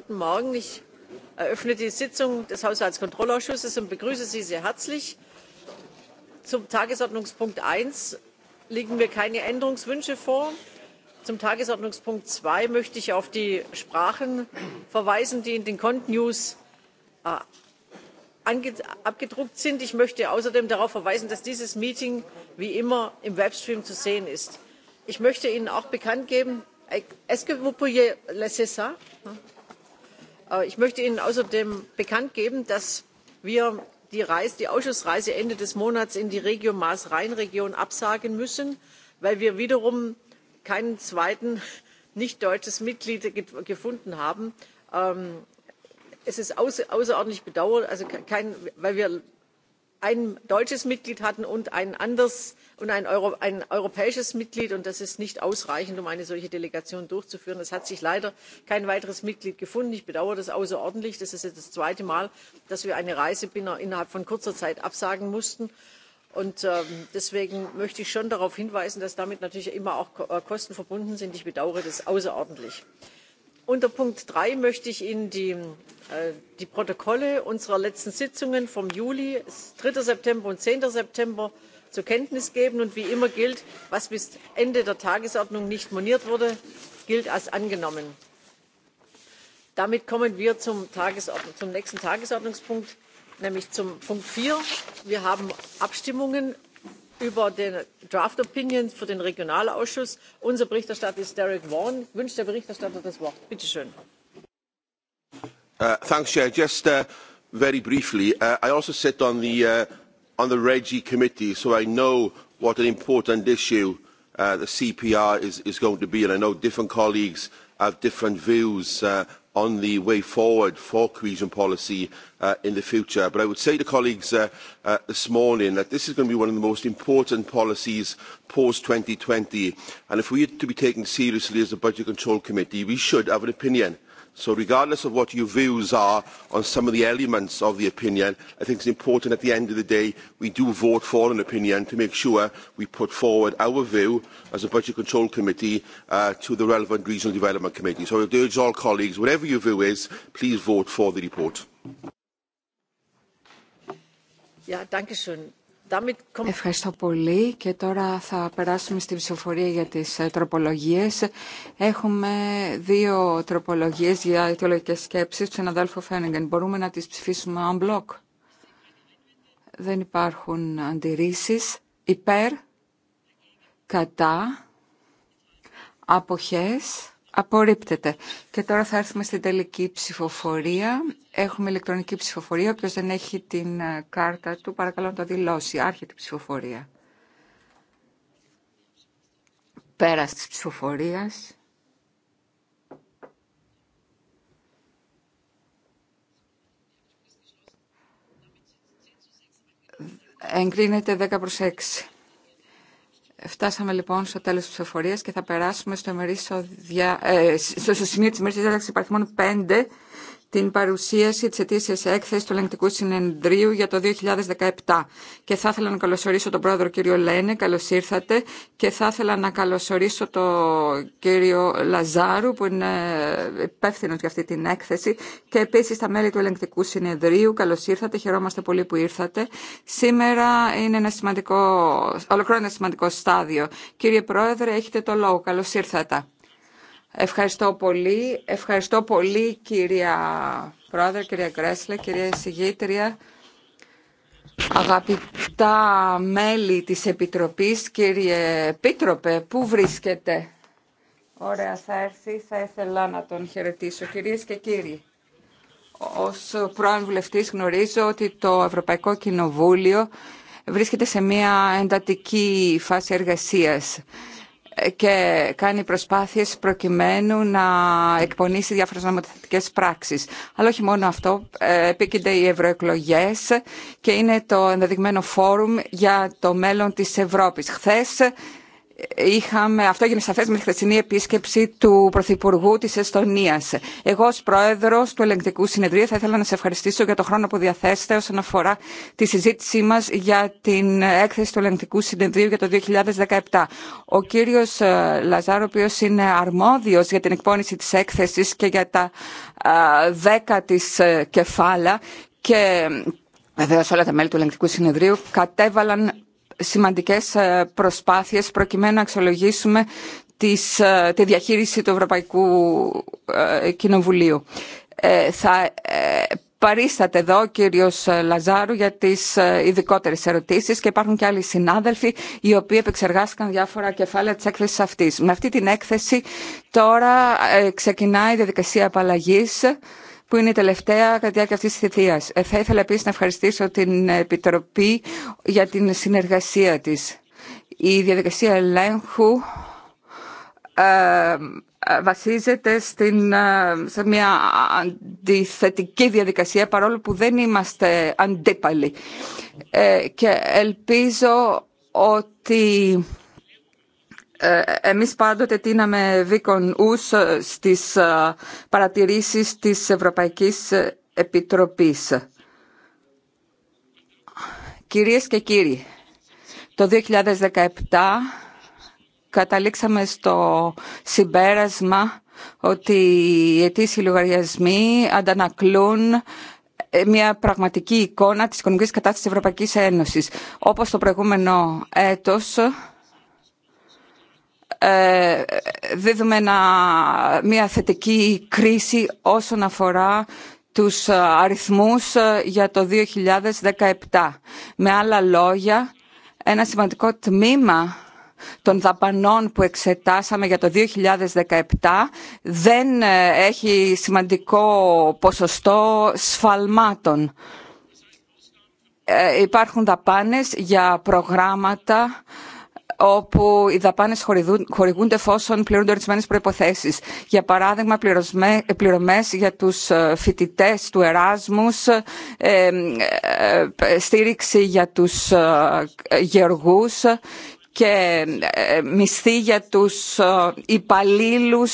Guten Morgen. Ich eröffne die Sitzung des Haushaltskontrollausschusses und begrüße Sie sehr herzlich. Zum Tagesordnungspunkt 1 liegen mir keine Änderungswünsche vor. Zum Tagesordnungspunkt 2 möchte ich auf die Sprachen verweisen, die in den cont abgedruckt sind. Ich möchte außerdem darauf verweisen, dass dieses Meeting wie immer im Webstream zu sehen ist. Ich möchte Ihnen auch bekannt geben, est-ce que vous ich möchte ihnen außerdem bekannt geben dass wir die ausschussreise ende des monats in die Region maas rhein region absagen müssen weil wir wiederum kein zweites nicht deutsches mitglied gefunden haben. es ist außerordentlich bedauerlich weil wir ein deutsches Mitglied hatten und ein anderes und ein europäisches Mitglied, und das ist nicht ausreichend, um eine solche Delegation durchzuführen. Es hat sich leider kein weiteres Mitglied gefunden. Ich bedauere das außerordentlich. Das ist jetzt das zweite Mal, dass wir eine Reise innerhalb von kurzer Zeit absagen mussten. Und deswegen möchte ich schon darauf hinweisen, dass damit natürlich immer auch Kosten verbunden sind. Ich bedauere das außerordentlich unter punkt drei möchte ich ihnen die protokolle unserer letzten sitzungen vom juli. drei september und. zehn september zur kenntnis geben und wie immer gilt was bis ende der tagesordnung nicht moniert wurde gilt als angenommen. damit kommen wir zum nächsten tagesordnungspunkt nämlich zum punkt. vier wir haben abstimmungen über den Draft Opinion für den Regionalausschuss. Unser Berichterstatter ist Derek Vaughan. Wünscht der Berichterstatter das Wort? Bitte schön. Thanks, Chair. Just very briefly, I also sit on the on the Regi committee, so I know what an important issue the CPR is is going to be, and I know different colleagues have different views on the way forward for cohesion policy in the future. But I would say to colleagues this morning that this is going to be one of the most important policies post 2020. And if we are to be taken seriously as the Budget Control Committee, we should have an opinion So regardless of what your views are on some of the elements of the opinion, I think it's important at the end of the day we do vote for an opinion to make sure we put forward our view as a Budget Control Committee to the relevant Regional Development Committee. So I would urge all colleagues, whatever your view is, please vote for the report. Ευχαριστώ πολύ και τώρα θα περάσουμε στην ψηφοφορία για τις ε, τροπολογίες. Έχουμε δύο τροπολογίες για αιτιολογικές σκέψεις του συναδέλφου Φένιγκεν. Μπορούμε να τις ψηφίσουμε en Δεν υπάρχουν αντιρρήσεις. Υπέρ, κατά, αποχές, Απορρίπτεται. Και τώρα θα έρθουμε στην τελική ψηφοφορία. Έχουμε ηλεκτρονική ψηφοφορία. Όποιος δεν έχει την ε, κάρτα του, παρακαλώ να το δηλώσει. Άρχεται η ψηφοφορία. Πέρας της ψηφοφορίας. Εγκρίνεται 10 προς 6. Φτάσαμε λοιπόν στο τέλος της ψηφοφορίας και θα περάσουμε στο, ε, στο σημείο της ημέρας διάταξη. Υπάρχει μόνο 5 την παρουσίαση τη ετήσιας έκθεσης του Ελεγκτικού Συνεδρίου για το 2017. Και θα ήθελα να καλωσορίσω τον πρόεδρο κύριο Λένε, καλώς ήρθατε, και θα ήθελα να καλωσορίσω τον κύριο Λαζάρου που είναι υπεύθυνο για αυτή την έκθεση και επίσης τα μέλη του Ελεγκτικού Συνεδρίου, καλώς ήρθατε, χαιρόμαστε πολύ που ήρθατε. Σήμερα είναι ένα σημαντικό, ολοκληρώνει σημαντικό στάδιο. Κύριε Πρόεδρε, έχετε το λόγο, Καλώ ήρθατε. Ευχαριστώ πολύ. Ευχαριστώ πολύ κυρία Πρόεδρε, κυρία Γκρέσλε, κυρία Συγήτρια, αγαπητά μέλη της Επιτροπής, κύριε Πίτροπε, πού βρίσκετε. Ωραία, θα έρθει, θα ήθελα να τον χαιρετήσω. Κυρίες και κύριοι, ως πρώην βουλευτής γνωρίζω ότι το Ευρωπαϊκό Κοινοβούλιο βρίσκεται σε μια εντατική φάση εργασίας και κάνει προσπάθειες προκειμένου να εκπονήσει διάφορες νομοθετικές πράξεις. Αλλά όχι μόνο αυτό, ε, επίκυνται οι ευρωεκλογέ και είναι το ενδεδειγμένο φόρουμ για το μέλλον της Ευρώπης. Χθες είχαμε, αυτό έγινε σαφέ με τη χθεσινή επίσκεψη του Πρωθυπουργού τη Εστονία. Εγώ, ω πρόεδρο του Ελεγκτικού Συνεδρίου, θα ήθελα να σε ευχαριστήσω για το χρόνο που διαθέσετε όσον αφορά τη συζήτησή μα για την έκθεση του Ελεγκτικού Συνεδρίου για το 2017. Ο κύριο ε, Λαζάρο, ο οποίο είναι αρμόδιο για την εκπόνηση τη έκθεση και για τα ε, δέκα τη ε, κεφάλαια και Βεβαίω όλα τα μέλη του Ελεγκτικού Συνεδρίου κατέβαλαν σημαντικές ε, προσπάθειες προκειμένου να αξιολογήσουμε της, ε, τη διαχείριση του Ευρωπαϊκού ε, Κοινοβουλίου. Θα παρίσταται εδώ ο κύριος Λαζάρου για τις ειδικότερε ερωτήσεις και υπάρχουν και άλλοι συνάδελφοι οι οποίοι επεξεργάστηκαν διάφορα κεφάλαια της έκθεσης αυτής. Με αυτή την έκθεση τώρα ξεκινάει η διαδικασία απαλλαγής που είναι η τελευταία κατά τη διάρκεια αυτής της θητείας. Ε, θα ήθελα επίση να ευχαριστήσω την Επιτροπή για την συνεργασία τη. Η διαδικασία ελέγχου ε, βασίζεται στην, ε, σε μια αντιθετική διαδικασία παρόλο που δεν είμαστε αντίπαλοι. και ελπίζω ότι ε, εμείς πάντοτε τίναμε δίκον ους ε, στις ε, παρατηρήσεις της Ευρωπαϊκής Επιτροπής. Κυρίες και κύριοι, το 2017 καταλήξαμε στο συμπέρασμα ότι οι αιτήσιοι λογαριασμοί αντανακλούν μια πραγματική εικόνα της οικονομικής κατάστασης της Ευρωπαϊκής Ένωσης. Όπως το προηγούμενο έτος, ε, δίδουμε ένα, μια θετική κρίση όσον αφορά τους ε, αριθμούς ε, για το 2017. Με άλλα λόγια, ένα σημαντικό τμήμα των δαπανών που εξετάσαμε για το 2017 δεν έχει σημαντικό ποσοστό σφαλμάτων. Υπάρχουν δαπάνες για προγράμματα όπου οι δαπάνε χορηγούνται εφόσον πληρούνται ορισμένε προποθέσει. Για παράδειγμα, πληρωμέ για ε, του φοιτητέ του Εράσμου, ε, ε, στήριξη για του γεωργού και μισθή για τους υπαλλήλου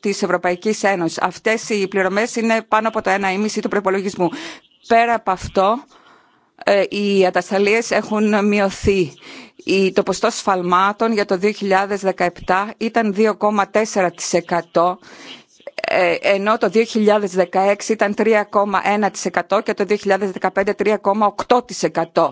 της Ευρωπαϊκής Ένωσης. Αυτές οι πληρωμές είναι πάνω από το 1,5% του προπολογισμού. Πέρα από αυτό, οι ατασταλίες έχουν μειωθεί το ποστό σφαλμάτων για το 2017 ήταν 2,4% ε, ενώ το 2016 ήταν 3,1% και το 2015 3,8%.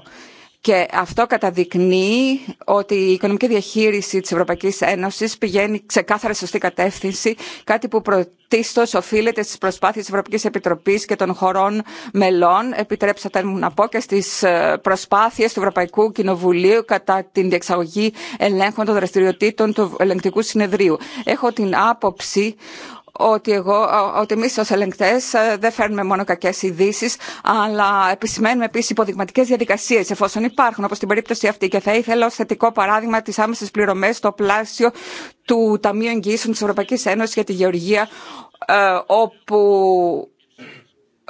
Και αυτό καταδεικνύει ότι η οικονομική διαχείριση της Ευρωπαϊκής Ένωσης πηγαίνει ξεκάθαρα σωστή κατεύθυνση, κάτι που πρωτίστως οφείλεται στις προσπάθειες της Ευρωπαϊκής Επιτροπής και των χωρών μελών, επιτρέψατε μου να πω, και στις ε, προσπάθειες του Ευρωπαϊκού Κοινοβουλίου κατά την διεξαγωγή ελέγχων των δραστηριοτήτων του ελεγκτικού συνεδρίου. Έχω την άποψη ότι, εγώ, ότι εμείς ως ελεγκτές ε, δεν φέρνουμε μόνο κακές ειδήσει, αλλά επισημαίνουμε επίσης υποδειγματικέ διαδικασίες εφόσον υπάρχουν, όπως στην περίπτωση αυτή. Και θα ήθελα ως θετικό παράδειγμα τις άμεσες πληρωμές στο πλάσιο του Ταμείου Εγγυήσεων της Ευρωπαϊκής Ένωσης για τη Γεωργία, ε, όπου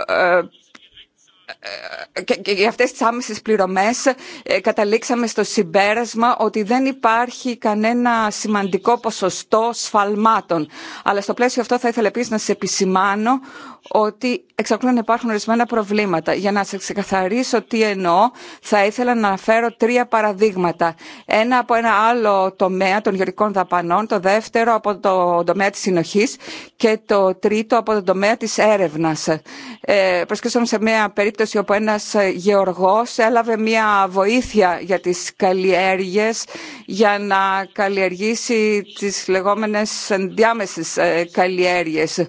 ε, και για αυτές τις άμεσες πληρωμές ε, καταλήξαμε στο συμπέρασμα ότι δεν υπάρχει κανένα σημαντικό ποσοστό σφαλμάτων. Αλλά στο πλαίσιο αυτό θα ήθελα επίσης να σε επισημάνω ότι εξακολουθούν να υπάρχουν ορισμένα προβλήματα. Για να σα ξεκαθαρίσω τι εννοώ, θα ήθελα να αναφέρω τρία παραδείγματα. Ένα από ένα άλλο τομέα των γεωρικών δαπανών, το δεύτερο από το τομέα της συνοχής και το τρίτο από το τομέα της έρευνας. Ε, σε μια περίπτωση όπου ένας γεωργός έλαβε μια βοήθεια για τις καλλιέργειες για να καλλιεργήσει τις λεγόμενες ενδιάμεσε ε, καλλιέργειες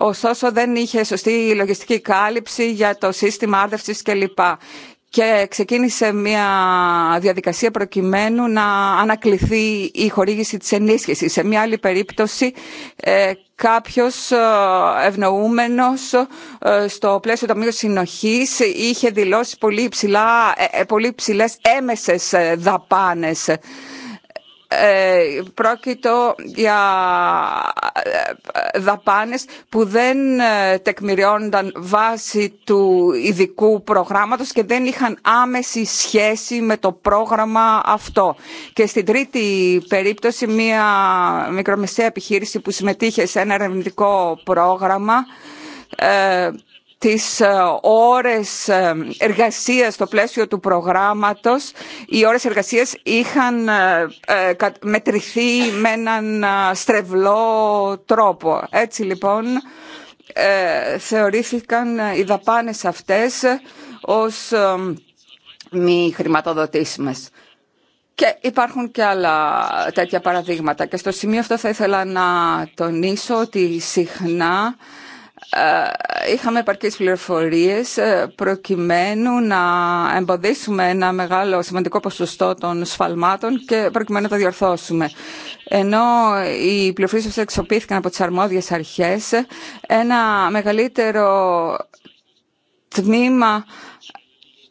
ωστόσο δεν είχε σωστή λογιστική κάλυψη για το σύστημα άρδευσης κλπ. Και ξεκίνησε μια διαδικασία προκειμένου να ανακληθεί η χορήγηση της ενίσχυσης. Σε μια άλλη περίπτωση ε, κάποιος ε, ευνοούμενος ε, στο πλαίσιο ταμείου συνοχής είχε δηλώσει πολύ, υψηλά, πολύ υψηλές έμεσες δαπάνες πρόκειτο για ε, δαπάνες που δεν ε, τεκμηριώνταν βάσει του ειδικού προγράμματος και δεν είχαν άμεση σχέση με το πρόγραμμα αυτό. Και στην τρίτη περίπτωση μια μικρομεσαία επιχείρηση που συμμετείχε σε ένα ερευνητικό πρόγραμμα ε, τις ε, ώρες ε, εργασίας στο πλαίσιο του προγράμματος. Οι ώρες εργασίας είχαν ε, μετρηθεί με έναν στρεβλό τρόπο. Έτσι λοιπόν θεωρήθηκαν οι δαπάνες αυτές ως μη χρηματοδοτήσιμες. Και υπάρχουν και άλλα τέτοια παραδείγματα. Και στο σημείο αυτό θα ήθελα να τονίσω ότι συχνά ε, είχαμε επαρκείς πληροφορίες ε, προκειμένου να εμποδίσουμε ένα μεγάλο σημαντικό ποσοστό των σφαλμάτων και προκειμένου να τα διορθώσουμε. Ενώ οι πληροφορίες που εξοπλίστηκαν από τις αρμόδιες αρχές, ένα μεγαλύτερο τμήμα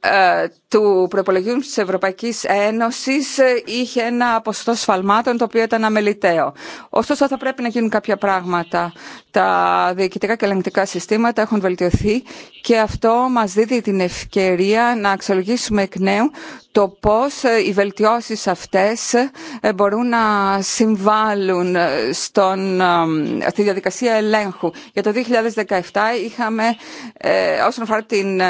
ε, του προπολογίου της Ευρωπαϊκής Ένωσης ε, είχε ένα ποσοστό σφαλμάτων το οποίο ήταν αμεληταίο. Ωστόσο θα πρέπει να γίνουν κάποια πράγματα. Τα διοικητικά και ελεγκτικά συστήματα έχουν βελτιωθεί και αυτό μας δίδει την ευκαιρία να αξιολογήσουμε εκ νέου το πώς ε, οι βελτιώσεις αυτές ε, μπορούν να συμβάλλουν ε, στον, στη διαδικασία ελέγχου. Για το 2017 είχαμε, όσον αφορά την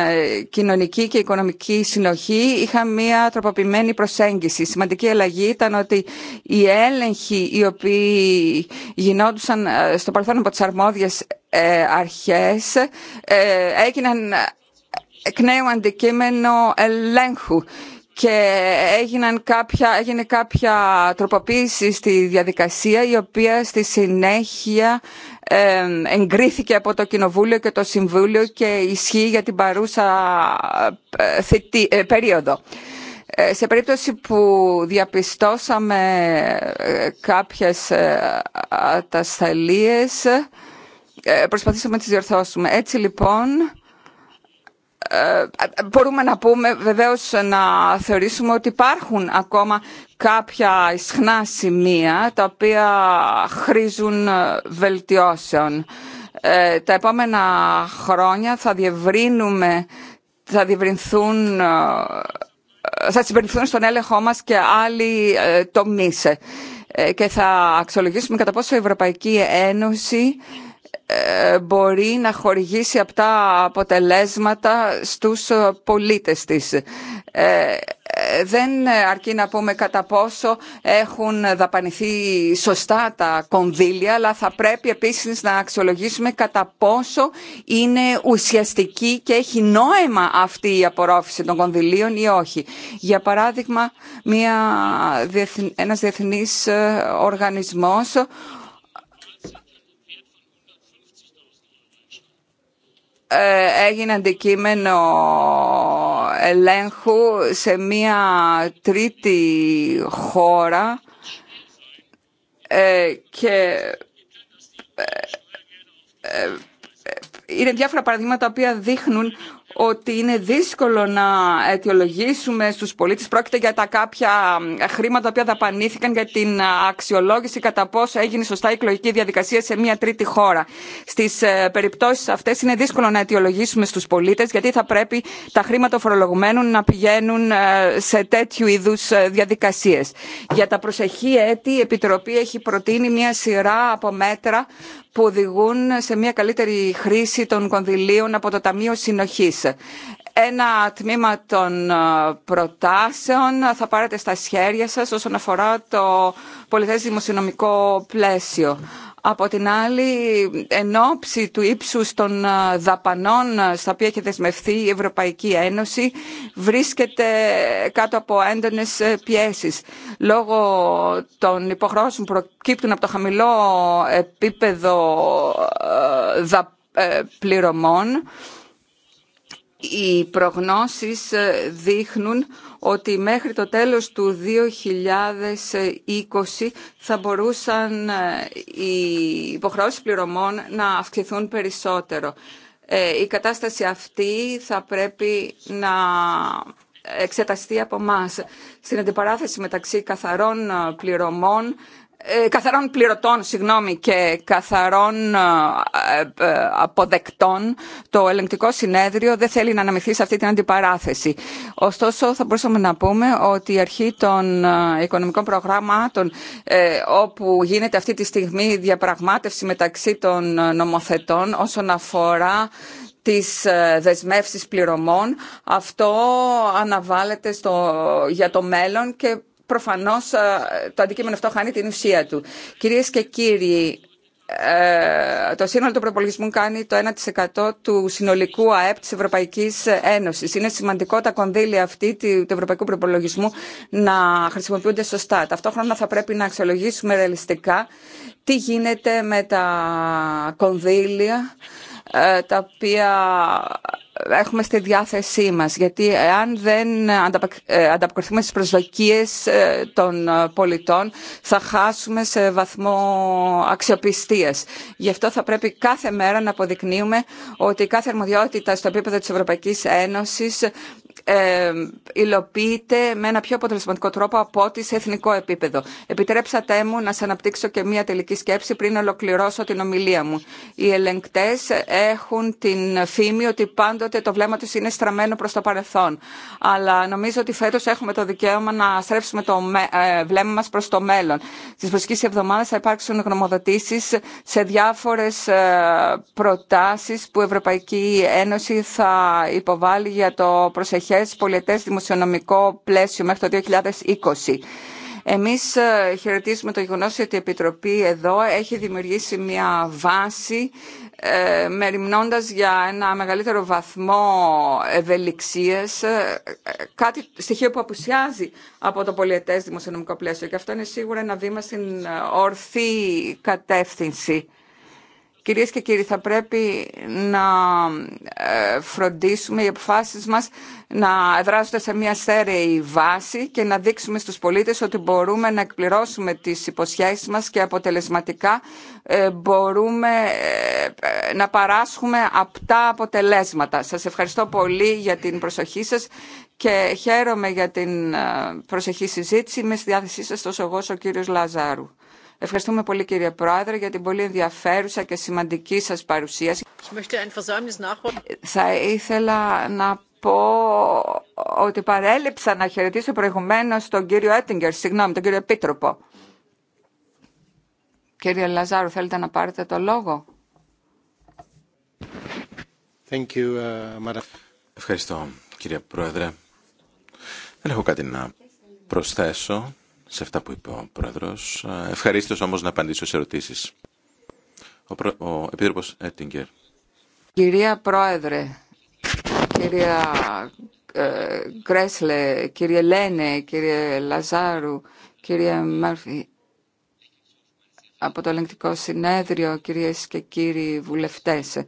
κοινωνική και οικονομική συνοχή, είχαμε μια τροποποιημένη προσέγγιση. σημαντική αλλαγή ήταν ότι οι έλεγχοι οι οποίοι γινόντουσαν στο παρελθόν από τις αρμόδιες αρχές έγιναν εκ νέου αντικείμενο ελέγχου και έγιναν κάποια, έγινε κάποια τροποποίηση στη διαδικασία η οποία στη συνέχεια εγκρίθηκε από το Κοινοβούλιο και το Συμβούλιο και ισχύει για την παρούσα ε, ε, περίοδο. Ε, σε περίπτωση που διαπιστώσαμε κάποιες ατασταλίες, προσπαθήσαμε να τις διορθώσουμε. Έτσι λοιπόν ε, ε, μπορούμε να πούμε βεβαίως να θεωρήσουμε ότι υπάρχουν ακόμα κάποια ισχνά σημεία τα οποία χρήζουν ε, βελτιώσεων. Τα επόμενα χρόνια θα διευρύνουμε, θα διευρυνθούν θα συμπεριφθούν στον έλεγχό μας και άλλοι τομείς και θα αξιολογήσουμε κατά πόσο η Ευρωπαϊκή Ένωση ε, μπορεί να χορηγήσει αυτά αποτελέσματα στους ε, πολίτες της. Ε, δεν αρκεί να πούμε κατά πόσο έχουν δαπανηθεί σωστά τα κονδύλια, αλλά θα πρέπει επίσης να αξιολογήσουμε κατά πόσο είναι ουσιαστική και έχει νόημα αυτή η απορρόφηση των κονδυλίων ή όχι. Για παράδειγμα, μια, ένας διεθνής οργανισμός έγινε αντικείμενο ελέγχου σε μία τρίτη χώρα και είναι διάφορα παραδείγματα τα οποία δείχνουν ότι είναι δύσκολο να αιτιολογήσουμε στους πολίτες πρόκειται για τα κάποια ε, χρήματα που δαπανήθηκαν για την ε, αξιολόγηση κατά πόσο έγινε σωστά η εκλογική διαδικασία σε μια τρίτη χώρα. Στις ε, περιπτώσεις αυτές είναι δύσκολο να αιτιολογήσουμε στους πολίτες γιατί θα πρέπει τα χρήματα φορολογουμένων να πηγαίνουν σε τέτοιου είδους διαδικασίες. Για τα προσεχή έτη η Επιτροπή έχει προτείνει μια σειρά από μέτρα που οδηγούν σε μια καλύτερη χρήση των κονδυλίων από το Ταμείο Συνοχής. Ένα τμήμα των ε, προτάσεων θα πάρετε στα σχέρια σας όσον αφορά το πολυθέσιμο συνομικό πλαίσιο. Από την άλλη, εν του ύψου των ε, δαπανών ε, στα οποία έχει δεσμευθεί η Ευρωπαϊκή Ένωση, βρίσκεται κάτω από έντονε πιέσει Λόγω των υποχρεώσεων που προκύπτουν από το χαμηλό επίπεδο ε, πληρωμών, οι προγνώσεις ε, δείχνουν ότι μέχρι το τέλος του 2020 θα μπορούσαν ε, οι υποχρεώσεις πληρωμών να αυξηθούν περισσότερο. Ε, η κατάσταση αυτή θα πρέπει να εξεταστεί από μας Στην αντιπαράθεση μεταξύ καθαρών πληρωμών ε, καθαρών πληρωτών συγγνώμη, και καθαρών ε, ε, αποδεκτών, το ελεγκτικό συνέδριο δεν θέλει να αναμειχθεί σε αυτή την αντιπαράθεση. Ωστόσο, θα μπορούσαμε να πούμε ότι η αρχή των οικονομικών προγράμματων, όπου γίνεται αυτή τη στιγμή διαπραγμάτευση μεταξύ των νομοθετών όσον αφορά τις δεσμεύσεις πληρωμών. Αυτό αναβάλλεται στο, για το μέλλον και Προφανώ ε, το αντικείμενο αυτό χάνει την ουσία του. Κυρίε και κύριοι, ε, το σύνολο του προπολογισμού κάνει το 1% του συνολικού ΑΕΠ της Ευρωπαϊκής Ένωσης. Είναι σημαντικό τα κονδύλια αυτή του ευρωπαϊκού προπολογισμού να χρησιμοποιούνται σωστά. Ταυτόχρονα θα πρέπει να αξιολογήσουμε ρεαλιστικά τι γίνεται με τα κονδύλια ε, τα οποία έχουμε στη διάθεσή μας. Γιατί αν δεν ε, ανταποκριθούμε στις προσδοκίες ε, των ε, πολιτών, θα χάσουμε σε βαθμό αξιοπιστίας. Γι' αυτό θα πρέπει κάθε μέρα να αποδεικνύουμε ότι κάθε αρμοδιότητα στο επίπεδο της Ευρωπαϊκής Ένωσης ε, υλοποιείται με ένα πιο αποτελεσματικό τρόπο από ό,τι σε εθνικό επίπεδο. Επιτρέψατε μου να σε αναπτύξω και μία τελική σκέψη πριν ολοκληρώσω την ομιλία μου. Οι ελεγκτέ έχουν την φήμη ότι πάντοτε το βλέμμα του είναι στραμμένο προ το παρελθόν. Αλλά νομίζω ότι φέτο έχουμε το δικαίωμα να στρέψουμε το ε, βλέμμα μα προ το μέλλον. Στι προσεχεί εβδομάδε θα υπάρξουν γνωμοδοτήσει σε διάφορε προτάσει που η Ευρωπαϊκή Ένωση θα υποβάλει για το προσεχέ πολιετές, δημοσιονομικό πλαίσιο μέχρι το 2020. Εμείς ε, χαιρετίζουμε το γεγονός ότι η Επιτροπή εδώ έχει δημιουργήσει μια βάση ε, μεριμνώντας για ένα μεγαλύτερο βαθμό ευελιξίες, ε, κάτι στοιχείο που απουσιάζει από το πολιετές δημοσιονομικό πλαίσιο και αυτό είναι σίγουρα ένα βήμα στην ε, ορθή κατεύθυνση. Κυρίες και κύριοι, θα πρέπει να ε, φροντίσουμε οι αποφάσεις μας να δράζονται σε μια στέρεη βάση και να δείξουμε στους πολίτες ότι μπορούμε να εκπληρώσουμε τις υποσχέσεις μας και αποτελεσματικά ε, μπορούμε ε, να παράσχουμε απτά αποτελέσματα. Σας ευχαριστώ πολύ για την προσοχή σας και χαίρομαι για την προσεχή συζήτηση. Είμαι στη διάθεσή σας τόσο εγώ ο κύριος Λαζάρου. Ευχαριστούμε πολύ κύριε Πρόεδρε για την πολύ ενδιαφέρουσα και σημαντική σας παρουσίαση. Θα ήθελα να πω ότι παρέλειψα να χαιρετήσω προηγουμένως τον κύριο Έτιγκερ, συγγνώμη, τον κύριο Επίτροπο. Κύριε Λαζάρου, θέλετε να πάρετε το λόγο. Uh, Ευχαριστώ, κύριε Πρόεδρε. Δεν έχω κάτι να προσθέσω σε αυτά που είπε ο Πρόεδρος. Ε, Ευχαριστώ όμως να απαντήσω σε ερωτήσει. Ο, Προ... ο Έτιγκερ. Κυρία Πρόεδρε, κυρία ε, Κρέσλε, κύριε Λένε, κύριε Λαζάρου, κύριε Μάρφη, από το ελεγκτικό συνέδριο, κυρίες και κύριοι βουλευτές.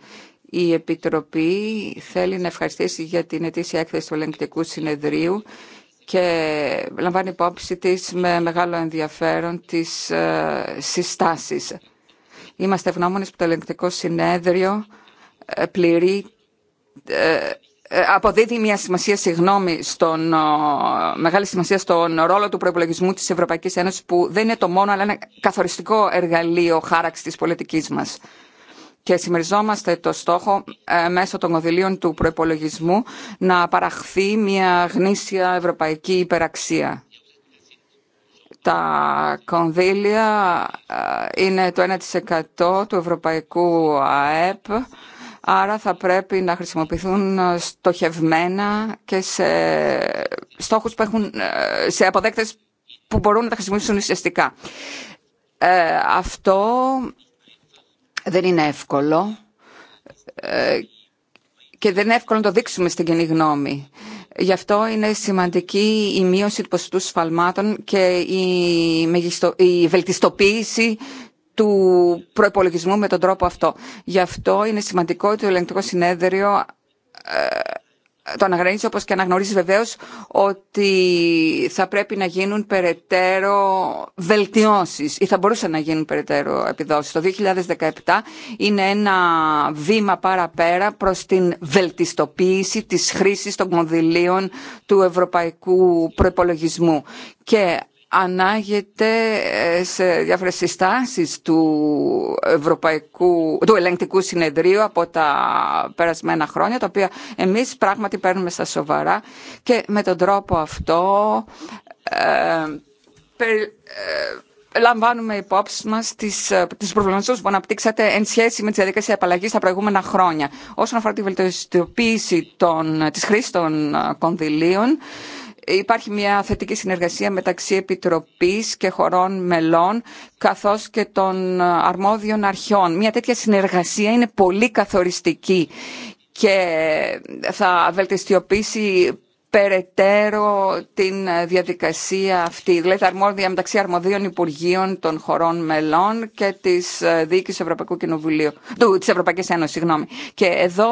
Η Επιτροπή θέλει να ευχαριστήσει για την ετήσια έκθεση του ελεγκτικού συνεδρίου και λαμβάνει υπόψη της με μεγάλο ενδιαφέρον τις ε, συστάσεις. Είμαστε ευγνώμονες που το ελεγκτικό συνέδριο ε, πληρεί, ε, ε αποδίδει μια σημασία, συγγνώμη, στον, ε, μεγάλη σημασία στον ρόλο του προϋπολογισμού της Ευρωπαϊκής Ένωσης που δεν είναι το μόνο αλλά ένα καθοριστικό εργαλείο χάραξης της πολιτικής μας και συμμεριζόμαστε το στόχο ε, μέσω των κονδυλίων του προπολογισμού να παραχθεί μια γνήσια ευρωπαϊκή υπεραξία. Τα κονδύλια ε, είναι το 1% του ευρωπαϊκού ΑΕΠ, άρα θα πρέπει να χρησιμοποιηθούν ε, στοχευμένα και σε στόχους που έχουν, σε αποδέκτες που μπορούν να τα χρησιμοποιήσουν ουσιαστικά. αυτό δεν είναι εύκολο ε, και δεν είναι εύκολο να το δείξουμε στην κοινή γνώμη. Γι' αυτό είναι σημαντική η μείωση του ποσοστού σφαλμάτων και η, μεγιστο... η βελτιστοποίηση του προπολογισμού με τον τρόπο αυτό. Γι' αυτό είναι σημαντικό ότι το ελεγκτικό συνέδριο ε, το αναγνωρίζει όπως και αναγνωρίζει βεβαίως ότι θα πρέπει να γίνουν περαιτέρω βελτιώσεις ή θα μπορούσαν να γίνουν περαιτέρω επιδόσεις. Το 2017 είναι ένα βήμα παραπέρα προς την βελτιστοποίηση της χρήσης των κονδυλίων του ευρωπαϊκού προϋπολογισμού. Και ανάγεται ε, σε διάφορες συστάσεις του, Ευρωπαϊκού, του ελεγκτικού συνεδρίου από τα περασμένα χρόνια, τα οποία εμείς πράγματι παίρνουμε στα σοβαρά και με τον τρόπο αυτό ε, ε λαμβάνουμε υπόψη μας τις, ε, τις που αναπτύξατε εν σχέση με τι διαδικασίε απαλλαγή τα προηγούμενα χρόνια. Όσον αφορά τη βελτιστοποίηση τη της των κονδυλίων, υπάρχει μια θετική συνεργασία μεταξύ Επιτροπής και χωρών μελών καθώς και των αρμόδιων αρχιών. Μια τέτοια συνεργασία είναι πολύ καθοριστική και θα βελτιστιοποιήσει περαιτέρω την ε, διαδικασία αυτή, δηλαδή τα αρμόδια μεταξύ αρμοδίων Υπουργείων των χωρών μελών και της ε, Διοίκησης του Ευρωπαϊκού Κοινοβουλίου, του, της Ευρωπαϊκής Ένωσης, συγγνώμη. Και εδώ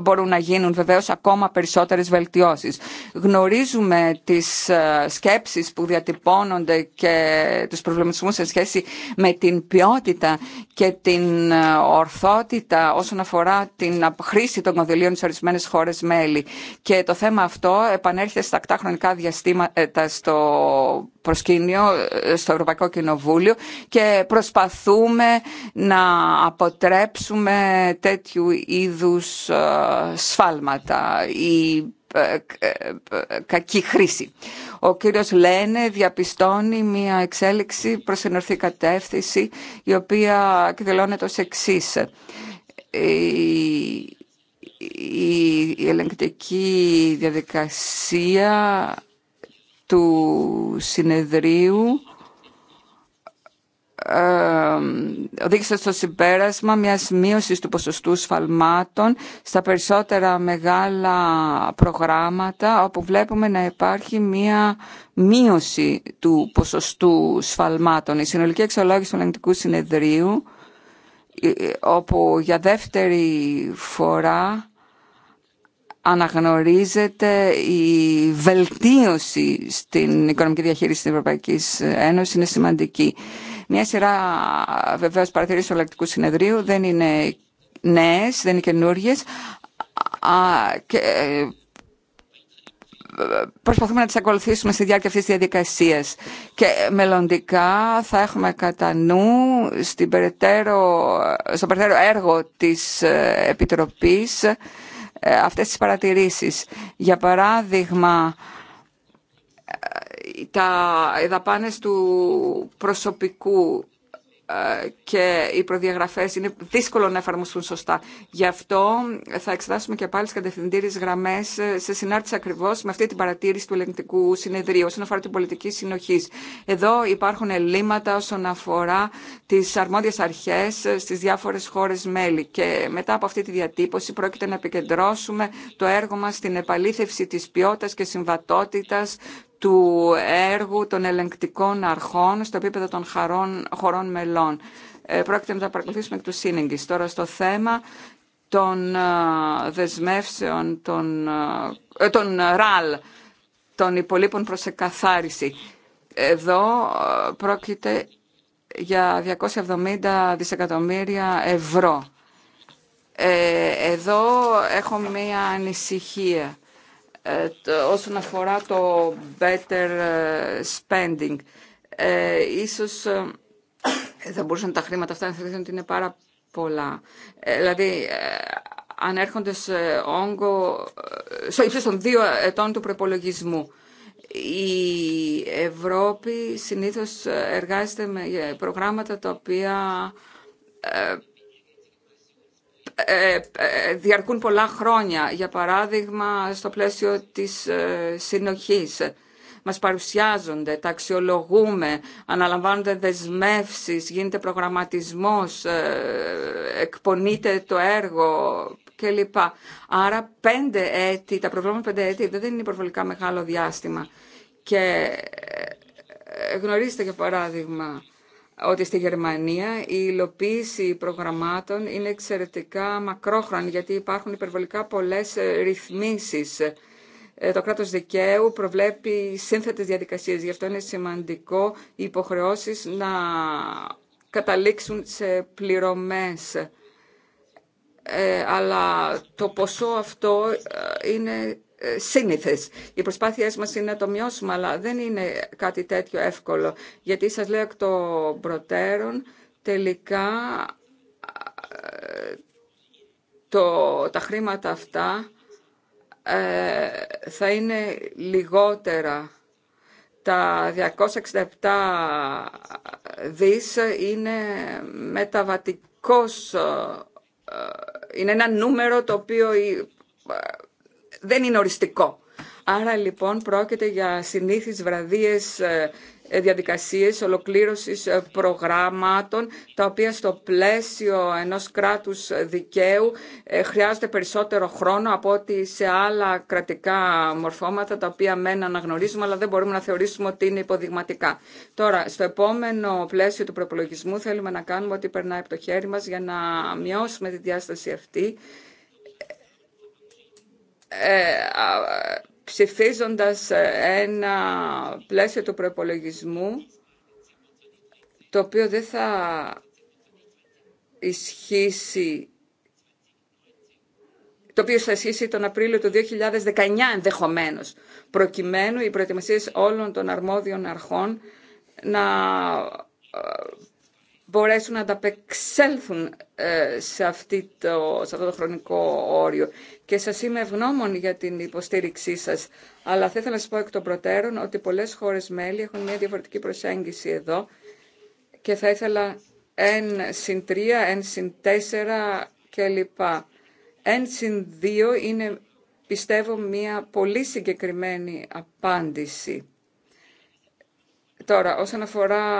μπορούν να γίνουν βεβαίως ακόμα περισσότερες βελτιώσεις. Γνωρίζουμε τις ε, σκέψεις που διατυπώνονται και τους προβληματισμούς σε σχέση με την ποιότητα και την ορθότητα όσον αφορά την χρήση των κονδυλίων σε ορισμένε χώρες μέλη. Και το θέμα αυτό επανέρχεται στα τακτά χρονικά διαστήματα ε, στο προσκήνιο, ε, στο Ευρωπαϊκό Κοινοβούλιο και προσπαθούμε να αποτρέψουμε τέτοιου είδους ε, σφάλματα ή κακή χρήση. Ο κύριος Λένε διαπιστώνει μια εξέλιξη προς την ορθή κατεύθυνση η οποία εκδηλώνεται ως εξής η ελεγκτική διαδικασία του συνεδρίου οδήγησε στο συμπέρασμα μιας μείωσης του ποσοστού σφαλμάτων στα περισσότερα μεγάλα προγράμματα όπου βλέπουμε να υπάρχει μια μείωση του ποσοστού σφαλμάτων. Η συνολική εξολόγηση του ελεγκτικού συνεδρίου ε, ε, όπου για δεύτερη φορά αναγνωρίζεται η βελτίωση στην οικονομική διαχείριση της Ευρωπαϊκής Ένωσης είναι σημαντική. Μια σειρά βεβαίως παρατηρήσεις του Ελεκτικού Συνεδρίου δεν είναι νέες, δεν είναι καινούργιες και ε, προσπαθούμε να τις ακολουθήσουμε στη διάρκεια αυτής της διαδικασίας. Και μελλοντικά θα έχουμε κατά νου στην περαιτέρω, στο περαιτέρω έργο της ε, Επιτροπής ε, αυτές τις παρατηρήσεις. Για παράδειγμα, ε, τα δαπάνες του προσωπικού ε, και οι προδιαγραφές είναι δύσκολο να εφαρμοστούν σωστά. Γι' αυτό θα εξετάσουμε και πάλι τις κατευθυντήριες γραμμές ε, σε συνάρτηση ακριβώς με αυτή την παρατήρηση του ελεγκτικού συνεδρίου όσον αφορά την πολιτική συνοχή. Εδώ υπάρχουν ελλείμματα όσον αφορά τις αρμόδιες αρχές ε, στις διάφορες χώρες μέλη και μετά από αυτή τη διατύπωση πρόκειται να επικεντρώσουμε το έργο μας στην επαλήθευση της ποιότητας και συμβατότητας του έργου των ελεγκτικών αρχών στο επίπεδο των χαρών, χωρών μελών. Ε, πρόκειται να τα παρακολουθήσουμε εκ του σύνεγγυς. Τώρα στο θέμα των ε, δεσμεύσεων των, ε, των ΡΑΛ, των υπολείπων προς εκαθάριση. Εδώ πρόκειται για 270 δισεκατομμύρια ευρώ. Εδώ έχω μία ανησυχία. Ε, όσον αφορά το better ε, spending. Ε, ίσως θα μπορούσαν τα χρήματα αυτά να θεωρηθούν ότι είναι πάρα πολλά. Δηλαδή, αν έρχονται σε όγκο, στο των δύο ετών του προπολογισμού. Η Ευρώπη συνήθως εργάζεται με προγράμματα τα οποία ε, ε, διαρκούν πολλά χρόνια, για παράδειγμα στο πλαίσιο της ε, συνοχής. Μας παρουσιάζονται, τα αξιολογούμε, αναλαμβάνονται δεσμεύσεις, γίνεται προγραμματισμός, εκπονείται το έργο κλπ. Άρα πέντε έτη, τα προβλήματα πέντε έτη δεν είναι υπερβολικά μεγάλο διάστημα. Και γνωρίζετε για παράδειγμα ότι στη Γερμανία η υλοποίηση προγραμμάτων είναι εξαιρετικά μακρόχρονη γιατί υπάρχουν υπερβολικά πολλές ε, ρυθμίσεις. Ε, το κράτος δικαίου προβλέπει σύνθετες διαδικασίες, γι' αυτό είναι σημαντικό οι υποχρεώσεις να καταλήξουν σε πληρωμές. Ε, αλλά το ποσό αυτό είναι ε, Οι προσπάθειε μα είναι να το μειώσουμε, αλλά δεν είναι κάτι τέτοιο εύκολο, γιατί σας λέω εκ των προτέρων, τελικά ε, το, τα χρήματα αυτά ε, θα είναι λιγότερα. Τα 267 δις είναι μεταβατικός, είναι ένα νούμερο το οποίο δεν είναι οριστικό. Άρα λοιπόν πρόκειται για συνήθεις βραδίες ε, ε, διαδικασίες ολοκλήρωσης ε, προγραμμάτων τα οποία στο πλαίσιο ενός κράτους δικαίου χρειάζεται περισσότερο χρόνο από ότι σε άλλα κρατικά μορφώματα τα οποία μεν αναγνωρίζουμε αλλά δεν μπορούμε να θεωρήσουμε ότι είναι υποδειγματικά. Τώρα, στο επόμενο πλαίσιο του προπολογισμού θέλουμε να κάνουμε ό,τι περνάει από το χέρι μας για να μειώσουμε τη διάσταση αυτή ε, ψηφίζοντας ε, ένα πλαίσιο του προπολογισμού το οποίο δεν θα ισχύσει το οποίο θα ισχύσει τον Απρίλιο του 2019 ενδεχομένως, προκειμένου οι προετοιμασίες όλων των αρμόδιων αρχών να ε, μπορέσουν να ανταπεξέλθουν ε, σε, αυτή το, σε αυτό το χρονικό όριο. Και σας είμαι ευγνώμων για την υποστήριξή σας. Αλλά θα ήθελα να σας πω εκ των προτέρων ότι πολλές χώρες μέλη έχουν μια διαφορετική προσέγγιση εδώ και θα ήθελα εν συν 3, εν συν 4 κλπ. Εν συν 2 είναι πιστεύω μια πολύ συγκεκριμένη απάντηση. Τώρα, όσον αφορά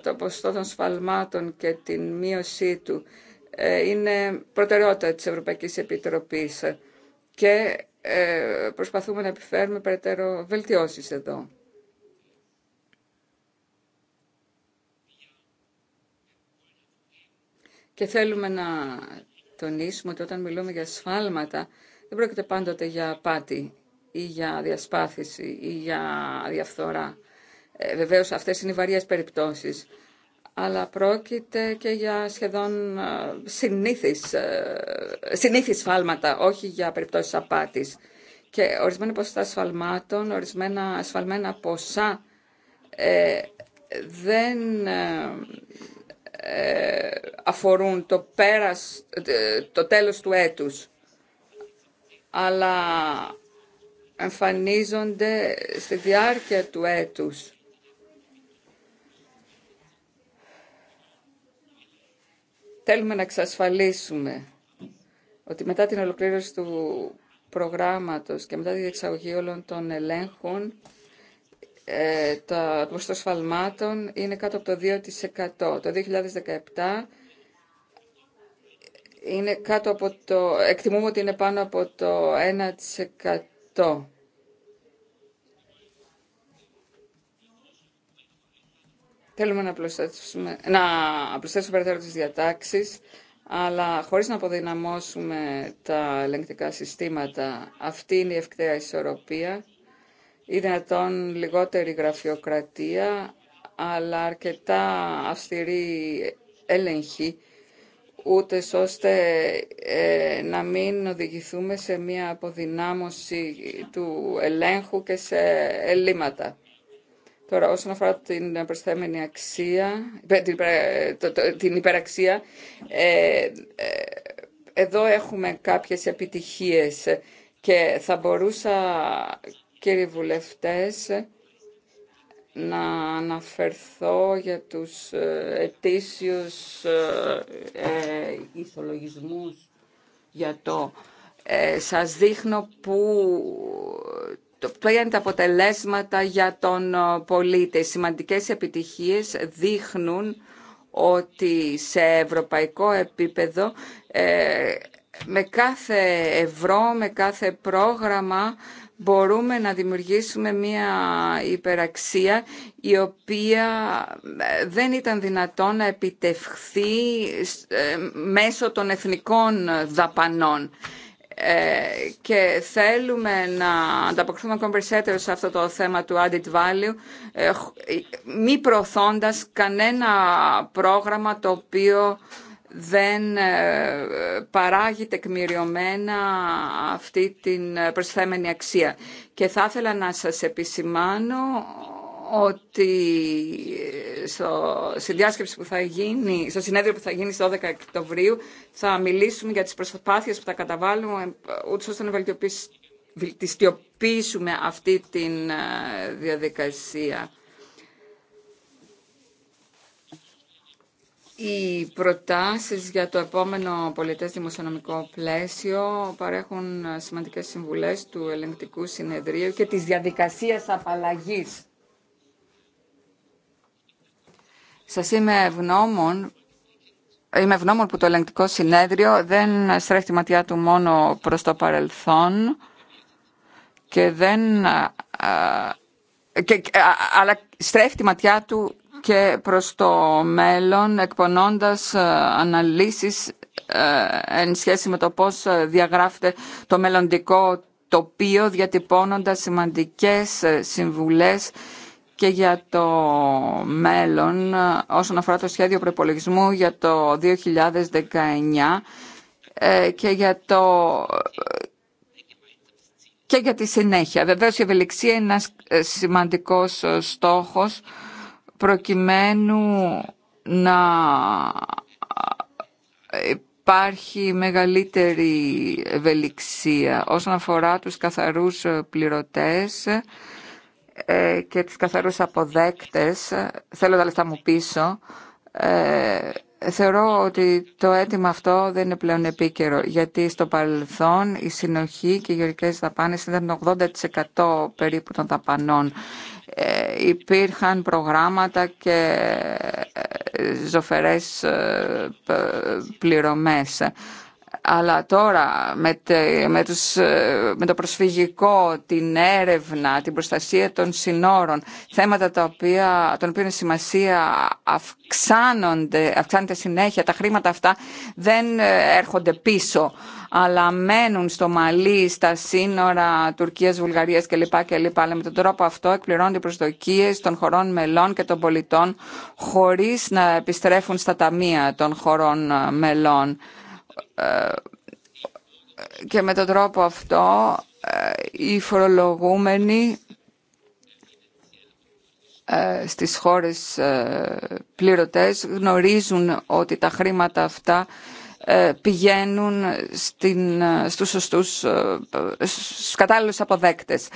το ποσοστό των σφαλμάτων και την μείωσή του, ε, είναι προτεραιότητα της Ευρωπαϊκής Επιτροπής και ε, προσπαθούμε να επιφέρουμε περαιτέρω βελτιώσεις εδώ. Και θέλουμε να τονίσουμε ότι όταν μιλούμε για σφάλματα, δεν πρόκειται πάντοτε για πάτη ή για διασπάθηση ή για διαφθορά. Ε, βεβαίως αυτές είναι οι βαριές περιπτώσεις. Αλλά πρόκειται και για σχεδόν ε, ε, συνήθις, σφάλματα, όχι για περιπτώσεις απάτης. Και ορισμένα ποσοστά σφαλμάτων, ορισμένα ασφαλμένα ποσά ε, δεν αφορούν το, πέρας, το τέλος του έτους, αλλά εμφανίζονται στη διάρκεια του έτους. θέλουμε να εξασφαλίσουμε ότι μετά την ολοκλήρωση του προγράμματος και μετά τη διεξαγωγή όλων των ελέγχων ε, το ποσοστό σφαλμάτων είναι κάτω από το 2%. Το 2017 είναι κάτω από το, εκτιμούμε ότι είναι πάνω από το 1%. Θέλουμε να προσθέσουμε, να προσθέσουμε περαιτέρω τις διατάξεις, αλλά χωρίς να αποδυναμώσουμε τα ελεγκτικά συστήματα. Αυτή είναι η ευκταία ισορροπία. Ή δυνατόν λιγότερη γραφειοκρατία, αλλά αρκετά αυστηρή έλεγχη, ούτε ώστε ε, να μην οδηγηθούμε σε μια αποδυνάμωση του ελέγχου και σε ελλείμματα. Τώρα, όσον αφορά την προσθέμενη αξία, την υπεραξία, ε, ε, εδώ έχουμε κάποιες επιτυχίες και θα μπορούσα, κύριοι βουλευτές, να αναφερθώ για τους ε, ετήσιους ε, για το... σας δείχνω που Ποια είναι τα αποτελέσματα για τον ε, πολίτη. Οι σημαντικές επιτυχίες δείχνουν ότι σε ευρωπαϊκό επίπεδο ε, με κάθε ευρώ, με κάθε πρόγραμμα μπορούμε να δημιουργήσουμε μία υπεραξία η οποία ε, δεν ήταν δυνατόν να επιτευχθεί μέσω των εθνικών δαπανών. Ε, και θέλουμε να ανταποκριθούμε ακόμα περισσότερο σε αυτό το θέμα του added value, ε, ε, μη προωθώντας κανένα πρόγραμμα το οποίο δεν παράγει τεκμηριωμένα αυτή την προσθέμενη αξία. Και θα ήθελα να σας επισημάνω ότι ε, στο, στη διάσκεψη που θα γίνει, στο συνέδριο που θα γίνει στις 12 Οκτωβρίου θα μιλήσουμε για τις προσπάθειες που θα καταβάλουμε ε, ούτως ώστε να βελτιστιοποιήσουμε αυτή τη ε, διαδικασία. Οι προτάσεις για το επόμενο πολιτές δημοσιονομικό πλαίσιο παρέχουν σημαντικές συμβουλές του ελεγκτικού συνεδρίου και της διαδικασίας απαλλαγής Σα είμαι ευγνώμων που το ελεγκτικό συνέδριο δεν στρέφει τη ματιά του μόνο προς το παρελθόν και δεν, αλλά στρέφει τη ματιά του και προς το μέλλον εκπονώντας αναλύσεις εν σχέση με το πώς διαγράφεται το μελλοντικό τοπίο διατυπώνοντας σημαντικές ε, συμβουλές και για το μέλλον ε, όσον αφορά το σχέδιο προπολογισμού για το 2019 ε, και για το ε, και για τη συνέχεια. Βεβαίως η ευελιξία είναι ένας σημαντικός στόχος προκειμένου να υπάρχει μεγαλύτερη ευελιξία όσον αφορά τους καθαρούς πληρωτές ε, και τους καθαρούς αποδέκτες, θέλω τα λεφτά μου πίσω, ε, θεωρώ ότι το αίτημα αυτό δεν είναι πλέον επίκαιρο, γιατί στο παρελθόν η συνοχή και οι γεωρικές δαπάνες ήταν 80% περίπου των δαπανών. Ε, υπήρχαν προγράμματα και ε, ζωφερές πληρωμές αλλά τώρα ε, με, το προσφυγικό, την έρευνα, την προστασία των συνόρων, θέματα τα οποία, των οποίων σημασία αυξάνονται, αυξάνεται συνέχεια, τα χρήματα αυτά δεν ε, έρχονται πίσω, αλλά μένουν στο Μαλί, στα σύνορα Τουρκίας, Βουλγαρίας κλπ. κλπ. Αλλά με τον τρόπο αυτό εκπληρώνουν οι προσδοκίες των χωρών μελών και των πολιτών χωρίς να επιστρέφουν στα ταμεία των χωρών ε, μελών. Ε, και με τον τρόπο αυτό ε, οι φορολογούμενοι ε, στις χώρες πληρωτές γνωρίζουν ότι τα χρήματα αυτά πηγαίνουν στην, στους σωστούς, στους κατάλληλους αποδέκτες.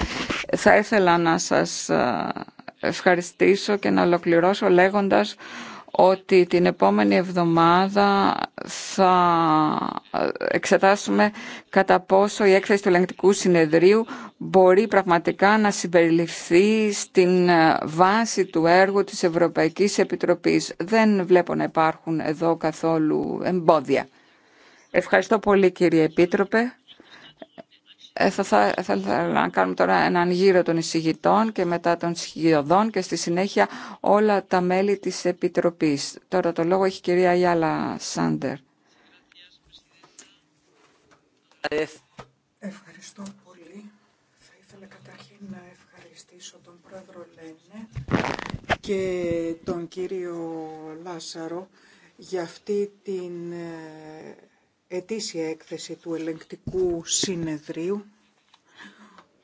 Θα ήθελα να σας ευχαριστήσω και να ολοκληρώσω λέγοντας ότι την επόμενη εβδομάδα θα εξετάσουμε κατά πόσο η έκθεση του ελεγκτικού συνεδρίου μπορεί πραγματικά να συμπεριληφθεί στην βάση του έργου της Ευρωπαϊκής Επιτροπής. Δεν βλέπω να υπάρχουν εδώ καθόλου εμπόδια. Ευχαριστώ πολύ κύριε Επίτροπε. Ε, θα, θα, θα, να κάνουμε τώρα έναν γύρο των εισηγητών και μετά των σχεδόν και στη συνέχεια όλα τα μέλη της Επιτροπής. Τώρα το λόγο έχει η κυρία Ιάλα Σάντερ. Ευχαριστώ πολύ. Θα ήθελα καταρχήν να ευχαριστήσω τον πρόεδρο Λένε και τον κύριο Λάσαρο για αυτή την ε, ετήσια έκθεση του ελεγκτικού συνεδρίου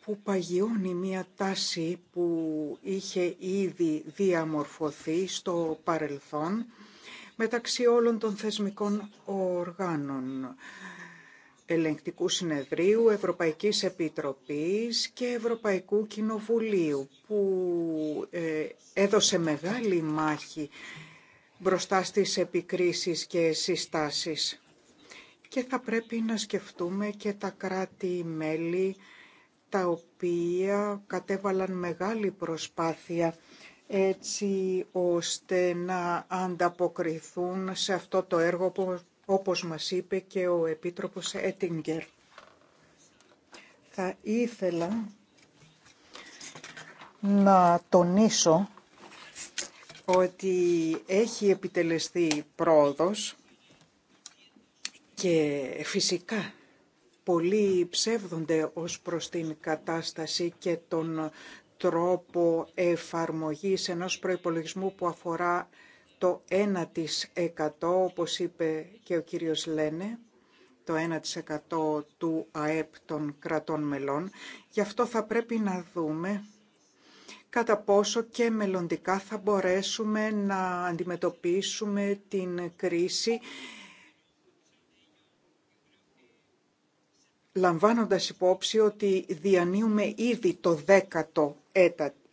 που παγιώνει μία τάση που είχε ήδη διαμορφωθεί στο παρελθόν μεταξύ όλων των θεσμικών οργάνων Ελεγκτικού Συνεδρίου, Ευρωπαϊκής Επιτροπής και Ευρωπαϊκού Κοινοβουλίου που ε, έδωσε μεγάλη μάχη μπροστά στις επικρίσεις και συστάσεις και θα πρέπει να σκεφτούμε και τα κράτη-μέλη τα οποία κατέβαλαν μεγάλη προσπάθεια έτσι ώστε να ανταποκριθούν σε αυτό το έργο όπως μας είπε και ο Επίτροπος Έτιγκερ. Θα ήθελα να τονίσω ότι έχει επιτελεστεί πρόοδος και φυσικά πολλοί ψεύδονται ως προς την κατάσταση και τον τρόπο εφαρμογής ενός προϋπολογισμού που αφορά το 1% όπως είπε και ο κύριος Λένε, το 1% του ΑΕΠ των κρατών μελών. Γι' αυτό θα πρέπει να δούμε κατά πόσο και μελλοντικά θα μπορέσουμε να αντιμετωπίσουμε την κρίση λαμβάνοντας υπόψη ότι διανύουμε ήδη το δέκατο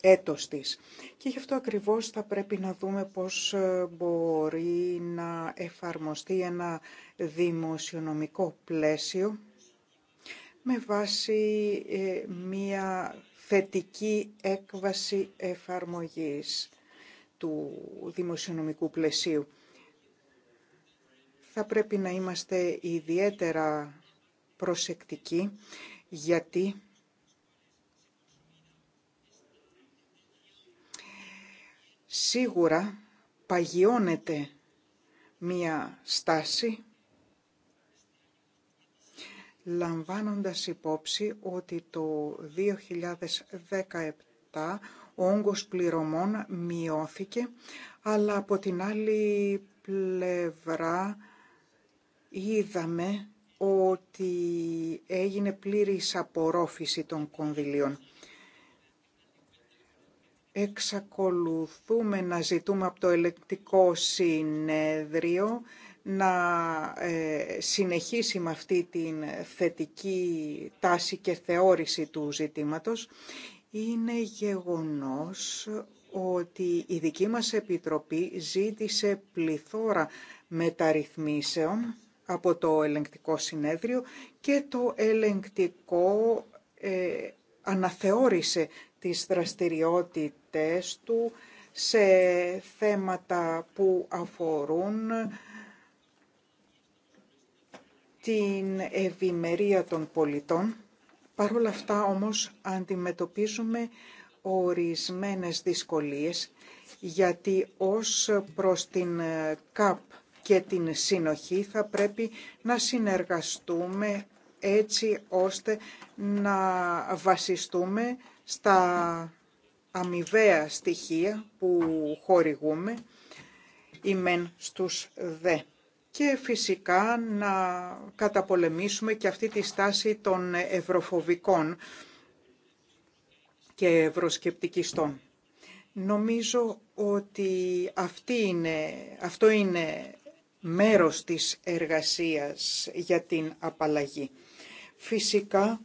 έτος της. Και γι' αυτό ακριβώς θα πρέπει να δούμε πώς ε, μπορεί να εφαρμοστεί ένα δημοσιονομικό πλαίσιο με βάση ε, μία θετική έκβαση εφαρμογής του δημοσιονομικού πλαισίου. Θα πρέπει να είμαστε ιδιαίτερα προσεκτική, γιατί σίγουρα παγιώνεται μία στάση λαμβάνοντας υπόψη ότι το 2017 ο όγκος πληρωμών μειώθηκε, αλλά από την άλλη πλευρά είδαμε ότι έγινε πλήρης απορρόφηση των κονδυλίων. Εξακολουθούμε να ζητούμε από το ελεκτικό συνέδριο να ε, συνεχίσει με αυτή την θετική τάση και θεώρηση του ζητήματος. Είναι γεγονός ότι η δική μας Επιτροπή ζήτησε πληθώρα μεταρρυθμίσεων από το ελεγκτικό συνέδριο και το ελεγκτικό ε, αναθεώρησε τις δραστηριότητες του σε θέματα που αφορούν την ευημερία των πολιτών. Παρ' όλα αυτά όμως αντιμετωπίζουμε ορισμένες δυσκολίες γιατί ως προς την ΚΑΠ και την συνοχή θα πρέπει να συνεργαστούμε έτσι ώστε να βασιστούμε στα αμοιβαία στοιχεία που χορηγούμε μεν στους δε. Και φυσικά να καταπολεμήσουμε και αυτή τη στάση των ευρωφοβικών και ευρωσκεπτικιστών. Νομίζω ότι αυτή αυτό είναι μέρος της εργασίας για την απαλλαγή. Φυσικά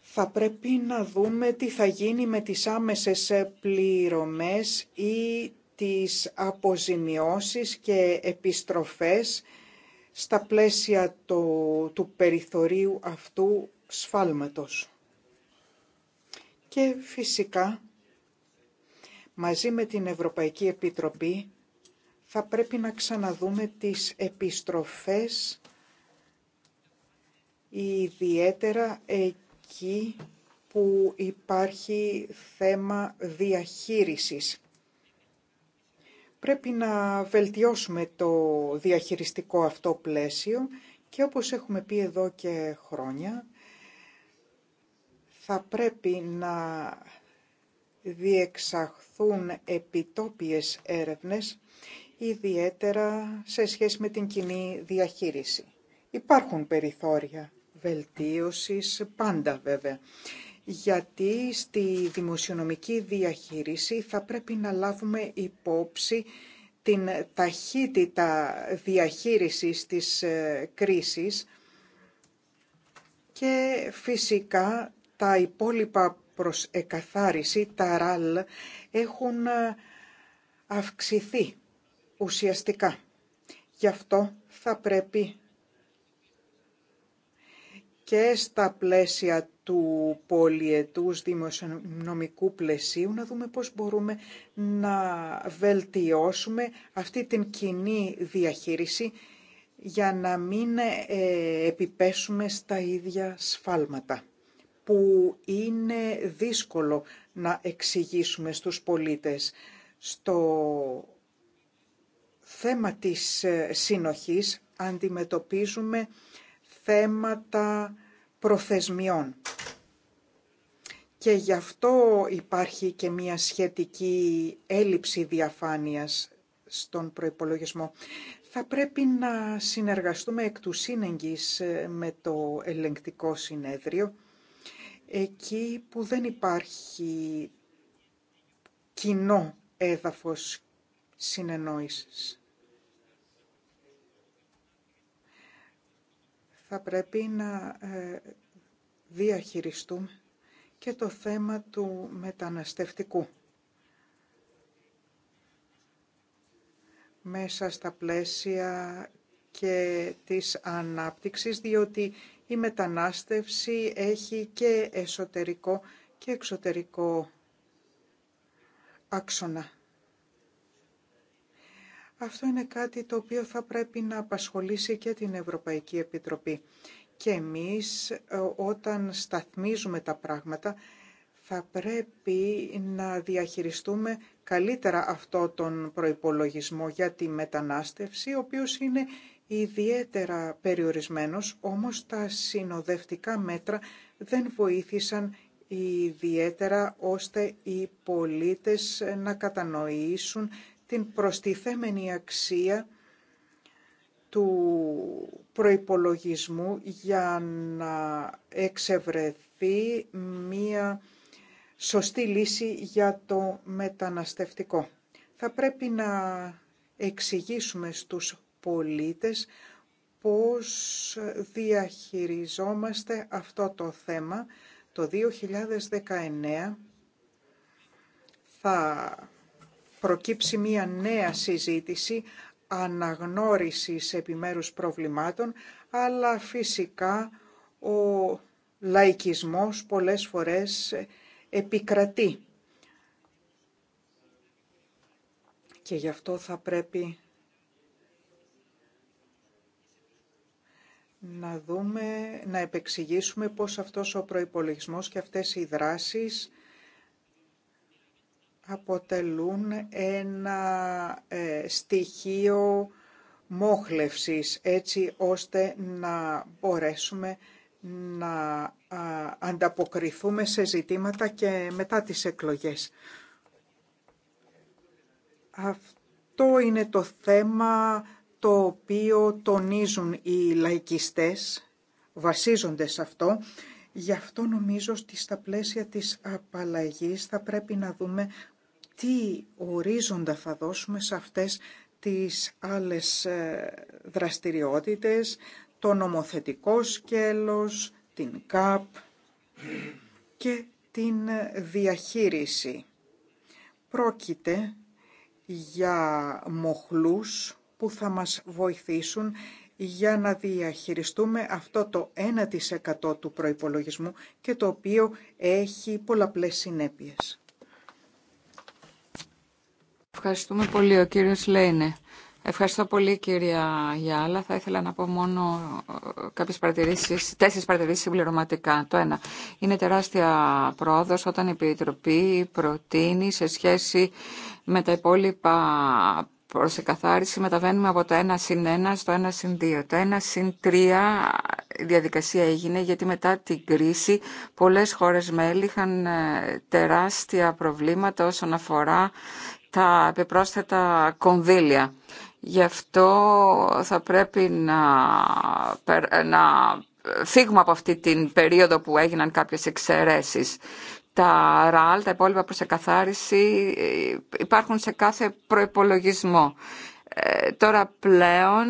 θα πρέπει να δούμε τι θα γίνει με τις άμεσες πληρωμές ή τις αποζημιώσεις και επιστροφές στα πλαίσια του, του περιθωρίου αυτού σφάλματος. Και φυσικά μαζί με την Ευρωπαϊκή Επιτροπή θα πρέπει να ξαναδούμε τις επιστροφές ιδιαίτερα εκεί που υπάρχει θέμα διαχείρισης. Πρέπει να βελτιώσουμε το διαχειριστικό αυτό πλαίσιο και όπως έχουμε πει εδώ και χρόνια, θα πρέπει να διεξαχθούν επιτόπιες έρευνες ιδιαίτερα σε σχέση με την κοινή διαχείριση. Υπάρχουν περιθώρια βελτίωσης πάντα βέβαια, γιατί στη δημοσιονομική διαχείριση θα πρέπει να λάβουμε υπόψη την ταχύτητα διαχείρισης της ε, κρίσης και φυσικά τα υπόλοιπα προς εκαθάριση, τα ραλ, έχουν ε, αυξηθεί ουσιαστικά. Γι' αυτό θα πρέπει και στα πλαίσια του πολιετούς δημοσιονομικού πλαισίου να δούμε πώς μπορούμε να βελτιώσουμε αυτή την κοινή διαχείριση για να μην ε, επιπέσουμε στα ίδια σφάλματα που είναι δύσκολο να εξηγήσουμε στους πολίτες. Στο θέμα της ε, συνοχής αντιμετωπίζουμε θέματα προθεσμιών. Και γι' αυτό υπάρχει και μια σχετική έλλειψη διαφάνειας στον προϋπολογισμό. Θα πρέπει να συνεργαστούμε εκ του σύνεγγυς ε, με το ελεγκτικό συνέδριο, εκεί που δεν υπάρχει κοινό έδαφος συνεννόησης. θα πρέπει να ε, διαχειριστούμε και το θέμα του μεταναστευτικού. Μέσα στα πλαίσια και της ανάπτυξης, διότι η μετανάστευση έχει και εσωτερικό και εξωτερικό άξονα. Αυτό είναι κάτι το οποίο θα πρέπει να απασχολήσει και την Ευρωπαϊκή Επιτροπή. Και εμείς ε, όταν σταθμίζουμε τα πράγματα θα πρέπει να διαχειριστούμε καλύτερα αυτό τον προϋπολογισμό για τη μετανάστευση, ο οποίος είναι ιδιαίτερα περιορισμένος, όμως τα συνοδευτικά μέτρα δεν βοήθησαν ιδιαίτερα ώστε οι πολίτες να κατανοήσουν την προστιθέμενη αξία του προϋπολογισμού για να εξευρεθεί μία σωστή λύση για το μεταναστευτικό. Θα πρέπει να εξηγήσουμε στους πολίτες πώς διαχειριζόμαστε αυτό το θέμα. Το 2019 θα προκύψει μία νέα συζήτηση αναγνώρισης επιμέρους προβλημάτων, αλλά φυσικά ο λαϊκισμός πολλές φορές επικρατεί. Και γι' αυτό θα πρέπει να δούμε, να επεξηγήσουμε πώς αυτός ο προϋπολογισμός και αυτές οι δράσεις αποτελούν ένα ε, στοιχείο μόχλευσης έτσι ώστε να μπορέσουμε να ανταποκριθούμε σε ζητήματα και μετά τις εκλογές. Αυτό είναι το θέμα το οποίο τονίζουν οι λαϊκιστές, βασίζονται σε αυτό. Γι' αυτό νομίζω ότι στα πλαίσια της απαλλαγής θα πρέπει να δούμε τι ορίζοντα θα δώσουμε σε αυτές τις άλλες ε, δραστηριότητες, το νομοθετικό σκέλος, την ΚΑΠ και την ε, διαχείριση. Πρόκειται για μοχλούς που θα μας βοηθήσουν για να διαχειριστούμε αυτό το 1% του προϋπολογισμού και το οποίο έχει πολλαπλές συνέπειες. Ευχαριστούμε πολύ ο κύριος Λέινε. Ευχαριστώ πολύ κυρία Γιάλα. Θα ήθελα να πω μόνο ε, κάποιες παρατηρήσεις, τέσσερις παρατηρήσεις συμπληρωματικά. Το ένα, είναι τεράστια πρόοδος όταν η Επιτροπή προτείνει σε σχέση με τα υπόλοιπα προς εκαθάριση μεταβαίνουμε από το 1 συν 1 στο 1 συν 2. Το 1 συν 3 η διαδικασία έγινε γιατί μετά την κρίση πολλές χώρες μέλη είχαν ε, τεράστια προβλήματα όσον αφορά τα επιπρόσθετα κονδύλια. Γι' αυτό θα πρέπει να, φύγουμε από αυτή την περίοδο που έγιναν κάποιες εξαιρέσεις. Τα ραλ, τα υπόλοιπα προς εκαθάριση ε, υπάρχουν σε κάθε προϋπολογισμό. Ε, τώρα πλέον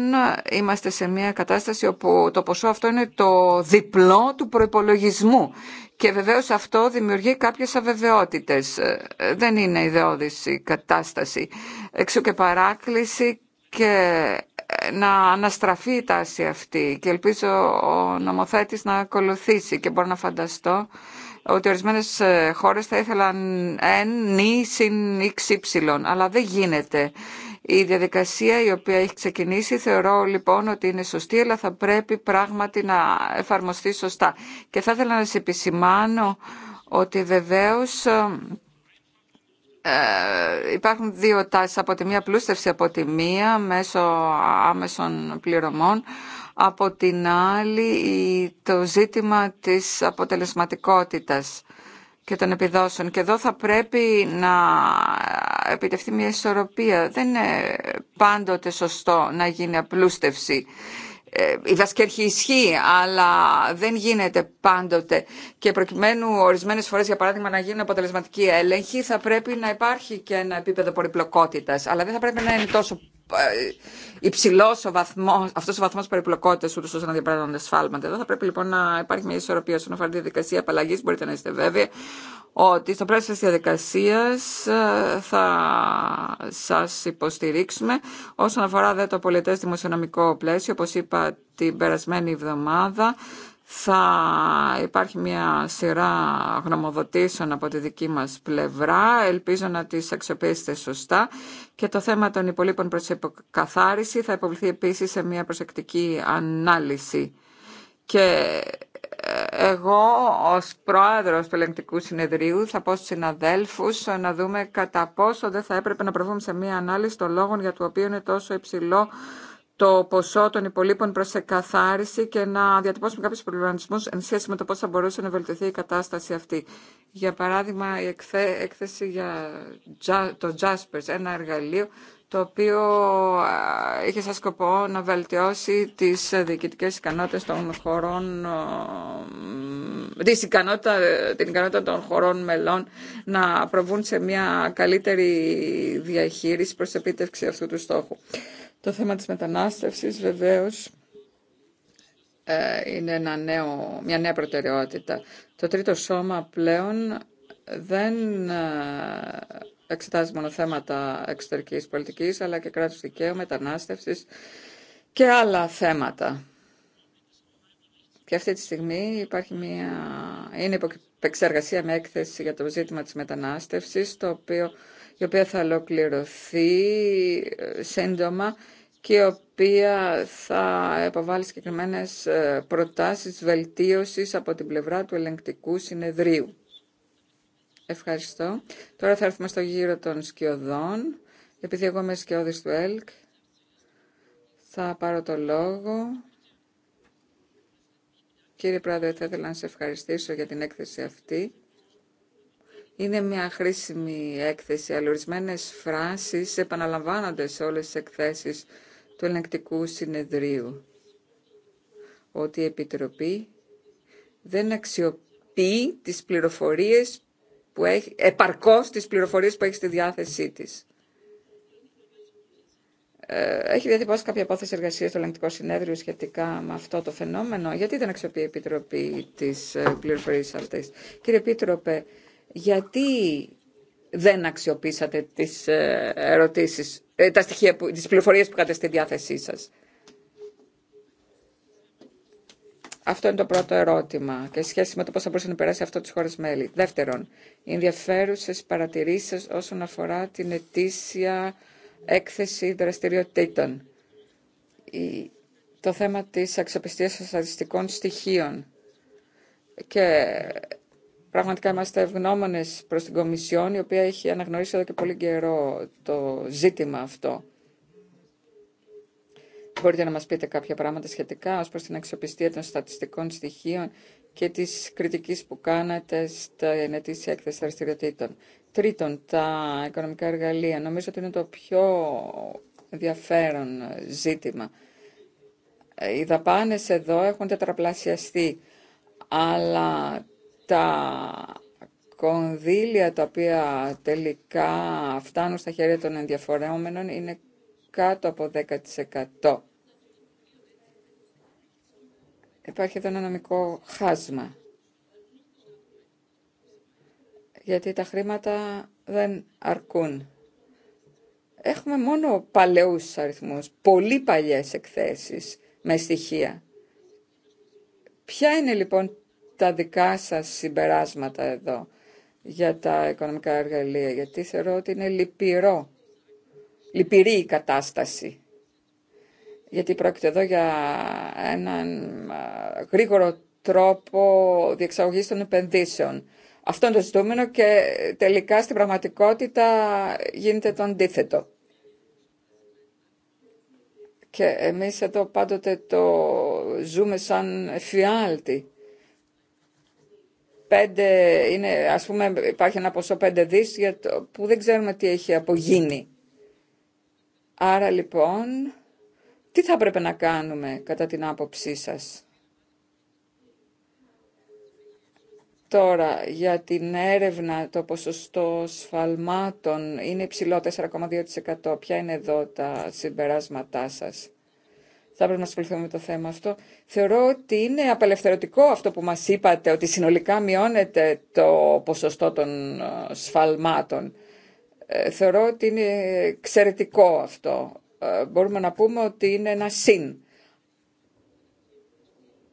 είμαστε σε μια κατάσταση όπου το ποσό αυτό είναι το διπλό του προϋπολογισμού και βεβαίως αυτό δημιουργεί κάποιες αβεβαιότητες. Ε, δεν είναι ιδεώδης η κατάσταση. Εξού και παράκληση και ε, να αναστραφεί η τάση αυτή και ελπίζω ο νομοθέτης να ακολουθήσει και μπορώ να φανταστώ ότι ορισμένες ε, χώρες θα ήθελαν εν, νη, συν, αλλά δεν γίνεται. Η διαδικασία η οποία έχει ξεκινήσει θεωρώ λοιπόν ότι είναι σωστή αλλά θα πρέπει πράγματι να εφαρμοστεί σωστά. Και θα ήθελα να σε επισημάνω ότι βεβαίως ε, ε, υπάρχουν δύο τάσεις από τη μία πλούστευση από τη μία μέσω άμεσων πληρωμών από την άλλη το ζήτημα της αποτελεσματικότητας και των επιδόσεων. Και εδώ θα πρέπει να επιτευχθεί μια ισορροπία. Δεν είναι πάντοτε σωστό να γίνει απλούστευση. Ε, η δασκέρχη ισχύει, αλλά δεν γίνεται πάντοτε. Και προκειμένου ορισμένε φορέ, για παράδειγμα, να γίνουν αποτελεσματικοί έλεγχοι, θα πρέπει να υπάρχει και ένα επίπεδο περιπλοκότητας. Αλλά δεν θα πρέπει να είναι τόσο ε, υψηλό ο βαθμό, αυτό ο βαθμό περιπλοκότητα, ούτω ώστε να διαπράττονται σφάλματα. Εδώ θα πρέπει λοιπόν να υπάρχει μια ισορροπία όσον αφορά τη διαδικασία απαλλαγή. Μπορείτε να είστε βέβαιοι ότι στο πλαίσιο της διαδικασίας ε, θα σας υποστηρίξουμε όσον αφορά δε το πολιτές δημοσιονομικό πλαίσιο, όπως είπα την περασμένη εβδομάδα, θα υπάρχει μια σειρά γνωμοδοτήσεων από τη δική μας πλευρά. Ελπίζω να τις αξιοποιήσετε σωστά. Και το θέμα των υπολείπων προς καθάριση θα υποβληθεί επίσης σε μια προσεκτική ανάλυση εγώ ως πρόεδρος του ελεγκτικού συνεδρίου θα πω στους συναδέλφους να δούμε κατά πόσο δεν θα έπρεπε να προβούμε σε μία ανάλυση των λόγων για το οποίο είναι τόσο υψηλό το ποσό των υπολείπων προς εκαθάριση και να διατυπώσουμε κάποιους προβληματισμούς εν σχέση με το πώς θα μπορούσε να βελτιωθεί η κατάσταση αυτή. Για παράδειγμα, η έκθεση για το Jaspers, ένα εργαλείο το οποίο είχε σαν σκοπό να βελτιώσει τις διοικητικές ικανότητες των χωρών, ικανότητα, την ικανότητα των χωρών μελών να προβούν σε μια καλύτερη διαχείριση προς επίτευξη αυτού του στόχου. Το θέμα της μετανάστευσης βεβαίως ε, είναι ένα μια νέα προτεραιότητα. Το τρίτο σώμα πλέον δεν ε, εξετάζει μόνο θέματα εξωτερικής πολιτικής, αλλά και κράτου δικαίου, μετανάστευσης και άλλα θέματα. Και αυτή τη στιγμή υπάρχει μια... είναι υπεξεργασία με έκθεση για το ζήτημα της μετανάστευσης, το οποίο... η οποία θα ολοκληρωθεί ε, σύντομα και η οποία θα επαβάλει συγκεκριμένε ε, προτάσεις βελτίωσης από την πλευρά του ελεγκτικού συνεδρίου. Ευχαριστώ. Τώρα θα έρθουμε στο γύρο των σκιωδών. Επειδή εγώ είμαι σκιώδης του ΕΛΚ, θα πάρω το λόγο. Κύριε Πρόεδρε, θα ήθελα να σε ευχαριστήσω για την έκθεση αυτή. Είναι μια χρήσιμη έκθεση, αλλά φράσεις επαναλαμβάνονται σε όλες τις εκθέσεις του ελεγκτικού συνεδρίου. Ότι η Επιτροπή δεν αξιοποιεί τις πληροφορίες που έχει, επαρκώς τις πληροφορίες που έχει στη διάθεσή της. Ε, έχει διατυπώσει κάποια απόθεση εργασία στο Ελεγκτικό Συνέδριο σχετικά με αυτό το φαινόμενο. Γιατί δεν αξιοποιεί η Επιτροπή τι ε, πληροφορίε αυτέ. Κύριε Επίτροπε, γιατί δεν αξιοποίησατε τις ε, ερωτήσεις, τα στοιχεία, που, τις πληροφορίες που είχατε στη διάθεσή σας. Αυτό είναι το πρώτο ερώτημα και σχέση με το πώ θα μπορούσε να περάσει αυτό τι χώρε μέλη. Δεύτερον, οι ενδιαφέρουσες παρατηρήσεις όσον αφορά την ετήσια έκθεση δραστηριοτήτων. Το θέμα τη αξιοπιστίας των στατιστικών στοιχείων. Και πραγματικά είμαστε ευγνώμονες προ την Κομισιόν, η οποία έχει αναγνωρίσει εδώ και πολύ καιρό το ζήτημα αυτό. Μπορείτε να μας πείτε κάποια πράγματα σχετικά ως προς την αξιοπιστία των στατιστικών στοιχείων και της κριτικής που κάνατε στην ενετήσια έκθεση δραστηριοτήτων. Τρίτον, τα οικονομικά εργαλεία. Νομίζω ότι είναι το πιο ενδιαφέρον ζήτημα. Ε, οι δαπάνες εδώ έχουν τετραπλασιαστεί, αλλά τα κονδύλια τα οποία τελικά φτάνουν στα χέρια των ενδιαφορεόμενων είναι κάτω από 10% υπάρχει εδώ ένα νομικό χάσμα. Γιατί τα χρήματα δεν αρκούν. Έχουμε μόνο παλαιούς αριθμούς, πολύ παλιές εκθέσεις με στοιχεία. Ποια είναι λοιπόν τα δικά σας συμπεράσματα εδώ για τα οικονομικά εργαλεία, γιατί θεωρώ ότι είναι λυπηρό, λυπηρή η κατάσταση γιατί πρόκειται εδώ για έναν γρήγορο τρόπο διεξαγωγής των επενδύσεων. Αυτό είναι το ζητούμενο και τελικά στην πραγματικότητα γίνεται το αντίθετο. Και εμείς εδώ πάντοτε το ζούμε σαν φιάλτη. Πέντε είναι, ας πούμε, υπάρχει ένα ποσό πέντε δις για που δεν ξέρουμε τι έχει απογίνει. Άρα λοιπόν τι θα έπρεπε να κάνουμε κατά την άποψή σας. Τώρα, για την έρευνα το ποσοστό σφαλμάτων είναι υψηλό 4,2%. Ποια είναι εδώ τα συμπεράσματά σας. Θα πρέπει να ασχοληθούμε με το θέμα αυτό. Θεωρώ ότι είναι απελευθερωτικό αυτό που μας είπατε, ότι συνολικά μειώνεται το ποσοστό των ε, σφαλμάτων. Ε, θεωρώ ότι είναι εξαιρετικό αυτό. Ε, μπορούμε να πούμε ότι είναι ένα συν.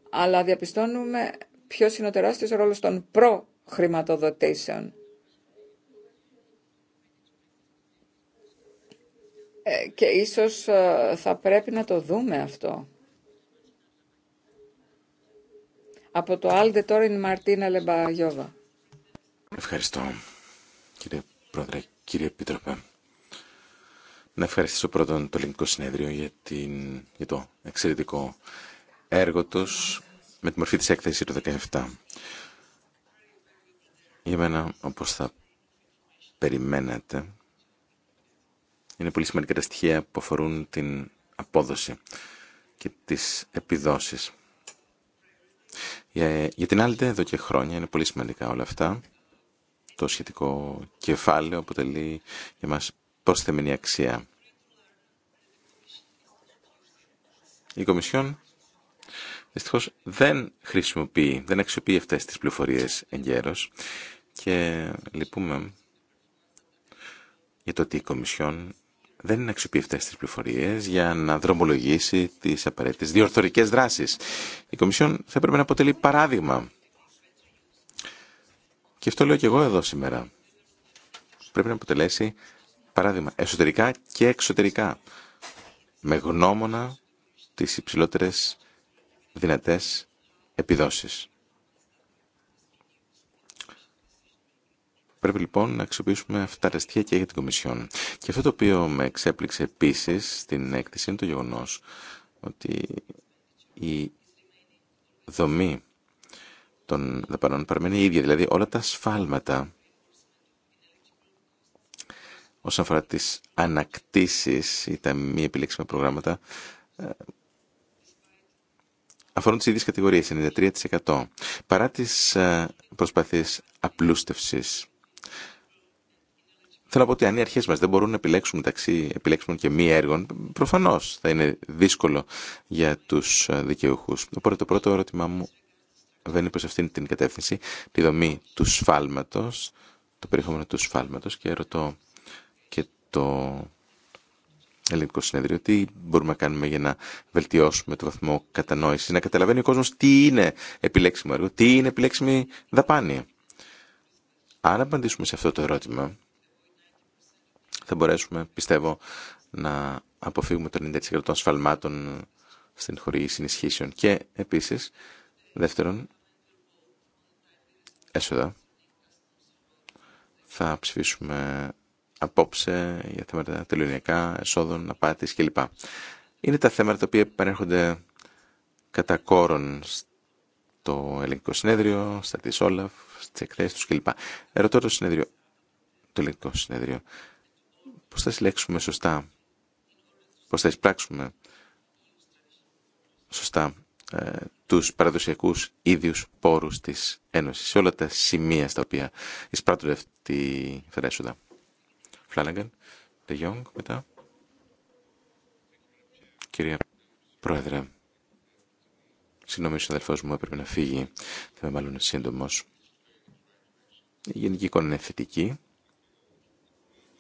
Αλλά διαπιστώνουμε ποιος είναι ο τεράστιος ρόλος των προχρηματοδοτήσεων. Ε, και ίσως ε, θα πρέπει να το δούμε αυτό. Από το Άλντε τώρα είναι η Μαρτίνα Λεμπαγιώβα. Ευχαριστώ κύριε Πρόεδρε, κύριε Επίτροπε να ευχαριστήσω πρώτον το Ελληνικό Συνέδριο για, την, για το εξαιρετικό έργο τους με τη μορφή της έκθεσης του 17. Για μένα, όπως θα περιμένετε, είναι πολύ σημαντικά τα στοιχεία που αφορούν την απόδοση και τις επιδόσεις. Για, για την άλλη, εδώ και χρόνια είναι πολύ σημαντικά όλα αυτά. Το σχετικό κεφάλαιο αποτελεί για μας προσθέμενη αξία. Η Κομισιόν δυστυχώ δεν χρησιμοποιεί, δεν αξιοποιεί αυτές τις πληροφορίες εγκαίρως και λυπούμε για το ότι η Κομισιόν δεν είναι αξιοποιεί αυτές τις πληροφορίες για να δρομολογήσει τις απαραίτητες διορθωρικές δράσεις. Η Κομισιόν θα έπρεπε να αποτελεί παράδειγμα. Και αυτό λέω και εγώ εδώ σήμερα. Πρέπει να αποτελέσει παράδειγμα, εσωτερικά και εξωτερικά, με γνώμονα τις υψηλότερες δυνατές επιδόσεις. Πρέπει λοιπόν να αξιοποιήσουμε αυτά τα στοιχεία και για την Κομισιόν. Και αυτό το οποίο με εξέπληξε επίση στην έκθεση είναι το γεγονό: ότι η δομή των δαπανών παραμένει η ίδια. Δηλαδή όλα τα σφάλματα όσον αφορά τις ανακτήσεις ή τα μη επιλέξιμα προγράμματα ε, αφορούν τις ίδιες κατηγορίες, 93%. Παρά τις ε, προσπαθείς απλούστευσης, θέλω να πω ότι αν οι αρχές μας δεν μπορούν να επιλέξουν μεταξύ επιλέξιμων και μη έργων, προφανώς θα είναι δύσκολο για τους ε, δικαιούχους. Οπότε το πρώτο ερώτημά μου βαίνει προς αυτήν την κατεύθυνση, τη δομή του σφάλματος, το περιεχόμενο του σφάλματος και ρωτώ το ελληνικό συνέδριο, τι μπορούμε να κάνουμε για να βελτιώσουμε το βαθμό κατανόηση, να καταλαβαίνει ο κόσμο τι είναι επιλέξιμο έργο, τι είναι επιλέξιμη δαπάνη. Αν απαντήσουμε σε αυτό το ερώτημα, θα μπορέσουμε, πιστεύω, να αποφύγουμε το 90% των σφαλμάτων στην χορήγηση ενισχύσεων. Και επίσης, δεύτερον, έσοδα. Θα ψηφίσουμε απόψε για θέματα τελειωνιακά, εσόδων, απάτη κλπ. Είναι τα θέματα τα οποία παρέρχονται κατά κόρον στο ελληνικό συνέδριο, στα τη Όλαφ, στι εκθέσει του κλπ. Ερωτώ το συνέδριο, το ελληνικό συνέδριο, πώς θα συλλέξουμε σωστά, πώς θα εισπράξουμε σωστά ε, τους παραδοσιακούς ίδιους πόρους της Ένωσης, σε όλα τα σημεία στα οποία εισπράττουν αυτή, τη Φλάναγκαν, Δε Γιόγκ μετά. Κυρία Πρόεδρε, συγγνώμη, ο αδερφός μου έπρεπε να φύγει. Θα με βάλουν σύντομο. Η γενική εικόνα είναι θετική.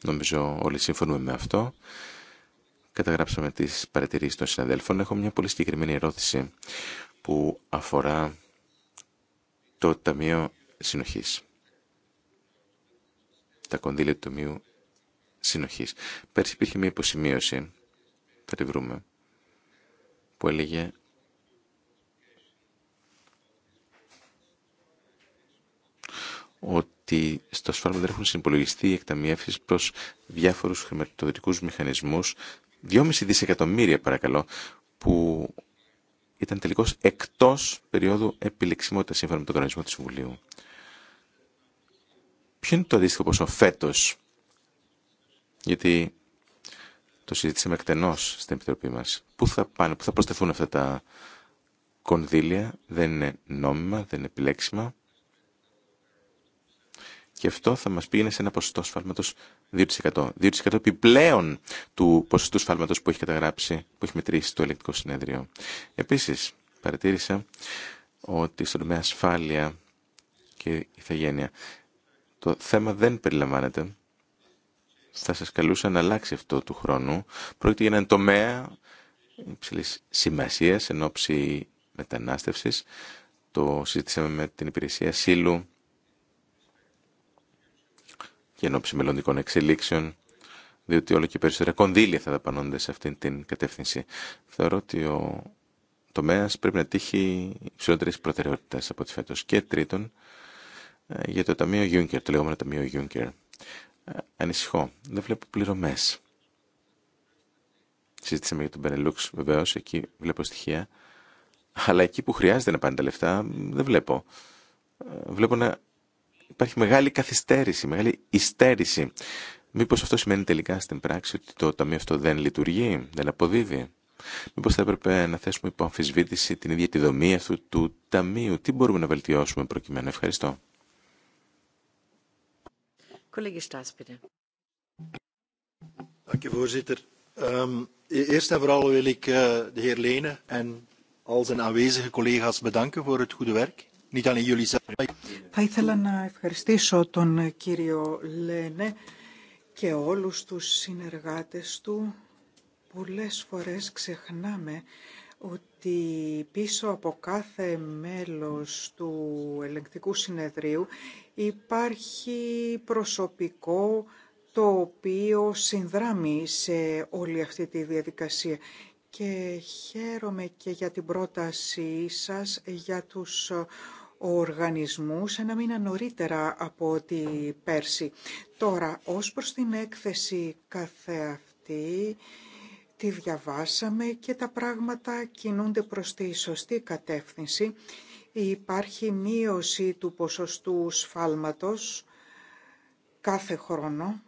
Νομίζω όλοι συμφωνούμε με αυτό. Καταγράψαμε τις παρατηρήσεις των συναδέλφων. Έχω μια πολύ συγκεκριμένη ερώτηση που αφορά το Ταμείο Συνοχής. Τα κονδύλια του Ταμείου συνοχής. Πέρσι υπήρχε μια υποσημείωση, θα τη βρούμε, που έλεγε ότι στο σφάλμα δεν έχουν συμπολογιστεί οι εκταμιεύσεις προς διάφορους χρηματοδοτικούς μηχανισμούς, 2,5 δισεκατομμύρια παρακαλώ, που ήταν τελικώς εκτός περίοδου επιλεξιμότητας σύμφωνα με τον κανονισμό του Συμβουλίου. Ποιο είναι το αντίστοιχο ποσό φέτος γιατί το συζήτησαμε εκτενώς στην Επιτροπή μας. Πού θα πάνε, πού θα προσθεθούν αυτά τα κονδύλια, δεν είναι νόμιμα, δεν είναι επιλέξιμα. Και αυτό θα μας πήγαινε σε ένα ποσοστό σφάλματος 2%. 2% επιπλέον του ποσοστού σφάλματος που έχει καταγράψει, που έχει μετρήσει το ελεκτικό συνέδριο. Επίσης, παρατήρησα ότι στον τομέα ασφάλεια και ηθαγένεια το θέμα δεν περιλαμβάνεται θα σας καλούσα να αλλάξει αυτό του χρόνου. Πρόκειται για έναν τομέα υψηλή σημασία εν ώψη Το συζήτησαμε με την υπηρεσία Σύλλου και εν ώψη μελλοντικών εξελίξεων, διότι όλο και περισσότερα κονδύλια θα δαπανώνται σε αυτήν την κατεύθυνση. Θεωρώ ότι ο τομέα πρέπει να τύχει υψηλότερη προτεραιότητα από τη φέτο. Και τρίτον, ε, για το Ταμείο το λεγόμενο Ταμείο Juncker ανησυχώ. Δεν βλέπω πληρωμές. Συζήτησαμε για τον Benelux βεβαίω, εκεί βλέπω στοιχεία. Αλλά εκεί που χρειάζεται να πάνε τα λεφτά, δεν βλέπω. Ε, βλέπω να υπάρχει μεγάλη καθυστέρηση, μεγάλη ιστέρηση. Μήπως αυτό σημαίνει τελικά στην πράξη ότι το ταμείο αυτό δεν λειτουργεί, δεν αποδίδει. Μήπως θα έπρεπε να θέσουμε υπό αμφισβήτηση την ίδια τη δομή αυτού του ταμείου. Τι μπορούμε να βελτιώσουμε προκειμένου. Ευχαριστώ. Collega Staes, bitte. Dank u, voorzitter. Eerst en vooral wil ik de heer Lene en al zijn aanwezige collega's bedanken voor het goede werk. Niet alleen jullie zelf. Θα ήθελα να ευχαριστήσω τον κύριο Λένε και όλους τους συνεργάτες του. Πολλές φορές ξεχνάμε ότι ότι πίσω από κάθε μέλος του ελεγκτικού συνεδρίου υπάρχει προσωπικό το οποίο συνδράμει σε όλη αυτή τη διαδικασία. Και χαίρομαι και για την πρότασή σας για τους οργανισμούς ένα μήνα νωρίτερα από ότι πέρσι. Τώρα, ως προς την έκθεση καθεαυτή, τη διαβάσαμε και τα πράγματα κινούνται προς τη σωστή κατεύθυνση. Υπάρχει μείωση του ποσοστού σφάλματος κάθε χρόνο,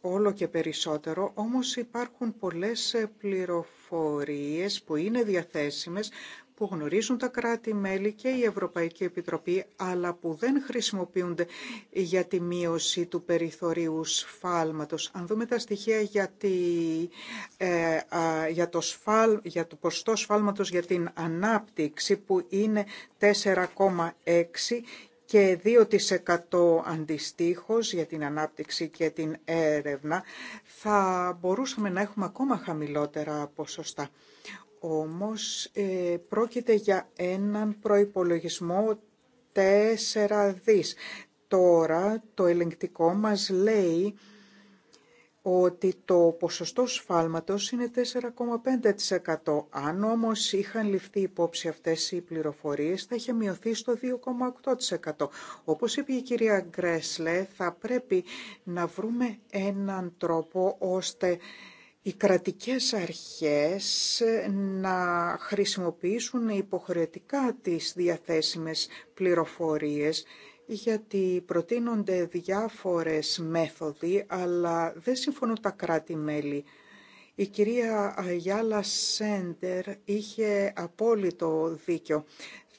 όλο και περισσότερο, όμως υπάρχουν πολλές πληροφορίες που είναι διαθέσιμες που γνωρίζουν τα κράτη-μέλη και η Ευρωπαϊκή Επιτροπή, αλλά που δεν χρησιμοποιούνται για τη μείωση του περιθωρίου σφάλματος. Αν δούμε τα στοιχεία για, ε, για, το, σφάλ, για το ποστό σφάλματος για την ανάπτυξη που είναι 4,6% και 2% αντιστοίχως για την ανάπτυξη και την έρευνα, θα μπορούσαμε να έχουμε ακόμα χαμηλότερα ποσοστά όμως ε, πρόκειται για έναν προϋπολογισμό 4 δις. Τώρα το ελεγκτικό μας λέει ότι το ποσοστό σφάλματος είναι 4,5%. Αν όμως είχαν ληφθεί υπόψη αυτές οι πληροφορίες θα είχε μειωθεί στο 2,8%. Όπως είπε η κυρία Γκρέσλε θα πρέπει να βρούμε έναν τρόπο ώστε οι κρατικές αρχές να χρησιμοποιήσουν υποχρεωτικά τις διαθέσιμες πληροφορίες γιατί προτείνονται διάφορες μέθοδοι αλλά δεν συμφωνούν τα κράτη-μέλη. Η κυρία Αγιάλα Σέντερ είχε απόλυτο δίκιο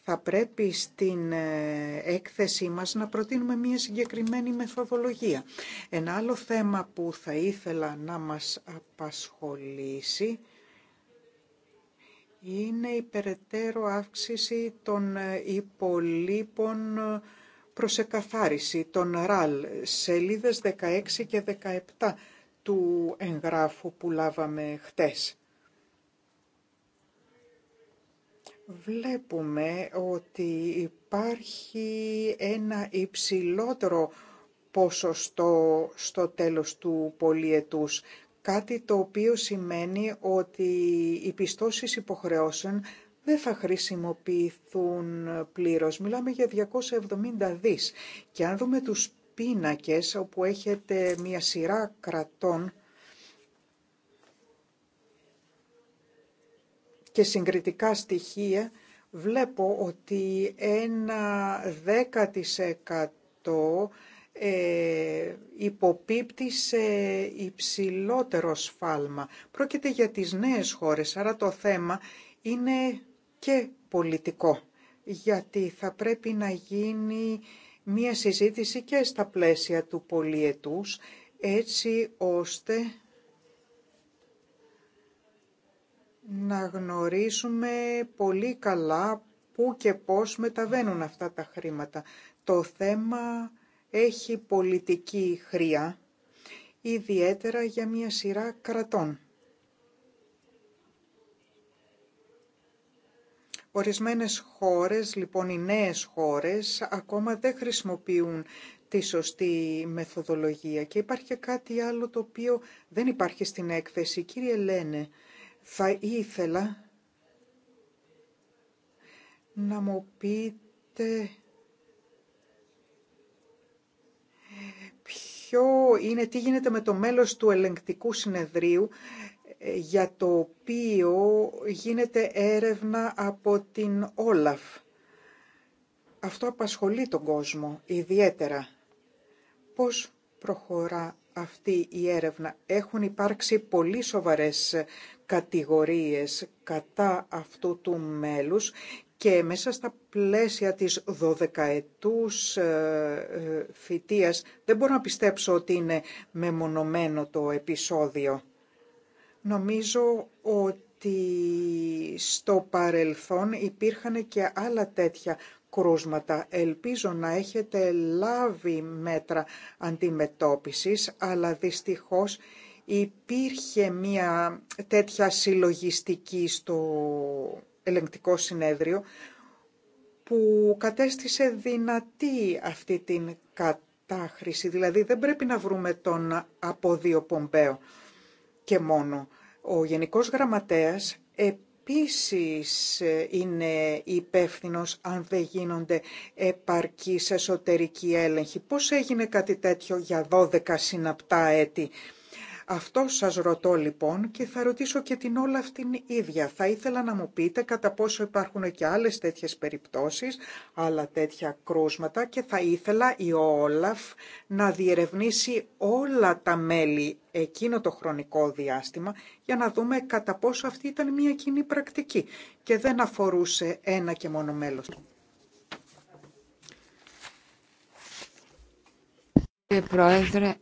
θα πρέπει στην ε, έκθεσή μας να προτείνουμε μία συγκεκριμένη μεθοδολογία. Ένα άλλο θέμα που θα ήθελα να μας απασχολήσει είναι η περαιτέρω αύξηση των ε, υπολείπων ε, προς εκαθάριση, των ΡΑΛ, σελίδες 16 και 17 του εγγράφου που λάβαμε χτες. βλέπουμε ότι υπάρχει ένα υψηλότερο ποσοστό στο τέλος του πολιετούς. Κάτι το οποίο σημαίνει ότι οι πιστώσεις υποχρεώσεων δεν θα χρησιμοποιηθούν πλήρως. Μιλάμε για 270 δις. Και αν δούμε τους πίνακες όπου έχετε μια σειρά κρατών και συγκριτικά στοιχεία βλέπω ότι ένα 10% ε, υποπίπτει σε υψηλότερο σφάλμα. Πρόκειται για τις νέες χώρες, άρα το θέμα είναι και πολιτικό, γιατί θα πρέπει να γίνει μία συζήτηση και στα πλαίσια του πολιετούς, έτσι ώστε να γνωρίζουμε πολύ καλά πού και πώς μεταβαίνουν αυτά τα χρήματα. Το θέμα έχει πολιτική χρειά, ιδιαίτερα για μια σειρά κρατών. Ορισμένες χώρες, λοιπόν οι νέες χώρες, ακόμα δεν χρησιμοποιούν τη σωστή μεθοδολογία. Και υπάρχει κάτι άλλο το οποίο δεν υπάρχει στην έκθεση. Κύριε Λένε, θα ήθελα να μου πείτε ποιο είναι, τι γίνεται με το μέλος του ελεγκτικού συνεδρίου ε, για το οποίο γίνεται έρευνα από την Όλαφ. Αυτό απασχολεί τον κόσμο ιδιαίτερα. Πώς προχωρά αυτή η έρευνα. Έχουν υπάρξει πολύ σοβαρές κατηγορίες κατά αυτού του μέλους και μέσα στα πλαίσια της 12ετούς ε, ε, φοιτείας δεν μπορώ να πιστέψω ότι είναι μεμονωμένο το επεισόδιο. Νομίζω ότι στο παρελθόν υπήρχαν και άλλα τέτοια κρούσματα. Ελπίζω να έχετε λάβει μέτρα αντιμετώπισης, αλλά δυστυχώς υπήρχε μια τέτοια συλλογιστική στο ελεγκτικό συνέδριο που κατέστησε δυνατή αυτή την κατάχρηση. Δηλαδή δεν πρέπει να βρούμε τον αποδίοπομπαίο και μόνο. Ο Γενικός Γραμματέας επίσης ε, είναι υπεύθυνο αν δεν γίνονται επαρκείς εσωτερικοί έλεγχοι. Πώς έγινε κάτι τέτοιο για 12 συναπτά έτη. Αυτό σας ρωτώ λοιπόν και θα ρωτήσω και την όλα αυτήν ίδια. Θα ήθελα να μου πείτε κατά πόσο υπάρχουν και άλλες τέτοιες περιπτώσεις, άλλα τέτοια κρούσματα και θα ήθελα η Όλαφ να διερευνήσει όλα τα μέλη εκείνο το χρονικό διάστημα για να δούμε κατά πόσο αυτή ήταν μια κοινή πρακτική και δεν αφορούσε ένα και μόνο μέλος. Πρόεδρε,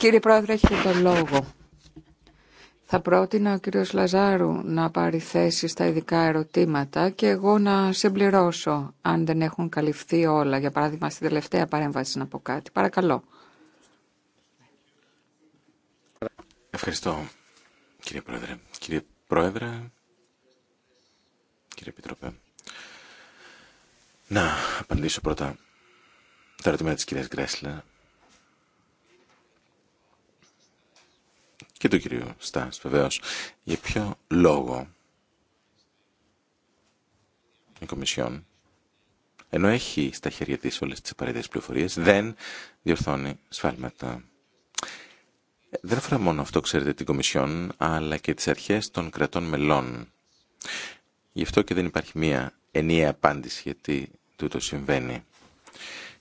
Κύριε Πρόεδρε, έχετε το λόγο. Θα πρότεινα ο κύριος Λαζάρου να πάρει θέση στα ειδικά ερωτήματα και εγώ να συμπληρώσω αν δεν έχουν καλυφθεί όλα. Για παράδειγμα, στην τελευταία παρέμβαση να πω κάτι. Παρακαλώ. Ευχαριστώ, κύριε Πρόεδρε. Κύριε Πρόεδρε, κύριε Επιτροπέ, να απαντήσω πρώτα τα ερωτήματα της κυρίας Γκρέσλα και του κυρίου Στάς βεβαίως. Για ποιο λόγο η Κομισιόν, ενώ έχει στα χέρια της όλες τις απαραίτητες πληροφορίες, δεν διορθώνει σφάλματα. Δεν αφορά μόνο αυτό, ξέρετε, την Κομισιόν, αλλά και τις αρχές των κρατών μελών. Γι' αυτό και δεν υπάρχει μία ενιαία απάντηση γιατί τούτο συμβαίνει.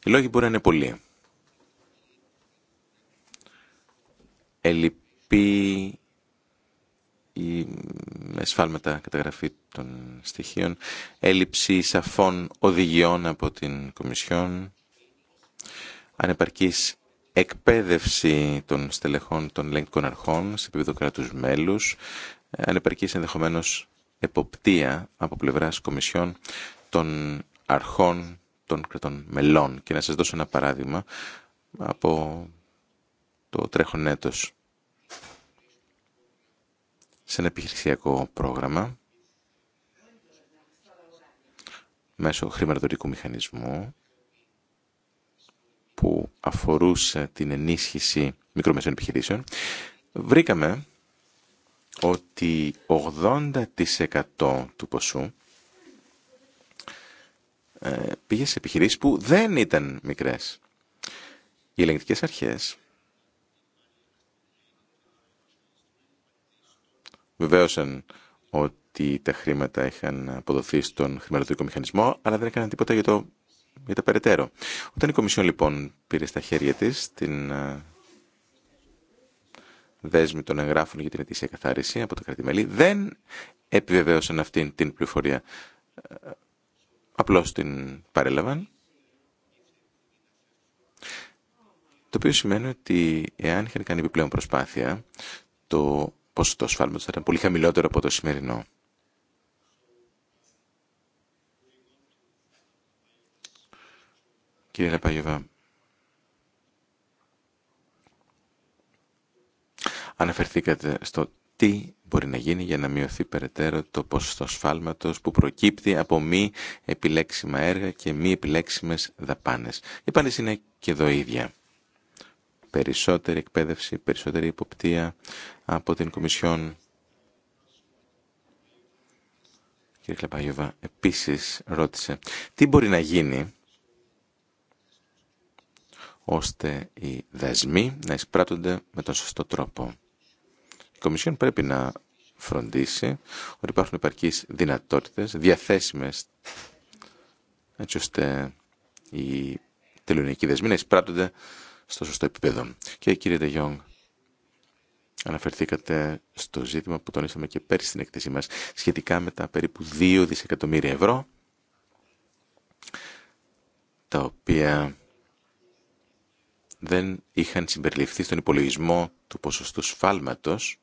Οι λόγοι μπορεί να είναι πολλοί πει η εσφάλματα καταγραφή των στοιχείων, έλλειψη σαφών οδηγιών από την Κομισιόν, ανεπαρκής εκπαίδευση των στελεχών των ελεγκτικών αρχών σε επίπεδο κράτου μέλους, ανεπαρκής ενδεχομένως εποπτεία από πλευράς Κομισιόν των αρχών των κρατών μελών. Και να σας δώσω ένα παράδειγμα από το τρέχον έτος σε ένα επιχειρησιακό πρόγραμμα μέσω χρηματοδοτικού μηχανισμού που αφορούσε την ενίσχυση μικρομεσαίων επιχειρήσεων, βρήκαμε ότι 80% του ποσού ε, πήγε σε επιχειρήσεις που δεν ήταν μικρές. Οι ελεγκτικές αρχές βεβαίωσαν ότι τα χρήματα είχαν αποδοθεί στον χρηματοδοτικό μηχανισμό, αλλά δεν έκαναν τίποτα για, το, για το περαιτέρω. Όταν η Κομισιόν λοιπόν πήρε στα χέρια της την ε, δέσμη των εγγράφων για την ετήσια καθάριση από τα κρατημέλη, δεν επιβεβαίωσαν αυτήν την πληροφορία. Ε, απλώς την παρέλαβαν. Το οποίο σημαίνει ότι εάν είχαν κάνει επιπλέον προσπάθεια, το ποσοστό σφάλματος θα ήταν πολύ χαμηλότερο από το σημερινό. Κύριε Ραπαγεύα, αναφερθήκατε στο τι μπορεί να γίνει για να μειωθεί περαιτέρω το ποσοστό σφάλματος που προκύπτει από μη επιλέξιμα έργα και μη επιλέξιμες δαπάνες. Η απάντηση είναι και εδώ ίδια περισσότερη εκπαίδευση, περισσότερη υποπτία από την Κομισιόν. Κύριε Κλαπαγιώβα, επίσης ρώτησε τι μπορεί να γίνει ώστε οι δεσμοί να εισπράττονται με τον σωστό τρόπο. Η Κομισιόν πρέπει να φροντίσει ότι υπάρχουν υπαρκείς δυνατότητες διαθέσιμες έτσι ώστε οι τελωνιακοί δεσμοί να εισπράττονται στο σωστό επίπεδο. Και κύριε Ντεγιόγκ, αναφερθήκατε στο ζήτημα που τονίσαμε και πέρσι στην εκθέσή μας σχετικά με τα περίπου 2 δισεκατομμύρια ευρώ τα οποία δεν είχαν συμπεριληφθεί στον υπολογισμό του ποσοστού σφάλματος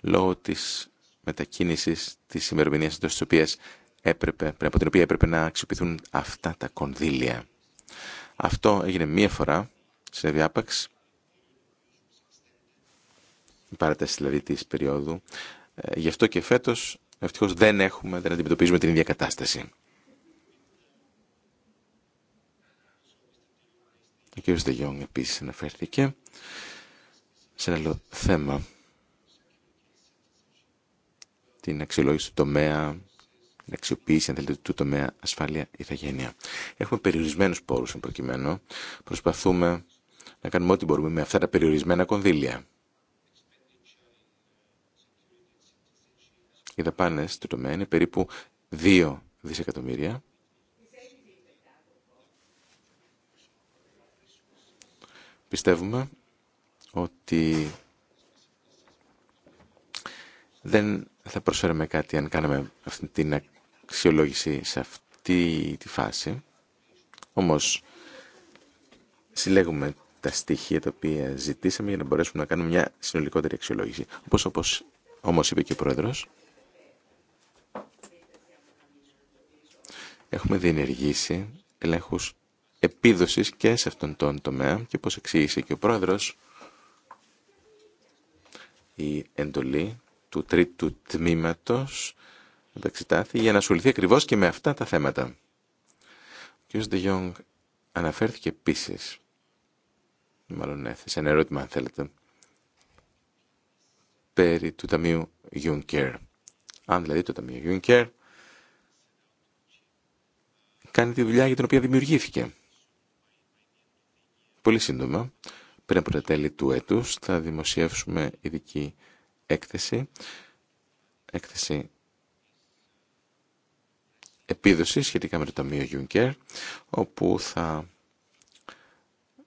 λόγω της μετακίνησης της ημερομηνίας εντός της οποίας έπρεπε, πριν από την οποία έπρεπε να αξιοποιηθούν αυτά τα κονδύλια. Αυτό έγινε μία φορά σε διάπαξ, η παράταση δηλαδή της περίοδου. Ε, γι' αυτό και φέτος ευτυχώς δεν έχουμε, δεν αντιμετωπίζουμε την ίδια κατάσταση. Ο κ. Δεγιόν επίσης αναφέρθηκε σε ένα άλλο θέμα. Την αξιολόγηση του τομέα να αξιοποίηση, αν θέλετε, του τομέα ασφάλεια ηθαγένεια. Έχουμε περιορισμένους πόρους, εν προκειμένου. Προσπαθούμε να κάνουμε ό,τι μπορούμε με αυτά τα περιορισμένα κονδύλια. Οι δαπάνε του τομέα είναι περίπου 2 δισεκατομμύρια. Πιστεύουμε ότι δεν θα προσφέρουμε κάτι αν κάναμε αυτή την αξιολόγηση σε αυτή τη φάση. Όμως, συλλέγουμε τα στοιχεία τα οποία ζητήσαμε για να μπορέσουμε να κάνουμε μια συνολικότερη αξιολόγηση. Όπως, όπως όμως είπε και ο Πρόεδρος, έχουμε διενεργήσει ελέγχους επίδοσης και σε αυτόν τον τομέα και όπως εξήγησε και ο Πρόεδρος, η εντολή του τρίτου τμήματος για να ασχοληθεί ακριβώς και με αυτά τα θέματα. Ο κ. αναφέρθηκε επίση. μάλλον έθεσε ένα ερώτημα αν θέλετε, περί του Ταμείου Juncker. Αν δηλαδή το Ταμείο Juncker κάνει τη δουλειά για την οποία δημιουργήθηκε. Πολύ σύντομα, πριν από τα τέλη του έτους, θα δημοσιεύσουμε ειδική έκθεση, έκθεση επίδοση σχετικά με το Ταμείο Juncker, όπου θα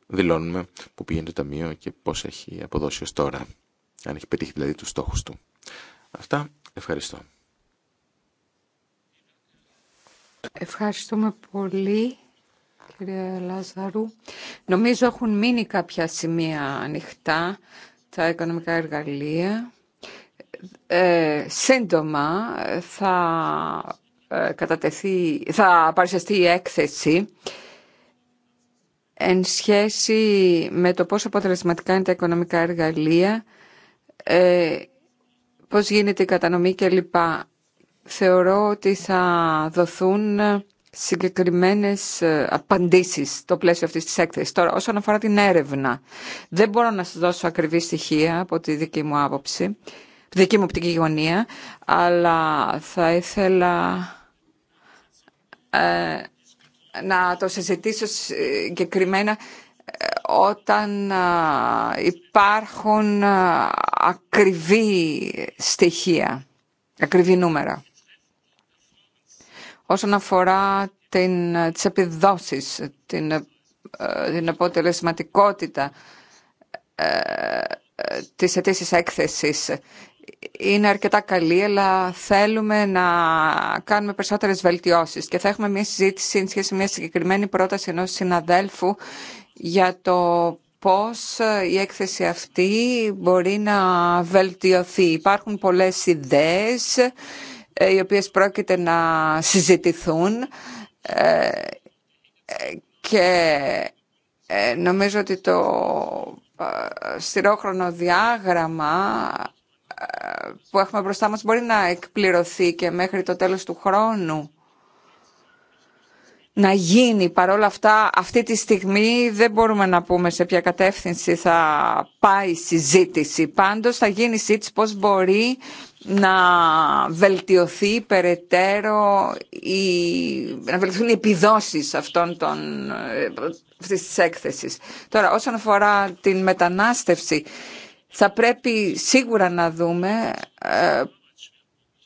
δηλώνουμε που πηγαίνει το Ταμείο και πώς έχει αποδώσει ως τώρα, αν έχει πετύχει δηλαδή τους στόχους του. Αυτά, ευχαριστώ. Ευχαριστούμε πολύ, κύριε Λάζαρου. Νομίζω έχουν μείνει κάποια σημεία ανοιχτά, τα οικονομικά εργαλεία. Ε, σύντομα θα ε, κατατεθεί, θα παρουσιαστεί η έκθεση εν σχέση με το πόσο αποτελεσματικά είναι τα οικονομικά εργαλεία, ε, πώς γίνεται η κατανομή κλπ. Θεωρώ ότι θα δοθούν συγκεκριμένες ε, απαντήσεις στο πλαίσιο αυτής της έκθεσης. Τώρα, όσον αφορά την έρευνα, δεν μπορώ να σας δώσω ακριβή στοιχεία από τη δική μου άποψη, δική μου οπτική γωνία, αλλά θα ήθελα ε, να το συζητήσω συγκεκριμένα ε, όταν ε, υπάρχουν ακριβή στοιχεία, ακριβή νούμερα. Όσον αφορά την, τις επιδόσεις, την, την αποτελεσματικότητα της αιτήσεις έκθεσης, είναι αρκετά καλή, αλλά θέλουμε να κάνουμε περισσότερες βελτιώσεις και θα έχουμε μια συζήτηση σχέση με μια συγκεκριμένη πρόταση ενός συναδέλφου για το πώς η έκθεση αυτή μπορεί να βελτιωθεί. Υπάρχουν πολλές ιδέες ε, οι οποίες πρόκειται να συζητηθούν ε, και ε, νομίζω ότι το στηρόχρονο διάγραμμα που έχουμε μπροστά μας μπορεί να εκπληρωθεί και μέχρι το τέλος του χρόνου να γίνει. Παρόλα αυτά, αυτή τη στιγμή δεν μπορούμε να πούμε σε ποια κατεύθυνση θα πάει η συζήτηση. Πάντως θα γίνει συζήτηση πώς μπορεί να βελτιωθεί περαιτέρω η, να βελτιωθούν οι επιδόσεις αυτών των, ε, αυτής της έκθεσης. Τώρα, όσον αφορά την μετανάστευση, θα πρέπει σίγουρα να δούμε ε,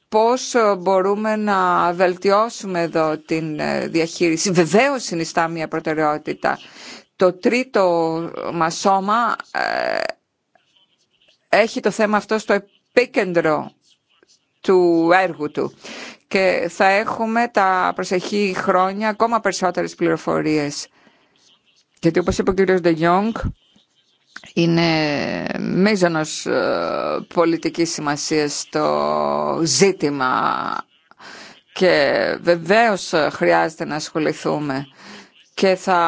πώς μπορούμε να βελτιώσουμε εδώ την ε, διαχείριση. Βεβαίως συνιστά μια προτεραιότητα. Το τρίτο μας σώμα ε, έχει το θέμα αυτό στο επίκεντρο του έργου του και θα έχουμε τα προσεχή χρόνια ακόμα περισσότερες πληροφορίες. Γιατί όπως είπε ο κ. Ντεγιόγκ, είναι μείζονος ε, πολιτικής σημασίας το ζήτημα και βεβαίως ε, χρειάζεται να ασχοληθούμε και θα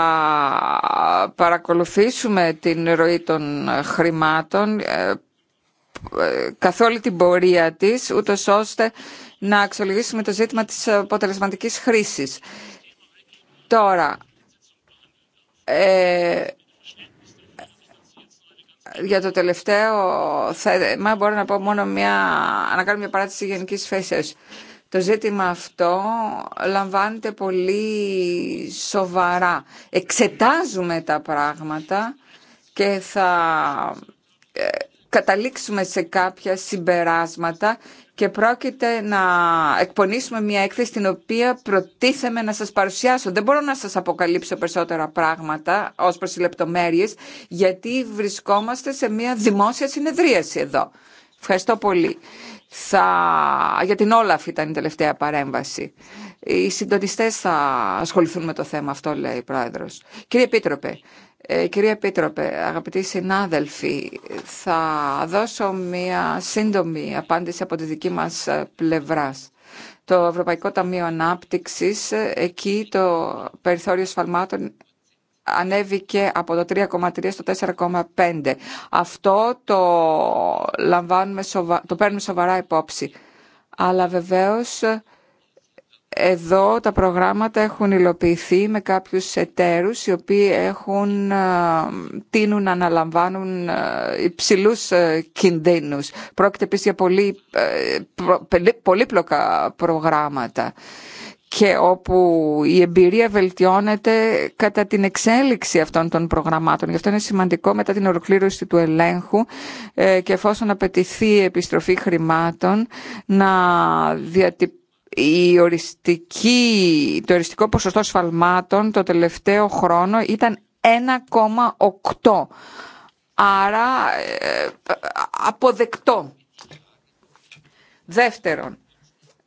παρακολουθήσουμε την ροή των χρημάτων ε, καθ' όλη την πορεία της, ούτως ώστε να αξιολογήσουμε το ζήτημα της αποτελεσματικής χρήσης. Τώρα, ε, για το τελευταίο θέμα μπορώ να πω μόνο μια, να κάνω μια παράτηση γενικής φέσεως. Το ζήτημα αυτό λαμβάνεται πολύ σοβαρά. Εξετάζουμε τα πράγματα και θα ε, καταλήξουμε σε κάποια συμπεράσματα και πρόκειται να εκπονήσουμε μια έκθεση την οποία προτίθεμαι να σας παρουσιάσω. Δεν μπορώ να σας αποκαλύψω περισσότερα πράγματα ως προς οι λεπτομέρειες, γιατί βρισκόμαστε σε μια δημόσια συνεδρίαση εδώ. Ευχαριστώ πολύ. Θα... Για την Όλαφ ήταν η τελευταία παρέμβαση. Οι συντονιστές θα ασχοληθούν με το θέμα αυτό, λέει η Πρόεδρος. Κύριε Επίτροπε, ε, κυρία Επίτροπε, αγαπητοί συνάδελφοι, θα δώσω μία σύντομη απάντηση από τη δική μας ε, πλευράς. Το Ευρωπαϊκό Ταμείο Ανάπτυξης, ε, εκεί το περιθώριο σφαλμάτων ανέβηκε από το 3,3 στο 4,5. Αυτό το, λαμβάνουμε το παίρνουμε σοβαρά υπόψη. Αλλά βεβαίως εδώ τα προγράμματα έχουν υλοποιηθεί με κάποιους εταίρους οι οποίοι έχουν, τείνουν να αναλαμβάνουν υψηλούς κινδύνους. Πρόκειται επίσης για πολύ, πολύπλοκα προγράμματα και όπου η εμπειρία βελτιώνεται κατά την εξέλιξη αυτών των προγραμμάτων. Γι' αυτό είναι σημαντικό μετά την ολοκλήρωση του ελέγχου ε, και εφόσον απαιτηθεί η επιστροφή χρημάτων να διατυπώσουμε η οριστική, το οριστικό ποσοστό σφαλμάτων το τελευταίο χρόνο ήταν 1,8. Άρα ε, αποδεκτό. Δεύτερον,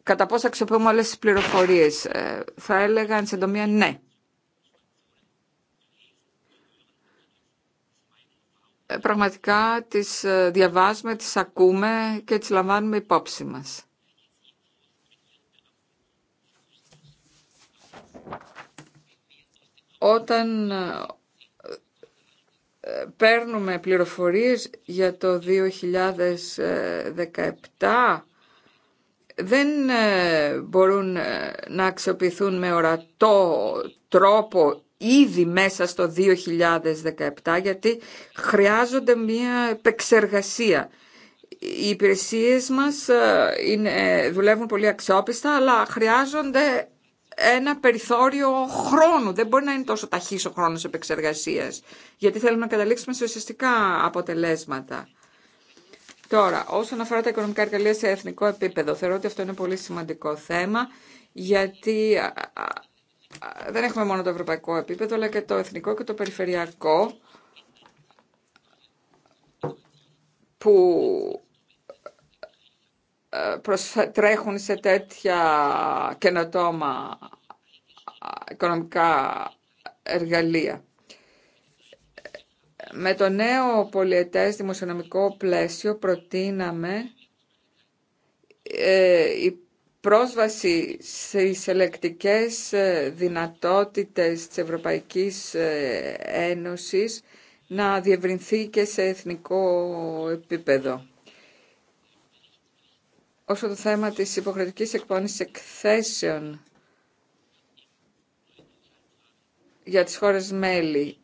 κατά πώς αξιοποιούμε όλες τις πληροφορίες. Ε, θα έλεγα εν συντομία ναι. Ε, πραγματικά τις διαβάζουμε, τις ακούμε και τις λαμβάνουμε υπόψη μας. όταν ε, ε, παίρνουμε πληροφορίες για το 2017 δεν ε, μπορούν να αξιοποιηθούν με ορατό τρόπο ήδη μέσα στο 2017 γιατί χρειάζονται μια επεξεργασία. Οι υπηρεσίες μας είναι, δουλεύουν πολύ αξιόπιστα αλλά χρειάζονται ένα περιθώριο χρόνου. Δεν μπορεί να είναι τόσο ταχύ ο χρόνος επεξεργασία. γιατί θέλουμε να καταλήξουμε σε ουσιαστικά αποτελέσματα. Τώρα, όσον αφορά τα οικονομικά εργαλεία σε εθνικό επίπεδο, θεωρώ ότι αυτό είναι πολύ σημαντικό θέμα, γιατί δεν έχουμε μόνο το ευρωπαϊκό επίπεδο, αλλά και το εθνικό και το περιφερειακό, που τρέχουν σε τέτοια καινοτόμα οικονομικά εργαλεία. Με το νέο πολιετές δημοσιονομικό πλαίσιο προτείναμε ε, η πρόσβαση σε ελεκτικές ε, δυνατότητες της Ευρωπαϊκής ε, Ένωσης να διευρυνθεί και σε εθνικό επίπεδο όσο το θέμα της υποχρεωτικής εκπόνησης εκθέσεων για τις χώρες μέλη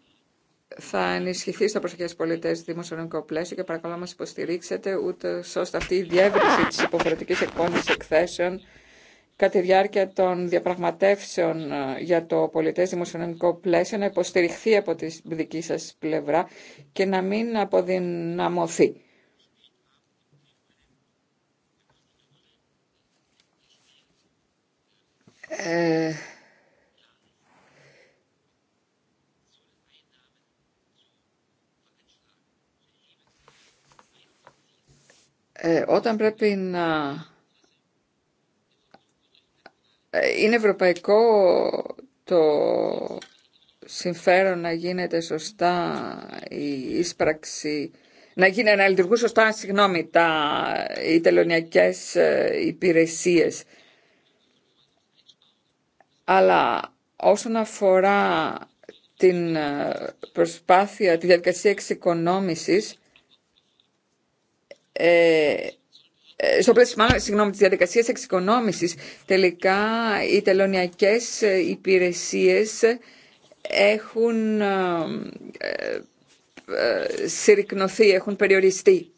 θα ενισχυθεί στο προσοχές πολιτές δημοσιονομικό πλαίσιο και παρακαλώ μας υποστηρίξετε ούτε ώστε αυτή η διεύρυνση της υποχρεωτικής εκπόνησης εκθέσεων κατά τη διάρκεια των διαπραγματεύσεων ε, για το πολιτές δημοσιονομικό πλαίσιο να υποστηριχθεί από τη δική σας πλευρά και να μην αποδυναμωθεί. Ε, ε, όταν πρέπει να ε, είναι ευρωπαϊκό το συμφέρον να γίνεται σωστά η ίσπραξη, να, γίνει, να λειτουργούν σωστά συγγνώμη, τα, οι τελωνιακές υπηρεσίες. Αλλά όσον αφορά την ε, προσπάθεια, τη διαδικασία εξοικονόμησης, ε, ε, στο πλαίσιο μάλλον, συγγνώμη, της διαδικασίας εξοικονόμησης, τελικά οι τελωνιακές ε, υπηρεσίες έχουν ε, ε, συρρυκνωθεί, έχουν περιοριστεί.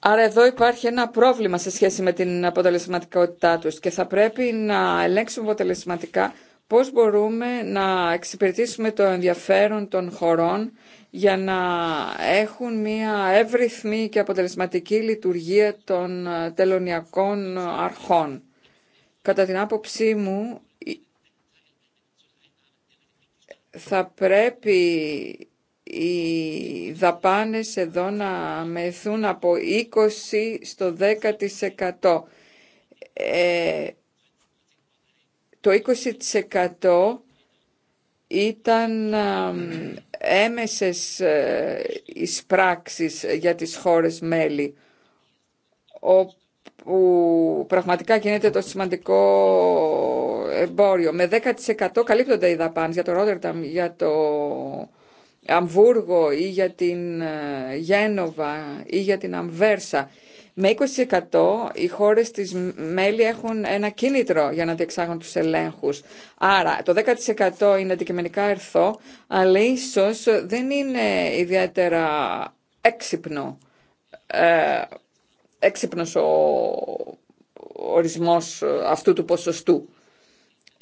Άρα εδώ υπάρχει ένα πρόβλημα σε σχέση με την αποτελεσματικότητά τους και θα πρέπει να ελέγξουμε αποτελεσματικά πώς μπορούμε να εξυπηρετήσουμε το ενδιαφέρον των χωρών για να έχουν μια εύρυθμη και αποτελεσματική λειτουργία των ε, τελωνιακών ε, αρχών. Κατά την άποψή μου θα πρέπει οι δαπάνες εδώ να μεθούν από 20% στο 10%. Ε, το 20% ήταν έμεσες ε, εισπράξεις για τις χώρες μέλη, όπου πραγματικά γίνεται το σημαντικό εμπόριο. Με 10% καλύπτονται οι δαπάνες για το Ρότερταμ, για το Αμβούργο ή για την ε, Γένοβα ή για την Αμβέρσα. Με 20% οι χώρες της μέλη έχουν ένα κίνητρο για να διεξάγουν τους ελέγχους. Άρα το 10% είναι αντικειμενικά ερθό, αλλά ίσως δεν είναι ιδιαίτερα έξυπνο. Ε, έξυπνος ο ορισμός αυτού του ποσοστού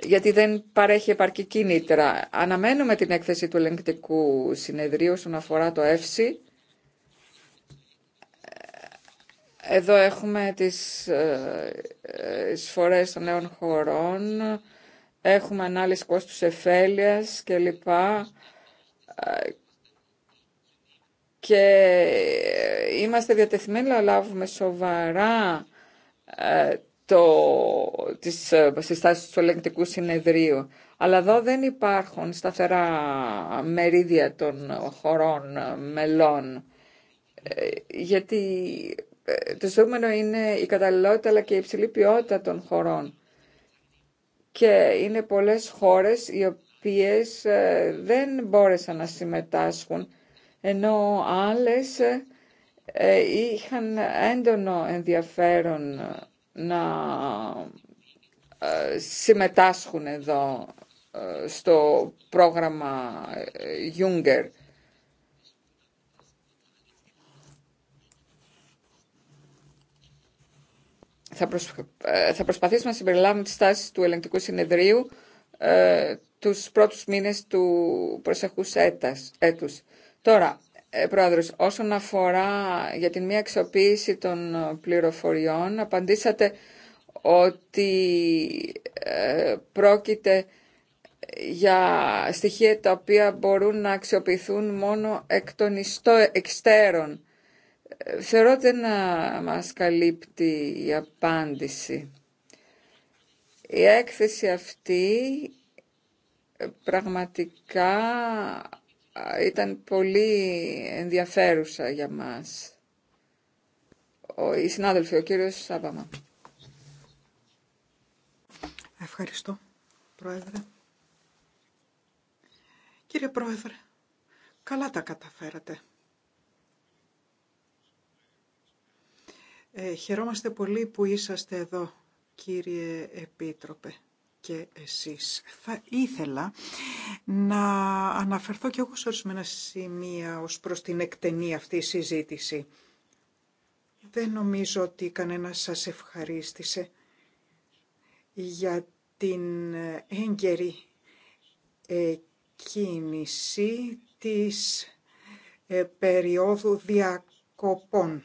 γιατί δεν παρέχει επαρκή κίνητρα. Αναμένουμε την έκθεση του ελεγκτικού συνεδρίου όσον αφορά το ΕΦΣΥ. Εδώ έχουμε τις ε, ε, εισφορές των νέων χωρών, έχουμε ανάλυση κόστους εφέλειας κλπ. Ε, και είμαστε διατεθειμένοι να λάβουμε σοβαρά το, τις ε, συστάσεις του ελεγκτικού συνεδρίου. Αλλά εδώ δεν υπάρχουν σταθερά μερίδια των χωρών ε, μελών, ε, γιατί το ζούμενο είναι η καταλληλότητα αλλά και η υψηλή ποιότητα των χωρών. Και είναι πολλές χώρες οι οποίες δεν μπόρεσαν να συμμετάσχουν, ενώ άλλες είχαν έντονο ενδιαφέρον να ε, συμμετάσχουν εδώ ε, στο πρόγραμμα ε, Juncker. Θα, θα προσπαθήσουμε να συμπεριλάβουμε τις τάσεις του ελεγκτικού συνεδρίου ε, τους πρώτους μήνες του προσεχούς έτους. Τώρα, ε, πρόεδρος, όσον αφορά για την μία αξιοποίηση των ε, πληροφοριών, απαντήσατε ότι ε, πρόκειται για στοιχεία τα οποία μπορούν να αξιοποιηθούν μόνο εκ των εξτέρων. Θεωρώ ότι δεν μας καλύπτει η απάντηση. Η έκθεση αυτή πραγματικά ήταν πολύ ενδιαφέρουσα για μας. Ο, οι συνάδελφοι, ο κύριος Σάβαμα. Ευχαριστώ, Πρόεδρε. Κύριε Πρόεδρε, καλά τα καταφέρατε. Ε, χαιρόμαστε πολύ που είσαστε εδώ, κύριε Επίτροπε και εσείς. Θα ήθελα να αναφερθώ και εγώ σε ορισμένα σημεία ως προς την εκτενή αυτή συζήτηση. Δεν νομίζω ότι κανένα σας ευχαρίστησε για την έγκαιρη κίνηση της ε, περίοδου διακοπών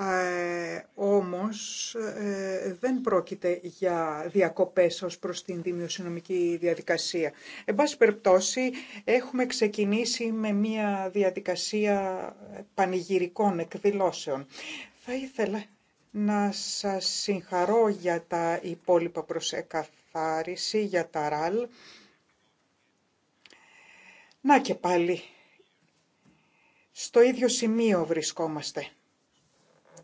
Ε, όμως ε, δεν πρόκειται για διακοπές ως προς την δημοσιονομική διαδικασία. Εν πάση περιπτώσει έχουμε ξεκινήσει με μια διαδικασία πανηγυρικών εκδηλώσεων. Θα ήθελα να σας συγχαρώ για τα υπόλοιπα προς εκαθάριση, για τα ραλ. Να και πάλι, στο ίδιο σημείο βρισκόμαστε.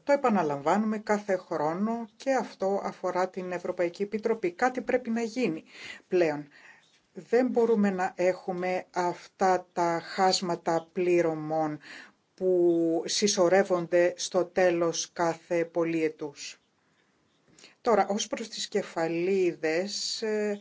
Το επαναλαμβάνουμε κάθε χρόνο και αυτό αφορά την Ευρωπαϊκή Επιτροπή. Κάτι πρέπει να γίνει πλέον. Δεν μπορούμε να έχουμε αυτά τα χάσματα πληρωμών που συσσωρεύονται στο τέλος κάθε πολιετούς. Τώρα, ως προς τις κεφαλίδες, ε,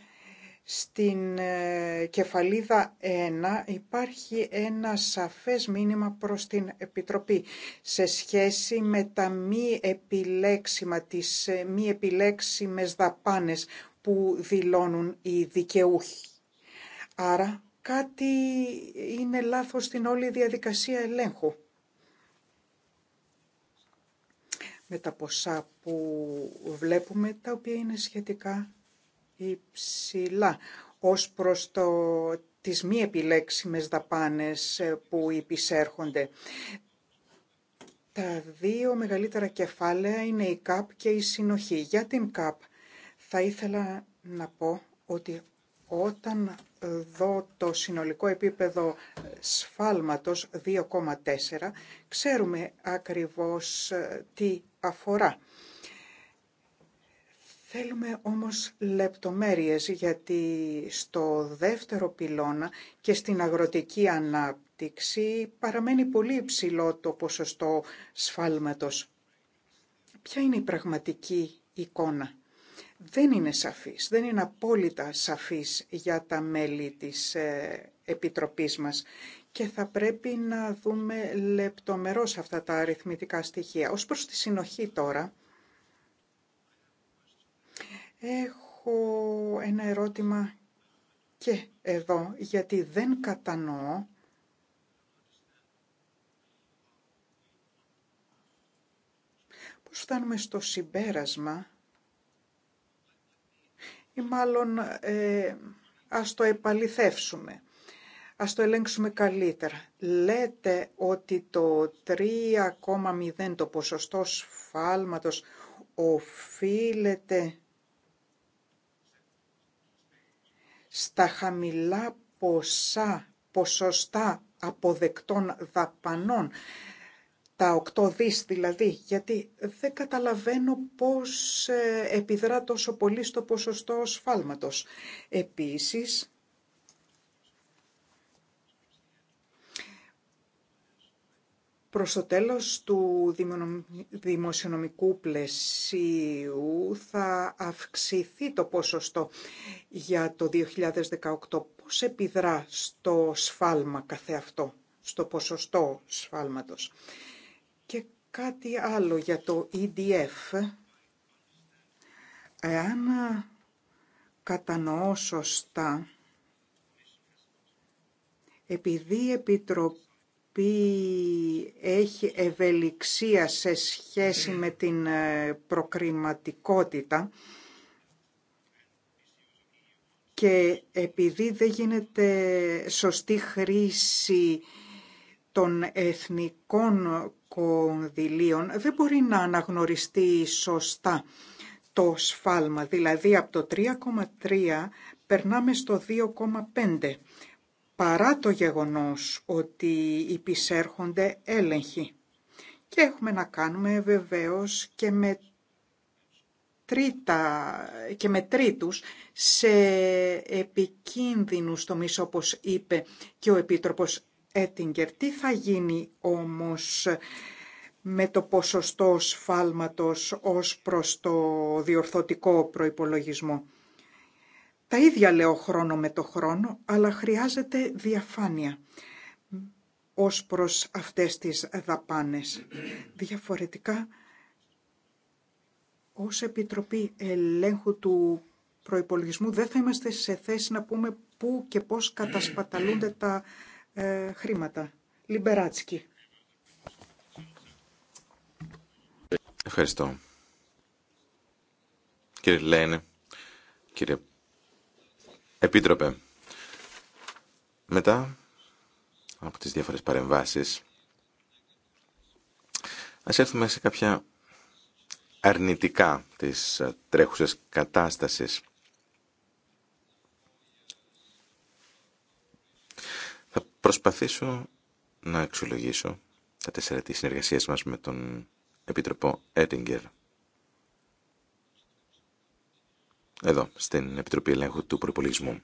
στην ε, κεφαλίδα 1 υπάρχει ένα σαφές μήνυμα προς την Επιτροπή σε σχέση με τα μη επιλέξιμα, τις ε, μη επιλέξιμες δαπάνες που δηλώνουν οι δικαιούχοι. Άρα κάτι είναι λάθος στην όλη διαδικασία ελέγχου. Με τα ποσά που βλέπουμε, τα οποία είναι σχετικά υψηλά ως προς το, τις μη επιλέξιμες δαπάνες ε, που υπησέρχονται. Τα δύο μεγαλύτερα κεφάλαια είναι η ΚΑΠ και η συνοχή. Για την ΚΑΠ θα ήθελα να πω ότι όταν δω το συνολικό επίπεδο σφάλματος 2,4, ξέρουμε ακριβώς ε, τι αφορά Θέλουμε όμως λεπτομέρειες γιατί στο δεύτερο πυλώνα και στην αγροτική ανάπτυξη παραμένει πολύ υψηλό το ποσοστό σφάλματος. Ποια είναι η πραγματική εικόνα. Δεν είναι σαφής, δεν είναι απόλυτα σαφής για τα μέλη της ε, Επιτροπής μας και θα πρέπει να δούμε λεπτομερώς αυτά τα αριθμητικά στοιχεία. Ως προς τη συνοχή τώρα, Έχω ένα ερώτημα και εδώ, γιατί δεν κατανοώ πώς φτάνουμε στο συμπέρασμα ή μάλλον ε, ας το επαληθεύσουμε, ας το ελέγξουμε καλύτερα. Λέτε ότι το 3,0 το ποσοστό σφάλματος οφείλεται στα χαμηλά ποσά, ποσοστά αποδεκτών δαπανών, τα 8 δις δηλαδή, γιατί δεν καταλαβαίνω πώς ε, επιδρά τόσο πολύ στο ποσοστό σφάλματος. Επίσης, Προς το τέλος του δημοσιονομικού πλαισίου θα αυξηθεί το ποσοστό για το 2018. Πώς επιδρά στο σφάλμα καθεαυτό, στο ποσοστό σφάλματος. Και κάτι άλλο για το EDF. Εάν κατανοώ σωστά, επειδή Επιτροπή οποίοι έχει ευελιξία σε σχέση με την ε, προκριματικότητα και επειδή δεν γίνεται σωστή χρήση των εθνικών κονδυλίων, δεν μπορεί να αναγνωριστεί σωστά το σφάλμα. Δηλαδή από το 3,3 περνάμε στο 2,5 παρά το γεγονός ότι υπησέρχονται έλεγχοι. Και έχουμε να κάνουμε βεβαίως και με, τρίτα, και με τρίτους σε επικίνδυνους τομείς όπως είπε και ο Επίτροπος Έτιγκερ. Τι θα γίνει όμως με το ποσοστό σφάλματος ως προς το διορθωτικό προϋπολογισμό. Τα ίδια λέω χρόνο με το χρόνο, αλλά χρειάζεται διαφάνεια ως προς αυτές τις δαπάνες. Διαφορετικά, ως Επιτροπή Ελέγχου του Προϋπολογισμού δεν θα είμαστε σε θέση να πούμε πού και πώς κατασπαταλούνται τα ε, χρήματα. Λιμπεράτσκι. Ευχαριστώ. Κύριε Λένε, κύριε Επίτροπε, μετά από τις διάφορες παρεμβάσεις, ας έρθουμε σε κάποια αρνητικά της ε, τρέχουσας κατάστασης. Θα προσπαθήσω να αξιολογήσω τα τέσσερα της συνεργασίας μας με τον Επίτροπο Έτιγκερ. εδώ, στην Επιτροπή Ελέγχου του Προπολογισμού.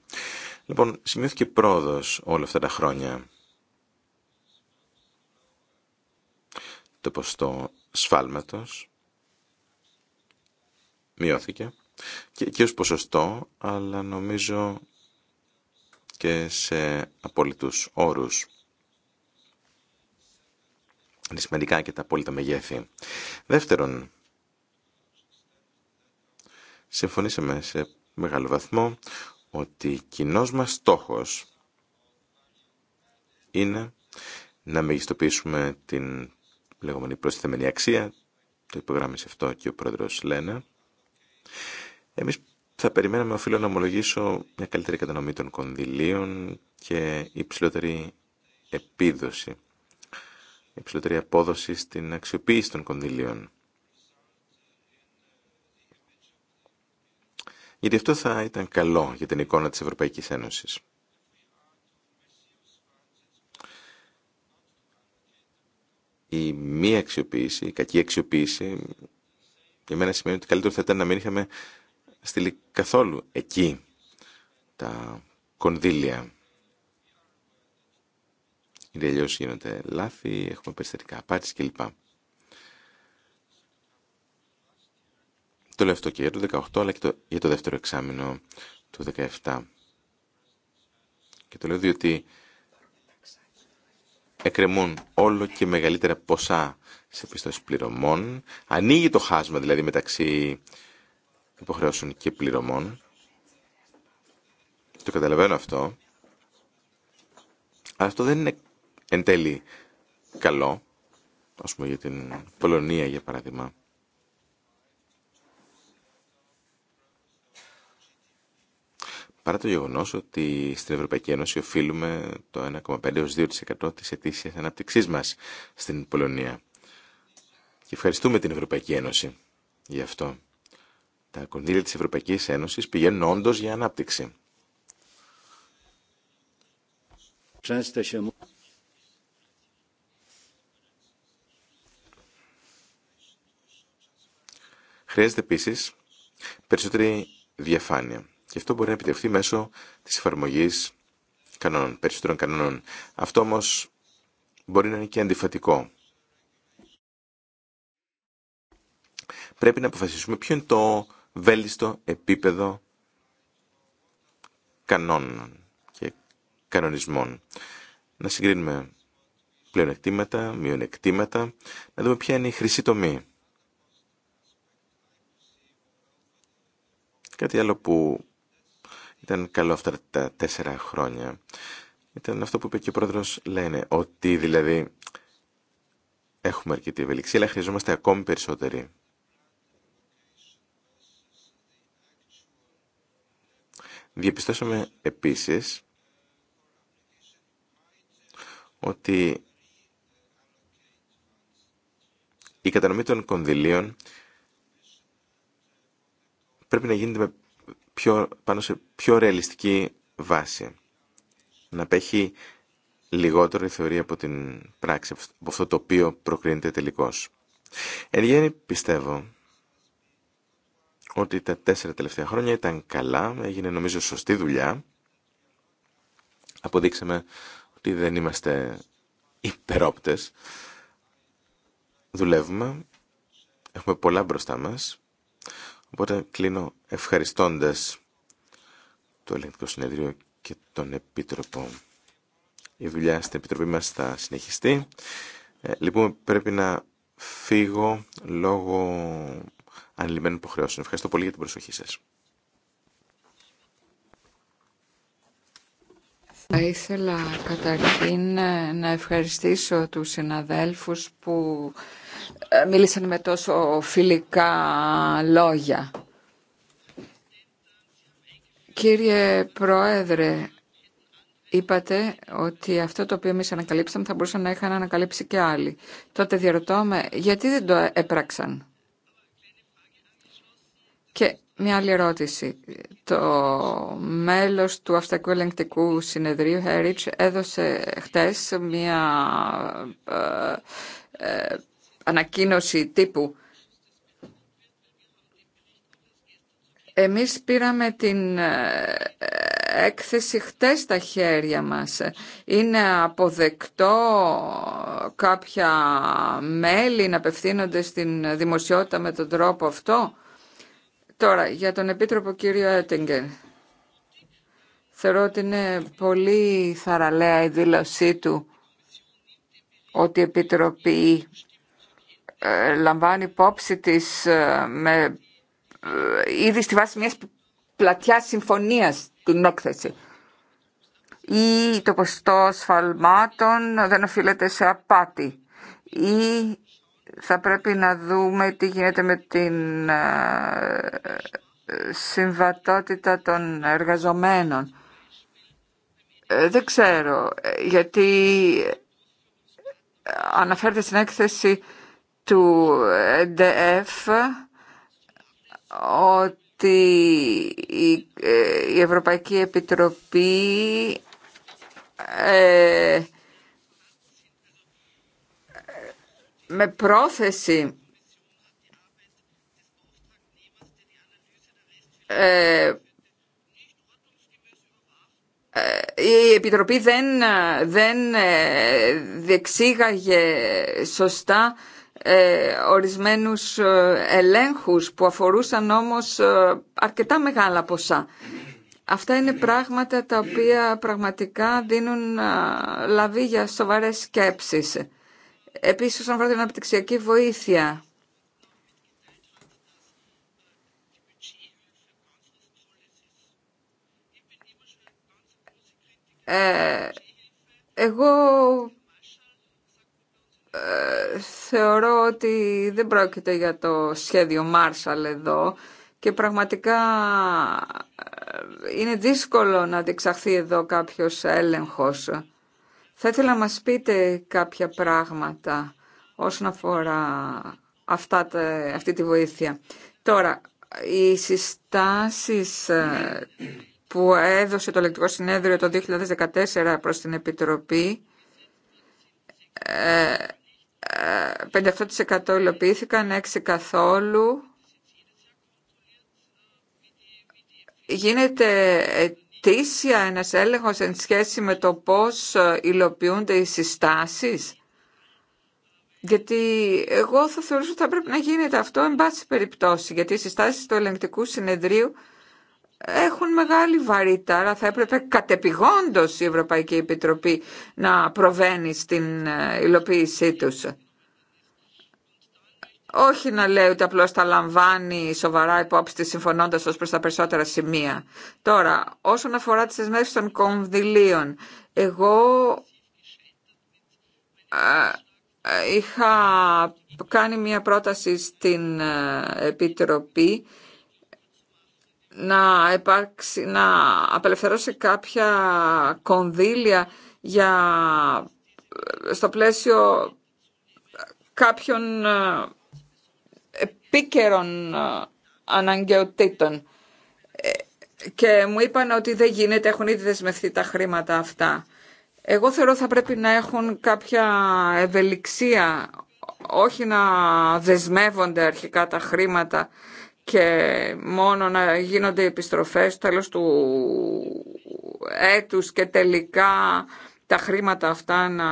Λοιπόν, σημειώθηκε πρόοδο όλα αυτά τα χρόνια. Το ποστό σφάλματος μειώθηκε και, και ως ποσοστό, αλλά νομίζω και σε απόλυτους όρους. Είναι σημαντικά και τα απόλυτα μεγέθη. Δεύτερον, συμφωνήσαμε σε μεγάλο βαθμό ότι κοινός μας στόχος είναι να μεγιστοποιήσουμε την λεγόμενη προστιθεμένη αξία, το υπογράμμισε αυτό και ο πρόεδρος Λένα. Εμείς θα περιμέναμε, οφείλω να ομολογήσω, μια καλύτερη κατανομή των κονδυλίων και υψηλότερη επίδοση, υψηλότερη απόδοση στην αξιοποίηση των κονδυλίων. γιατί αυτό θα ήταν καλό για την εικόνα της Ευρωπαϊκής Ένωσης. Η μη αξιοποίηση, η κακή αξιοποίηση, για μένα σημαίνει ότι καλύτερο θα ήταν να μην είχαμε στείλει καθόλου εκεί τα κονδύλια. Γιατί αλλιώ γίνονται λάθη, έχουμε περιστατικά απάτης κλπ. το λέω αυτό και για το 18 αλλά και το, για το δεύτερο εξάμεινο του 17. Και το λέω διότι εκκρεμούν όλο και μεγαλύτερα ποσά σε πιστώσεις πληρωμών. Ανοίγει το χάσμα δηλαδή μεταξύ υποχρεώσεων και πληρωμών. Το καταλαβαίνω αυτό. Αλλά αυτό δεν είναι εν τέλει καλό. Ας πούμε για την Πολωνία για παράδειγμα. παρά το γεγονό ότι στην Ευρωπαϊκή Ένωση οφείλουμε το 1,5 2% τη ετήσιας ανάπτυξή μα στην Πολωνία. Και ευχαριστούμε την Ευρωπαϊκή Ένωση γι' αυτό. Τα κονδύλια τη Ευρωπαϊκή Ένωση πηγαίνουν όντω για ανάπτυξη. Χρειάζεται επίσης περισσότερη διαφάνεια και αυτό μπορεί να επιτευχθεί μέσω της εφαρμογής κανόνων, περισσότερων κανόνων. Αυτό όμως μπορεί να είναι και αντιφατικό. Πρέπει να αποφασίσουμε ποιο είναι το βέλτιστο επίπεδο κανόνων και κανονισμών. Να συγκρίνουμε πλεονεκτήματα, μειονεκτήματα, να δούμε ποια είναι η χρυσή τομή. Κάτι άλλο που ήταν καλό αυτά τα τέσσερα χρόνια ήταν αυτό που είπε και ο πρόεδρο Λένε, ότι δηλαδή έχουμε αρκετή ευελιξία, αλλά χρειαζόμαστε ακόμη περισσότερη. Διαπιστώσαμε επίσης ότι η κατανομή των κονδυλίων πρέπει να γίνεται με πιο, πάνω σε πιο ρεαλιστική βάση. Να απέχει λιγότερο η θεωρία από την πράξη, από αυτό το οποίο προκρίνεται τελικώς. Εν γέννη πιστεύω ότι τα τέσσερα τελευταία χρόνια ήταν καλά, έγινε νομίζω σωστή δουλειά. Αποδείξαμε ότι δεν είμαστε υπερόπτες. Δουλεύουμε, έχουμε πολλά μπροστά μας Οπότε κλείνω ευχαριστώντας το Ελληνικό Συνεδρίο και τον Επίτροπο. Η δουλειά στην Επιτροπή μας θα συνεχιστεί. Ε, λοιπόν, πρέπει να φύγω λόγω ανηλυμένων υποχρεώσεων. Ευχαριστώ πολύ για την προσοχή σας. Θα ήθελα καταρχήν να ευχαριστήσω τους συναδέλφους που ε, μίλησαν με τόσο φιλικά λόγια. Κύριε Πρόεδρε, είπατε ότι αυτό το οποίο εμεί ανακαλύψαμε θα μπορούσαν να είχαν ανακαλύψει και άλλοι. Τότε διαρωτώ με, γιατί δεν το έπραξαν. Και μια άλλη ερώτηση. Το μέλος του Αυτακού Ελεγκτικού Συνεδρίου, Χέριτς, έδωσε χτες μια ε, ε, ανακοίνωση τύπου. Εμείς πήραμε την ε, έκθεση χτες στα χέρια μας. Είναι αποδεκτό κάποια μέλη να απευθύνονται στην δημοσιότητα με τον τρόπο αυτό. Τώρα, για τον Επίτροπο κύριο Έτεγκερ. Θεωρώ ότι είναι πολύ θαραλέα η δήλωσή του ότι Επιτροπή ε, λαμβάνει υπόψη της ε, με, ε, ήδη στη βάση μιας πλατιάς συμφωνίας την έκθεση. Ή το ποστό σφαλμάτων δεν οφείλεται σε απάτη. Ή θα πρέπει να δούμε τι γίνεται με την συμβατότητα των εργαζομένων. Δεν ξέρω, γιατί αναφέρεται στην έκθεση του ΕΝΤΕΕΦ ότι ε, η Ευρωπαϊκή Επιτροπή ε, με πρόθεση ε, η Επιτροπή δεν, δεν διεξήγαγε σωστά ε, ορισμένους ε, ελέγχους που αφορούσαν όμως ε, αρκετά μεγάλα ποσά. Αυτά είναι πράγματα τα οποία πραγματικά δίνουν λαβή για σοβαρές σκέψεις. Επίσης, όσον αφορά την αναπτυξιακή βοήθεια, εγώ ε, θεωρώ ότι δεν πρόκειται για το σχέδιο Μάρσαλ εδώ και πραγματικά ε, είναι δύσκολο να διεξαχθεί εδώ κάποιος έλεγχος. Θα ήθελα να μας πείτε κάποια πράγματα όσον αφορά αυτά αυτή τη βοήθεια. Τώρα, οι συστάσεις ε, που έδωσε το Ελεκτικό Συνέδριο το 2014 προς την Επιτροπή 58% ε, υλοποιήθηκαν, 6% καθόλου. Γίνεται ετήσια ένας έλεγχος εν σχέση με το πώς υλοποιούνται οι συστάσεις. Γιατί εγώ θα θεωρούσα ότι θα πρέπει να γίνεται αυτό εν πάση περιπτώσει, γιατί οι συστάσεις του ελεγκτικού συνεδρίου έχουν μεγάλη βαρύτητα, αλλά θα έπρεπε κατεπηγόντως η Ευρωπαϊκή Επιτροπή να προβαίνει στην ε, υλοποίησή τους. Όχι να λέει ότι απλώς τα λαμβάνει σοβαρά υπόψη της συμφωνώντας ως προς τα περισσότερα σημεία. Τώρα, όσον αφορά τις εσμεύσεις των κονδυλίων, εγώ ε, ε, είχα κάνει μια πρόταση στην Επιτροπή να, υπάρξει, να απελευθερώσει κάποια κονδύλια για, στο πλαίσιο κάποιων ε, επίκαιρων ε, αναγκαιοτήτων. Ε, και μου είπαν ότι δεν γίνεται, έχουν ήδη δεσμευτεί τα χρήματα αυτά. Εγώ θεωρώ θα πρέπει να έχουν κάποια ευελιξία, όχι να δεσμεύονται αρχικά τα χρήματα και μόνο να γίνονται οι επιστροφές τέλος του έτους και τελικά τα χρήματα αυτά να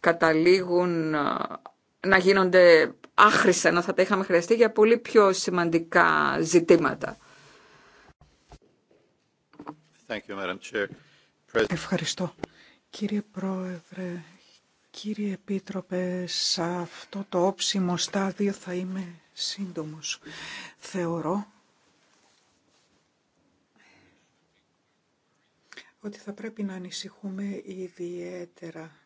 καταλήγουν, να γίνονται άχρηστα, να θα τα είχαμε χρειαστεί για πολύ πιο σημαντικά ζητήματα. Thank you, Madam Chair. Ευχαριστώ. Κύριε Πρόεδρε, κύριε Επίτροπε, σε αυτό το όψιμο στάδιο θα είμαι σύντομος. Θεωρώ ότι θα πρέπει να ανησυχούμε ιδιαίτερα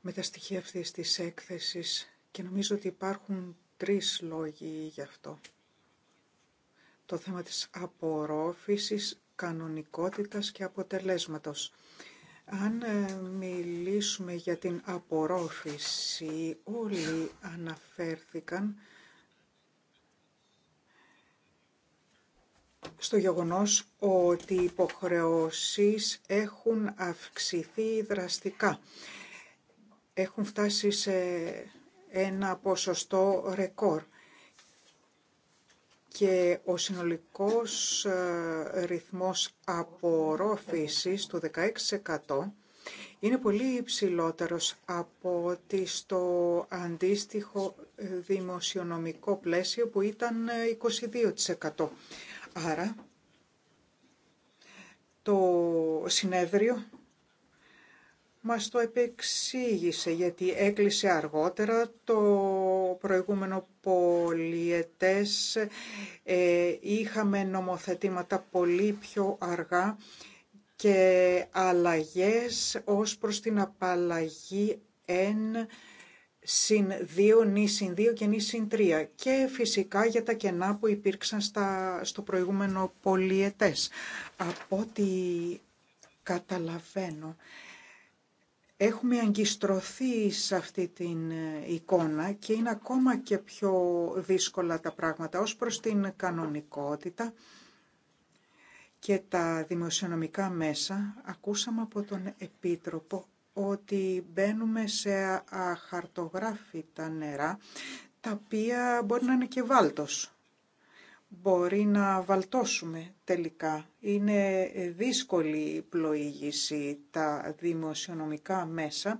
με τα στοιχεία αυτής της έκθεσης και νομίζω ότι υπάρχουν τρεις λόγοι γι' αυτό. Το θέμα της απορρόφησης, κανονικότητας και αποτελέσματος. Αν ε, μιλήσουμε για την απορρόφηση, όλοι αναφέρθηκαν στο γεγονός ότι οι υποχρεώσεις έχουν αυξηθεί δραστικά. Έχουν φτάσει σε ένα ποσοστό ρεκόρ και ο συνολικός ε, ρυθμός απορρόφησης του 16% είναι πολύ υψηλότερος από ότι στο αντίστοιχο δημοσιονομικό πλαίσιο που ήταν 22%. Ε, Άρα το συνέδριο μας το επεξήγησε γιατί έκλεισε αργότερα το προηγούμενο πολιετές ε, είχαμε νομοθετήματα πολύ πιο αργά και αλλαγές ως προς την απαλλαγή εν συν 2, νη συν 2 και νη συν 3 και φυσικά για τα κενά που υπήρξαν στα, στο προηγούμενο πολιετές. Από ό,τι καταλαβαίνω, έχουμε αγκιστρωθεί σε αυτή την ε, εικόνα και είναι ακόμα και πιο δύσκολα τα πράγματα ως προς την κανονικότητα και τα δημοσιονομικά μέσα. Ακούσαμε από τον Επίτροπο ότι μπαίνουμε σε αχαρτογράφητα νερά, τα οποία μπορεί να είναι και βάλτος. Μπορεί να βαλτώσουμε τελικά. Είναι δύσκολη πλοήγηση τα δημοσιονομικά μέσα.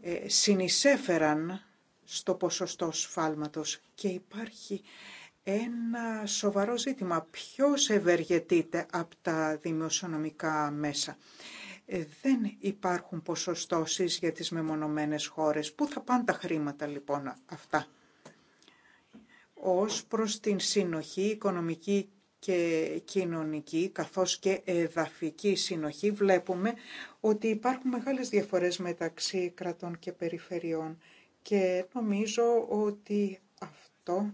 Ε, συνεισέφεραν στο ποσοστό σφάλματος και υπάρχει ένα σοβαρό ζήτημα. Ποιος ευεργετείται από τα δημοσιονομικά μέσα. Ε, δεν υπάρχουν ποσοστώσεις για τις μεμονωμένες χώρες. Πού θα πάνε τα χρήματα λοιπόν αυτά. Ως προς την συνοχή οικονομική και κοινωνική καθώς και εδαφική συνοχή βλέπουμε ότι υπάρχουν μεγάλες διαφορές μεταξύ κρατών και περιφερειών και νομίζω ότι αυτό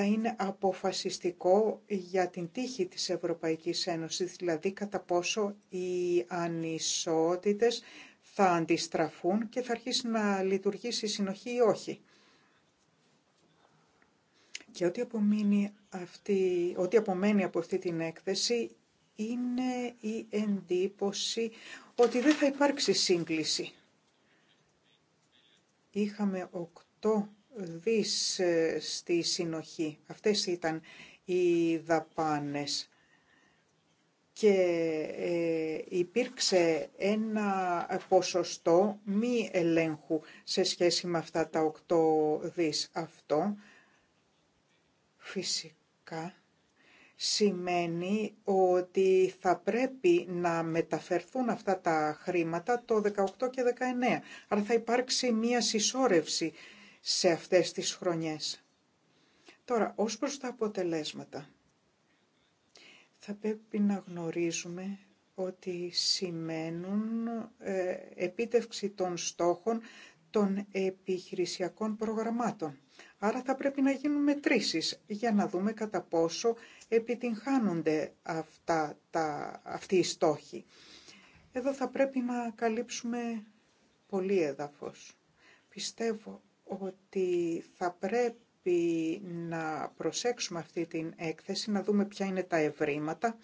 θα είναι αποφασιστικό για την τύχη της Ευρωπαϊκής Ένωσης, δηλαδή κατά πόσο οι ανισότητες θα αντιστραφούν και θα αρχίσει να λειτουργήσει η συνοχή ή όχι. Και ό,τι, απομείνει αυτή, ό,τι απομένει από αυτή την έκθεση είναι η οχι και οτι αυτη οτι απομενει απο ότι δεν θα υπάρξει σύγκληση. Είχαμε οκτώ δις ε, στη συνοχή. Αυτές ήταν οι δαπάνες. Και ε, υπήρξε ένα ποσοστό μη ελέγχου σε σχέση με αυτά τα 8 δις. Αυτό φυσικά σημαίνει ότι θα πρέπει να μεταφερθούν αυτά τα χρήματα το 18 και 19. Άρα θα υπάρξει μία συσσόρευση σε αυτές τις χρονιές. Τώρα, ως προς τα αποτελέσματα, θα πρέπει να γνωρίζουμε ότι σημαίνουν ε, επίτευξη των στόχων των επιχειρησιακών προγραμμάτων. Άρα θα πρέπει να γίνουν μετρήσεις για να δούμε κατά πόσο επιτυγχάνονται αυτά τα, αυτοί οι στόχοι. Εδώ θα πρέπει να καλύψουμε πολύ έδαφος. Πιστεύω ότι θα πρέπει να προσέξουμε αυτή την έκθεση, να δούμε ποια είναι τα ευρήματα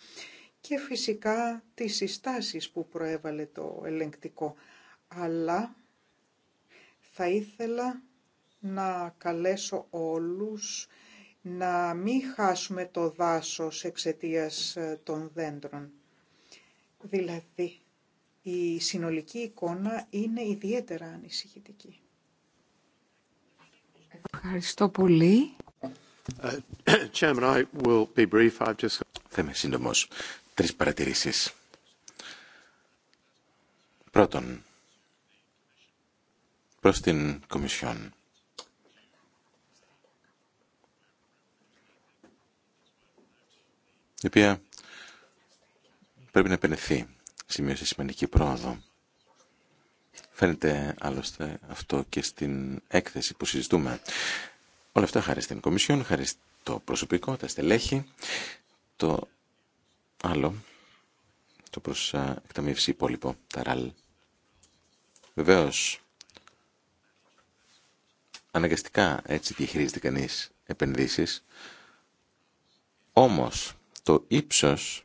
και φυσικά τις συστάσεις που προέβαλε το ελεγκτικό. Αλλά θα ήθελα να καλέσω όλους να μην χάσουμε το δάσος εξαιτίας ε, των δέντρων. Δηλαδή, η συνολική εικόνα είναι ιδιαίτερα ανησυχητική. Ευχαριστώ πολύ. Ε, Θα είμαι σύντομο. τρει παρατηρήσει. Πρώτον, Προ την Κομισιόν. Η οποία πρέπει να επενεθεί. Σημείωσε σημαντική πρόοδο. Φαίνεται άλλωστε αυτό και στην έκθεση που συζητούμε. Όλα αυτά χάρη στην Κομισιόν, χάρη στο προσωπικό, τα στελέχη, το άλλο, το προς εκταμείευση υπόλοιπο, τα ραλ. Βεβαίως, αναγκαστικά έτσι διαχειρίζεται κανείς επενδύσεις, όμως το ύψος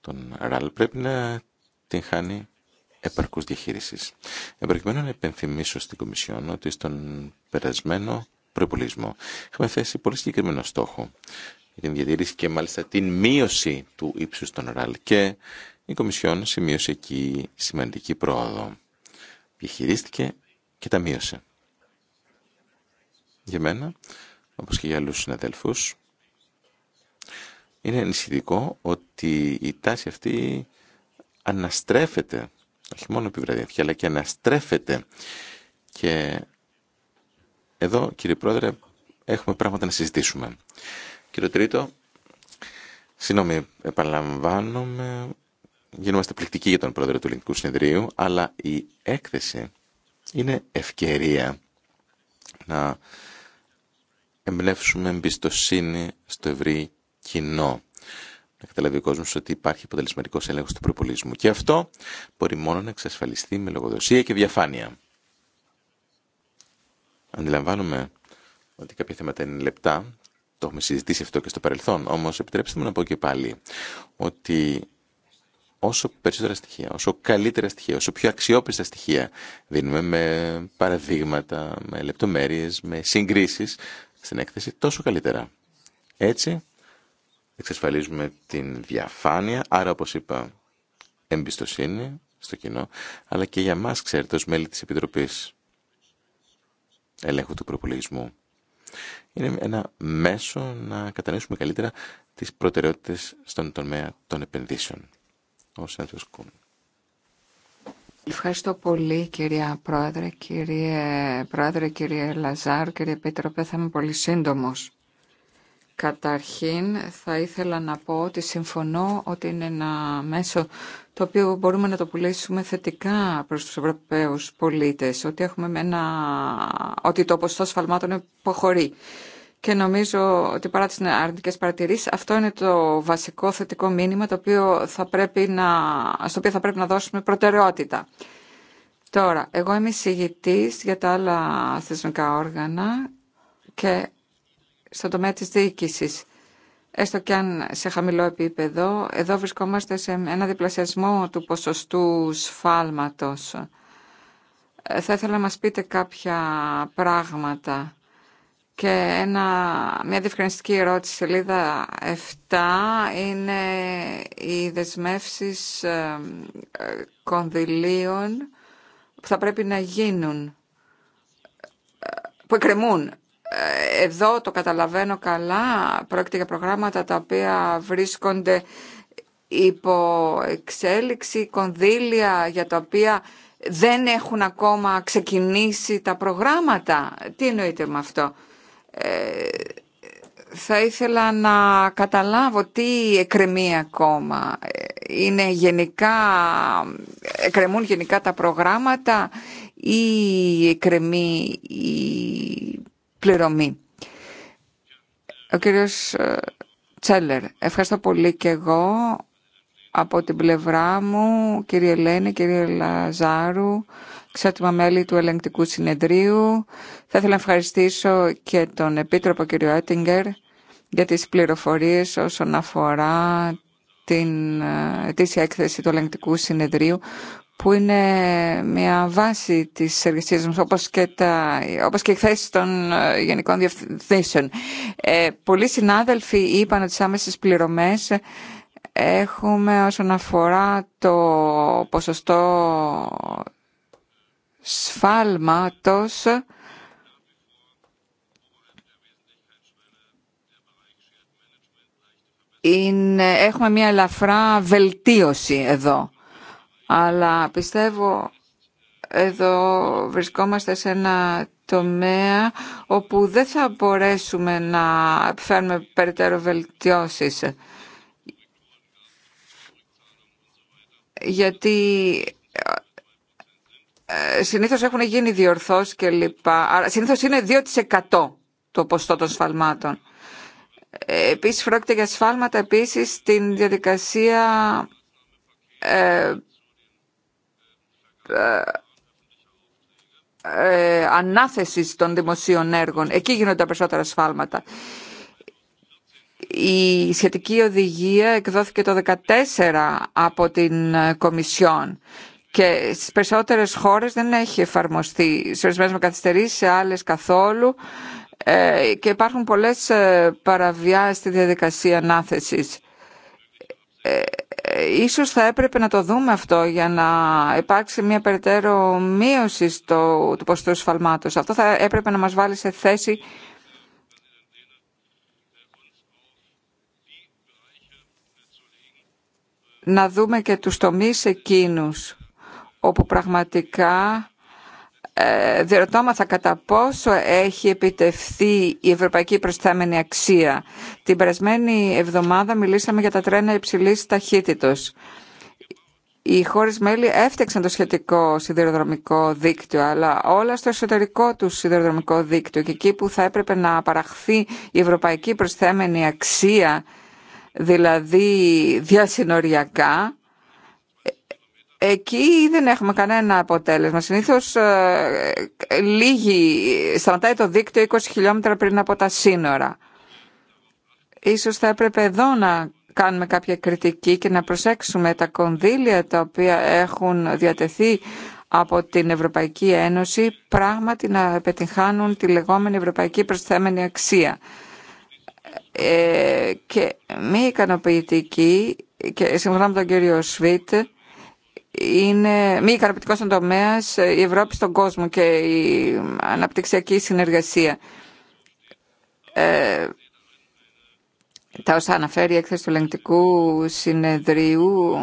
των ραλ πρέπει να την χάνει επαρκούς διαχείρισης. Εμπροκειμένου να επενθυμίσω στην Κομισιόν ότι στον περασμένο προπολογισμό είχαμε θέσει πολύ συγκεκριμένο στόχο για την διατήρηση και μάλιστα την μείωση του ύψους των ραλ και η Κομισιόν σημείωσε εκεί σημαντική πρόοδο. Διαχειρίστηκε και τα μείωσε. Για μένα, όπως και για άλλους συναδέλφους, είναι ενισχυτικό ότι η τάση αυτή αναστρέφεται όχι μόνο επιβραδύνθηκε, αλλά και αναστρέφεται. Και εδώ κύριε Πρόεδρε έχουμε πράγματα να συζητήσουμε. Κύριο Τρίτο, συγγνώμη επαναλαμβάνομαι, γινόμαστε πληκτικοί για τον Πρόεδρο του Ελληνικού Συνεδρίου, αλλά η έκθεση είναι ευκαιρία να εμπνεύσουμε εμπιστοσύνη στο ευρύ κοινό να καταλάβει ο κόσμο ότι υπάρχει αποτελεσματικό έλεγχο του προπολισμού. Και αυτό μπορεί μόνο να εξασφαλιστεί με λογοδοσία και διαφάνεια. Αντιλαμβάνομαι ότι κάποια θέματα είναι λεπτά. Το έχουμε συζητήσει αυτό και στο παρελθόν. Όμω, επιτρέψτε μου να πω και πάλι ότι όσο περισσότερα στοιχεία, όσο καλύτερα στοιχεία, όσο πιο αξιόπιστα στοιχεία δίνουμε με παραδείγματα, με λεπτομέρειες, με συγκρίσεις στην έκθεση, τόσο καλύτερα. Έτσι εξασφαλίζουμε την διαφάνεια, άρα όπως είπα εμπιστοσύνη στο κοινό, αλλά και για μας ξέρετε ως μέλη της Επιτροπής Ελέγχου του Προπολογισμού. Είναι ένα μέσο να κατανοήσουμε καλύτερα τις προτεραιότητες στον τομέα των επενδύσεων. Ο Σέντρος Κούν. Ευχαριστώ πολύ κυρία Πρόεδρε, κύριε Πρόεδρε, κύριε Λαζάρ, κύριε Επίτροπε, θα είμαι πολύ σύντομος. Καταρχήν θα ήθελα να πω ότι συμφωνώ ότι είναι ένα μέσο το οποίο μπορούμε να το πουλήσουμε θετικά προς τους Ευρωπαίους πολίτες, ότι, έχουμε ένα... ότι το ποσοστό σφαλμάτων υποχωρεί. Και νομίζω ότι παρά τις αρνητικές παρατηρήσεις, αυτό είναι το βασικό θετικό μήνυμα το οποίο θα πρέπει να... στο οποίο θα πρέπει να δώσουμε προτεραιότητα. Τώρα, εγώ είμαι συγητής για τα άλλα θεσμικά όργανα και στον τομέα της διοίκησης. Έστω και αν σε χαμηλό επίπεδο, εδώ βρισκόμαστε σε ένα διπλασιασμό του ποσοστού σφάλματος. Ε, θα ήθελα να μας πείτε κάποια πράγματα. Και ένα, μια διευκρινιστική ερώτηση, σελίδα 7, είναι οι δεσμεύσει ε, ε, κονδυλίων που θα πρέπει να γίνουν, που εκκρεμούν ε, εδώ το καταλαβαίνω καλά, πρόκειται για προγράμματα τα οποία βρίσκονται υπό εξέλιξη, κονδύλια για τα οποία δεν έχουν ακόμα ξεκινήσει τα προγράμματα. Τι εννοείται με αυτό. Ε, θα ήθελα να καταλάβω τι εκκρεμεί ακόμα. Ε, είναι γενικά, εκκρεμούν γενικά τα προγράμματα ή εκκρεμεί η πληρωμή. Ο κύριος ε, Τσέλερ, ευχαριστώ πολύ και εγώ από την πλευρά μου, κύριε Ελένη, κύριε Λαζάρου, ξέτοιμα μέλη του Ελεγκτικού Συνεδρίου. Θα ήθελα να ευχαριστήσω και τον Επίτροπο κύριο Έτιγκερ για τις πληροφορίες όσον αφορά την ε, ετήσια έκθεση του Ελεγκτικού Συνεδρίου που είναι μια βάση της εργασίας μας, όπως και, τα, όπως και οι εκθέσεις των ε, Γενικών Διευθύνσεων. Ε, πολλοί συνάδελφοι είπαν ότι τις άμεσες πληρωμές έχουμε όσον αφορά το ποσοστό σφάλματος είναι, έχουμε μια ελαφρά βελτίωση εδώ. Αλλά πιστεύω εδώ βρισκόμαστε σε ένα τομέα όπου δεν θα μπορέσουμε να επιφέρουμε περαιτέρω βελτιώσεις. Γιατί ε, ε, συνήθως έχουν γίνει διορθώσεις και λοιπά. Άρα συνήθως είναι 2% το ποστό των σφαλμάτων. Ε, επίσης πρόκειται για σφάλματα επίσης στην διαδικασία ε, ε, ε, ανάθεσης των δημοσίων έργων. Εκεί γίνονται τα περισσότερα σφάλματα. Η σχετική οδηγία εκδόθηκε το 2014 από την ε, Κομισιόν και στις περισσότερες χώρες δεν έχει εφαρμοστεί. Σε ορισμένες με καθυστερήσει, σε άλλες καθόλου ε, και υπάρχουν πολλές παραβιάσεις στη διαδικασία ανάθεσης ίσως θα έπρεπε να το δούμε αυτό για να υπάρξει μια περαιτέρω μείωση στο, του ποσοστού σφαλμάτος. Αυτό θα έπρεπε να μας βάλει σε θέση να δούμε και τους τομείς εκείνους όπου πραγματικά ε, διερωτώμαθα κατά πόσο έχει επιτευθεί η ευρωπαϊκή προσθέμενη αξία. Την περασμένη εβδομάδα μιλήσαμε για τα τρένα υψηλής ταχύτητος. Οι χώρε μέλη έφτιαξαν το σχετικό σιδηροδρομικό δίκτυο, αλλά όλα στο εσωτερικό του σιδηροδρομικό δίκτυο και εκεί που θα έπρεπε να παραχθεί η ευρωπαϊκή προσθέμενη αξία, δηλαδή διασυνοριακά, Εκεί δεν έχουμε κανένα αποτέλεσμα. Συνήθως ε, λίγοι σταματάει το δίκτυο 20 χιλιόμετρα πριν από τα σύνορα. Ίσως θα έπρεπε εδώ να κάνουμε κάποια κριτική και να προσέξουμε τα κονδύλια τα οποία έχουν διατεθεί από την Ευρωπαϊκή Ένωση πράγματι να πετυχάνουν τη λεγόμενη ευρωπαϊκή προσθέμενη αξία. Ε, και μη ικανοποιητική, και συμφωνώ με τον κύριο Σβίτ, είναι μη ικανοποιητικό στον τομέα η Ευρώπη στον κόσμο και η αναπτυξιακή συνεργασία. Ε, τα όσα αναφέρει η έκθεση του ελεγκτικού συνεδρίου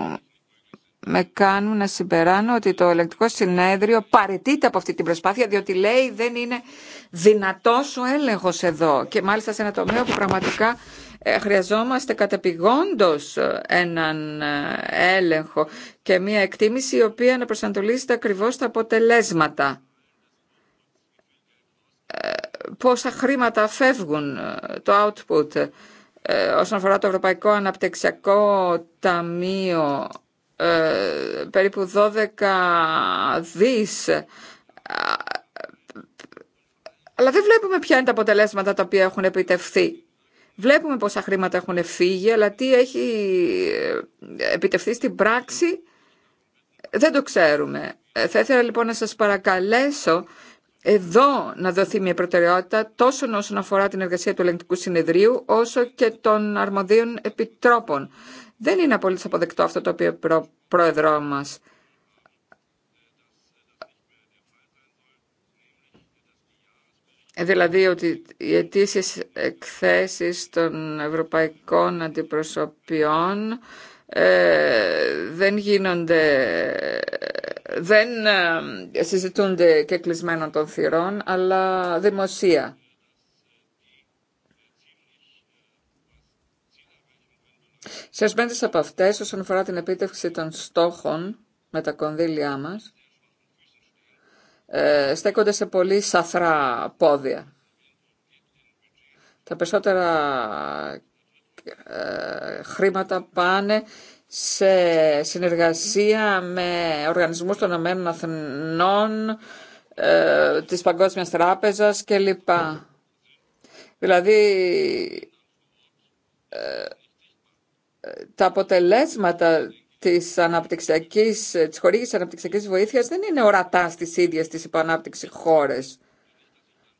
με κάνουν να συμπεράνω ότι το ελεγκτικό συνέδριο παρετείται από αυτή την προσπάθεια διότι λέει δεν είναι δυνατός ο έλεγχος εδώ και μάλιστα σε ένα τομέα που πραγματικά ε, χρειαζόμαστε κατεπηγόντως ε, έναν ε, έλεγχο και μια εκτίμηση η οποία να προσανατολίζεται ακριβώς τα αποτελέσματα. Πόσα χρήματα φεύγουν το output όσον αφορά το Ευρωπαϊκό Αναπτυξιακό Ταμείο περίπου 12 δις αλλά δεν βλέπουμε ποια είναι τα αποτελέσματα τα οποία έχουν επιτευχθεί. Βλέπουμε πόσα χρήματα έχουν φύγει, αλλά τι έχει ε, επιτευχθεί στην πράξη δεν το ξέρουμε. Ε, θα ήθελα λοιπόν να σας παρακαλέσω εδώ να δοθεί μια προτεραιότητα τόσο όσον αφορά την εργασία του ελεγκτικού συνεδρίου όσο και των αρμοδίων επιτρόπων. Δεν είναι απολύτως αποδεκτό αυτό το οποίο πρόεδρό μας Ε, δηλαδή ότι οι αιτήσεις εκθέσεις των ευρωπαϊκών αντιπροσωπιών ε, δεν γίνονται, δεν ε, συζητούνται και κλεισμένων των θυρών, αλλά δημοσία. Σε ασμένες από αυτές, όσον αφορά την επίτευξη των στόχων με τα κονδύλια μας, ε, στέκονται σε πολύ σαθρά πόδια. Τα περισσότερα ε, χρήματα πάνε σε συνεργασία με οργανισμούς των Ηνωμένων Αθηνών, ε, της Παγκόσμιας Τράπεζας κλπ. Δηλαδή, ε, τα αποτελέσματα της, αναπτυξιακής, της χορήγησης αναπτυξιακής βοήθειας δεν είναι ορατά στις ίδιες τις υποανάπτυξη χώρες,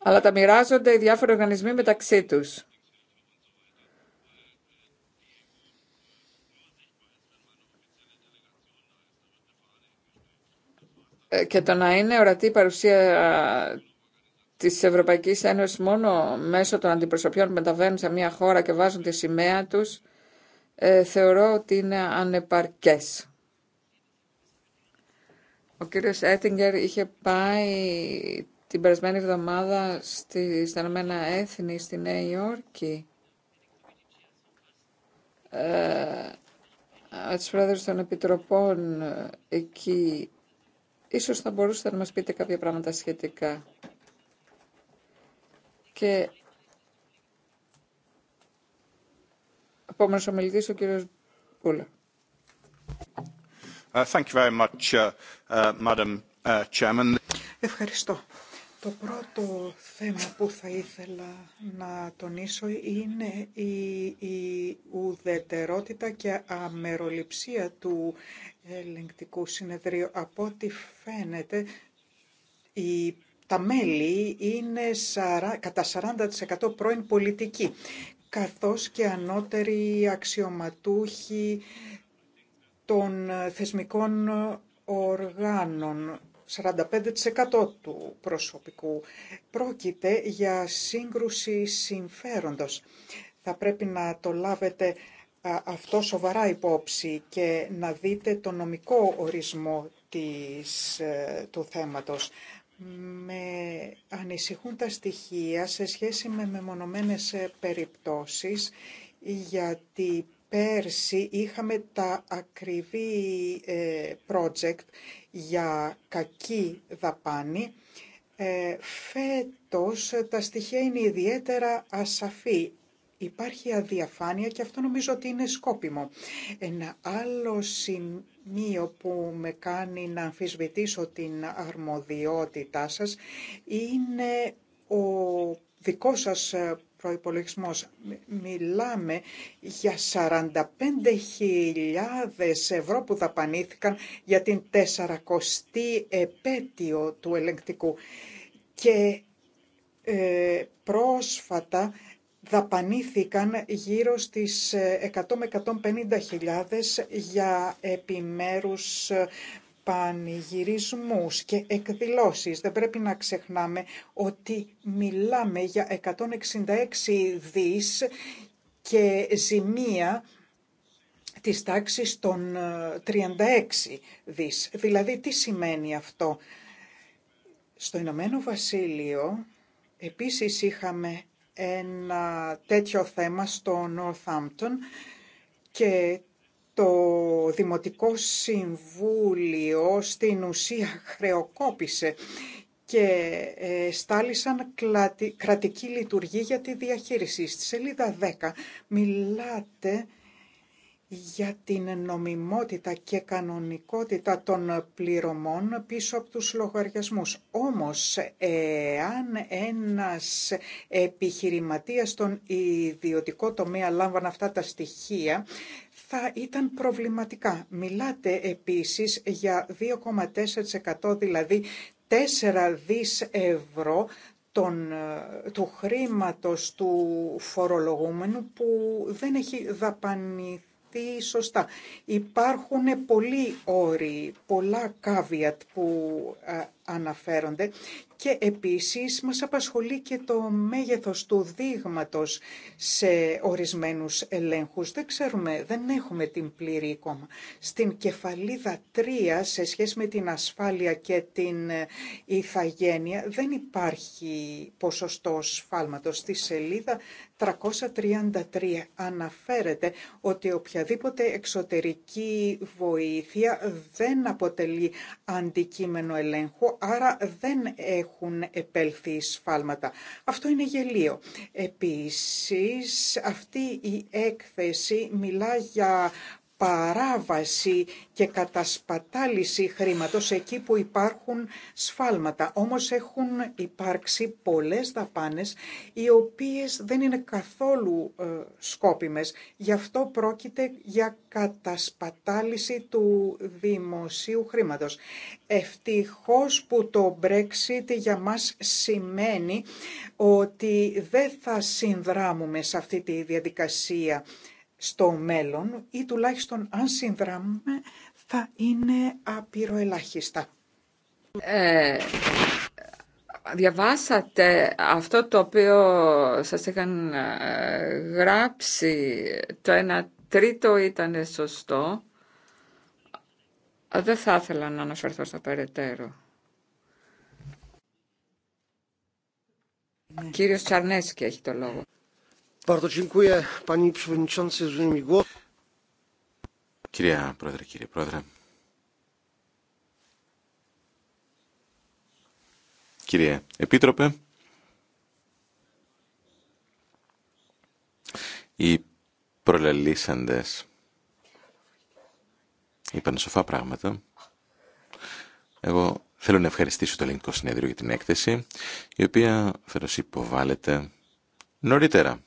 αλλά τα μοιράζονται οι διάφοροι οργανισμοί μεταξύ τους. Ε, και το να είναι ορατή η παρουσία της Ευρωπαϊκής Ένωσης μόνο μέσω των αντιπροσωπιών που μεταβαίνουν σε μια χώρα και βάζουν τη σημαία τους, ε, θεωρώ ότι είναι ανεπαρκές. Ο κύριος Έτιγκερ είχε πάει την περασμένη εβδομάδα στη, στα Έθνη στη Νέα Υόρκη ε, τους πρόεδρους των επιτροπών ε, εκεί ίσως θα μπορούσατε να μας πείτε κάποια πράγματα σχετικά και Επόμενος ομιλητής, ο κύριος Μπούλα. Uh, uh, uh, Ευχαριστώ. Το πρώτο θέμα που θα ήθελα να τονίσω είναι η, η ουδετερότητα και αμεροληψία του ελεγκτικού συνεδρίου. Από ό,τι φαίνεται, η, τα μέλη είναι κατά 40% πρώην πολιτικοί καθώς και ανώτεροι αξιωματούχοι των ε, θεσμικών οργάνων, 45% του προσωπικού. Πρόκειται για σύγκρουση συμφέροντος. Θα πρέπει να το λάβετε αυτό σοβαρά υπόψη και να δείτε το νομικό ορισμό της, ε, του θέματος. Με ανησυχούν τα στοιχεία σε σχέση με μεμονωμένες ε, περιπτώσεις γιατί πέρσι είχαμε τα ακριβή ε, project για κακή δαπάνη. Ε, φέτος τα στοιχεία είναι ιδιαίτερα ασαφή. Υπάρχει αδιαφάνεια και αυτό νομίζω ότι είναι σκόπιμο. Ένα άλλο σημείο που με κάνει να αμφισβητήσω την αρμοδιότητά σας είναι ο δικός σας προϋπολογισμός. Μιλάμε για 45.000 ευρώ που δαπανήθηκαν για την 400η επέτειο του ελεγκτικού. Και ε, πρόσφατα δαπανήθηκαν γύρω στις 100 ε, με 150 για επιμέρους ε, πανηγυρισμούς και εκδηλώσεις. Δεν πρέπει να ξεχνάμε ότι μιλάμε για 166 δις και ζημία της τάξης των 36 ε, δις. Δηλαδή τι σημαίνει αυτό. Στο Ηνωμένο Βασίλειο επίσης είχαμε ένα τέτοιο θέμα στο Northampton και το Δημοτικό Συμβούλιο στην ουσία χρεοκόπησε και ε, στάλησαν κρατική λειτουργή για τη διαχείριση. Στη σελίδα 10 μιλάτε για την νομιμότητα και κανονικότητα των πληρωμών πίσω από τους λογαριασμούς. Όμως, εάν ένας επιχειρηματίας στον ιδιωτικό τομέα λάμβανε αυτά τα στοιχεία, θα ήταν προβληματικά. Μιλάτε επίσης για 2,4% δηλαδή 4 δις ευρώ του χρήματος του φορολογούμενου που δεν έχει δαπανηθεί σωστά. Υπάρχουν πολλοί όροι, πολλά caveat που ε, αναφέρονται και επίσης μας απασχολεί και το μέγεθος του δείγματος σε ορισμένους ελέγχους. Δεν ξέρουμε, δεν έχουμε την πλήρη εικόνα. Στην κεφαλίδα 3 σε σχέση με την ασφάλεια και την ε, ηθαγένεια δεν υπάρχει ποσοστό σφάλματος. Στη σελίδα 333 αναφέρεται ότι οποιαδήποτε εξωτερική βοήθεια δεν αποτελεί αντικείμενο ελέγχου, άρα δεν έχουν επέλθει σφάλματα. Αυτό είναι γελίο. Επίσης, αυτή η έκθεση μιλά για παράβαση και κατασπατάληση χρήματος εκεί που υπάρχουν σφάλματα. Όμως έχουν υπάρξει πολλές δαπάνες οι οποίες δεν είναι καθόλου ε, σκόπιμες. Γι' αυτό πρόκειται για κατασπατάληση του δημοσίου χρήματος. Ευτυχώς που το Brexit για μας σημαίνει ότι δεν θα συνδράμουμε σε αυτή τη διαδικασία στο μέλλον ή τουλάχιστον αν συνδράμουμε θα είναι απειροελάχιστα. Ε, διαβάσατε αυτό το οποίο σας είχαν ε, γράψει το ένα τρίτο ήταν σωστό. Δεν θα ήθελα να αναφερθώ στο περαιτέρω. Ναι. Κύριος Τσαρνέσκη έχει το λόγο. Κυρία Πρόεδρε, κύριε Πρόεδρε. Κύριε Επίτροπε. Οι προλαλήσαντες είπαν σοφά πράγματα. Εγώ θέλω να ευχαριστήσω το Ελληνικό Συνέδριο για την έκθεση, η οποία φέρος υποβάλλεται νωρίτερα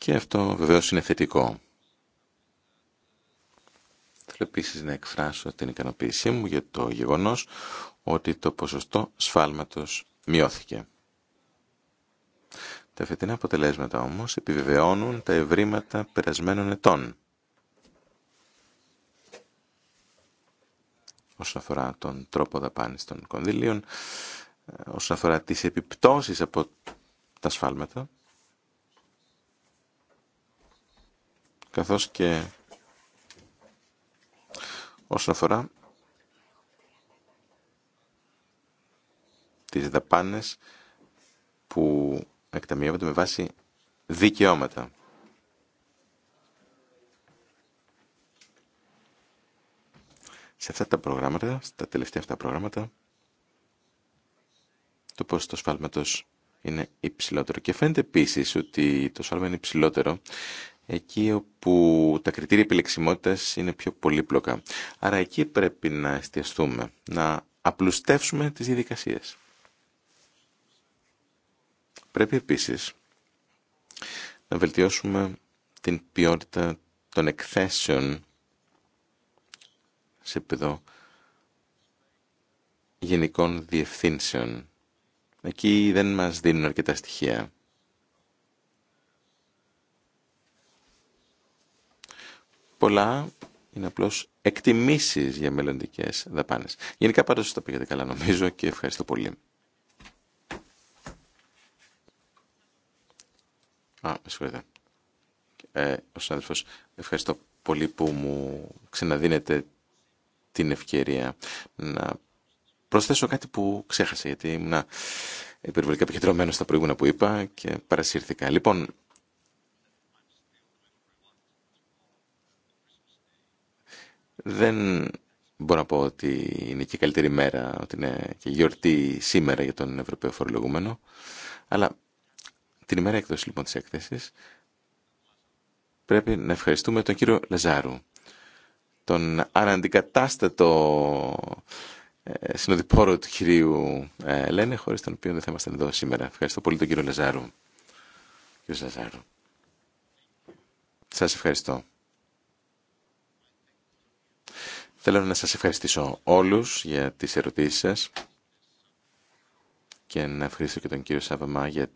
και αυτό βεβαίως είναι θετικό. Θέλω επίση να εκφράσω την ικανοποίησή μου για το γεγονός ότι το ποσοστό σφάλματος μειώθηκε. Τα φετινά αποτελέσματα όμως επιβεβαιώνουν τα ευρήματα περασμένων ετών. όσον αφορά τον τρόπο δαπάνης των κονδυλίων, ε, όσον αφορά τις επιπτώσεις από τα σφάλματα, καθώς και όσον αφορά τις δαπάνες που εκταμιεύονται με βάση δικαιώματα. Σε αυτά τα προγράμματα, στα τελευταία αυτά προγράμματα, το το σφάλματος είναι υψηλότερο. Και φαίνεται επίσης ότι το σφάλμα είναι υψηλότερο εκεί όπου τα κριτήρια επιλεξιμότητας είναι πιο πολύπλοκα. Άρα εκεί πρέπει να εστιαστούμε, να απλουστεύσουμε τις διαδικασίες. Πρέπει επίσης να βελτιώσουμε την ποιότητα των εκθέσεων σε επίπεδο γενικών διευθύνσεων. Εκεί δεν μας δίνουν αρκετά στοιχεία. Πολλά είναι απλώς εκτιμήσεις για μελλοντικές δαπάνες. Γενικά πάντως τα πήγατε καλά νομίζω και ευχαριστώ πολύ. Α, με συγχωρείτε. Ε, ο συνάδελφος, ευχαριστώ πολύ που μου ξαναδίνετε την ευκαιρία να προσθέσω κάτι που ξέχασα γιατί ήμουν υπερβολικά επικεντρωμένο στα προηγούμενα που είπα και παρασύρθηκα. Λοιπόν, Δεν μπορώ να πω ότι είναι και η καλύτερη μέρα, ότι είναι και γιορτή σήμερα για τον Ευρωπαίο Φορολογούμενο. Αλλά την ημέρα έκδοση λοιπόν της έκθεσης πρέπει να ευχαριστούμε τον κύριο Λαζάρου, τον αναντικατάστατο ε, συνοδοιπόρο του κυρίου ε, Λένε, χωρίς τον οποίο δεν θα ήμασταν εδώ σήμερα. Ευχαριστώ πολύ τον κύριο Λαζάρου. Κύριο Λαζάρου. Σας ευχαριστώ. Θέλω να σας ευχαριστήσω όλους για τις ερωτήσεις σας και να ευχαριστήσω και τον κύριο Σαββαμά για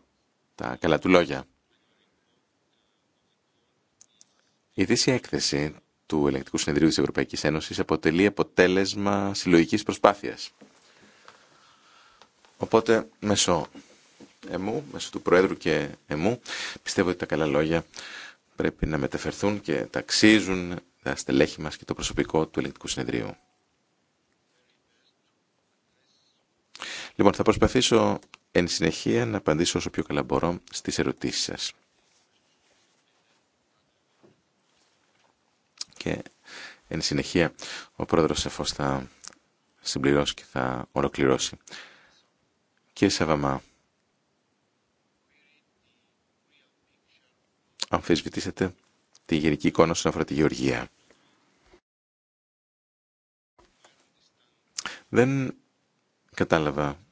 τα καλά του λόγια. Η δύση έκθεση του Ελεγκτικού Συνεδρίου της Ευρωπαϊκής Ένωσης αποτελεί αποτέλεσμα συλλογικής προσπάθειας. Οπότε, μέσω εμού, μέσω του Προέδρου και εμού, πιστεύω ότι τα καλά λόγια πρέπει να μεταφερθούν και ταξίζουν τα στελέχη μας και το προσωπικό του ελεγκτικού συνεδρίου. Λοιπόν, θα προσπαθήσω εν συνεχεία να απαντήσω όσο πιο καλά μπορώ στις ερωτήσεις σας. Και εν συνεχεία ο πρόεδρος εφώς θα συμπληρώσει και θα ολοκληρώσει. Κύριε Σαβαμά, αμφισβητήσατε τη γενική εικόνα στον αφορά τη γεωργία. Δεν κατάλαβα,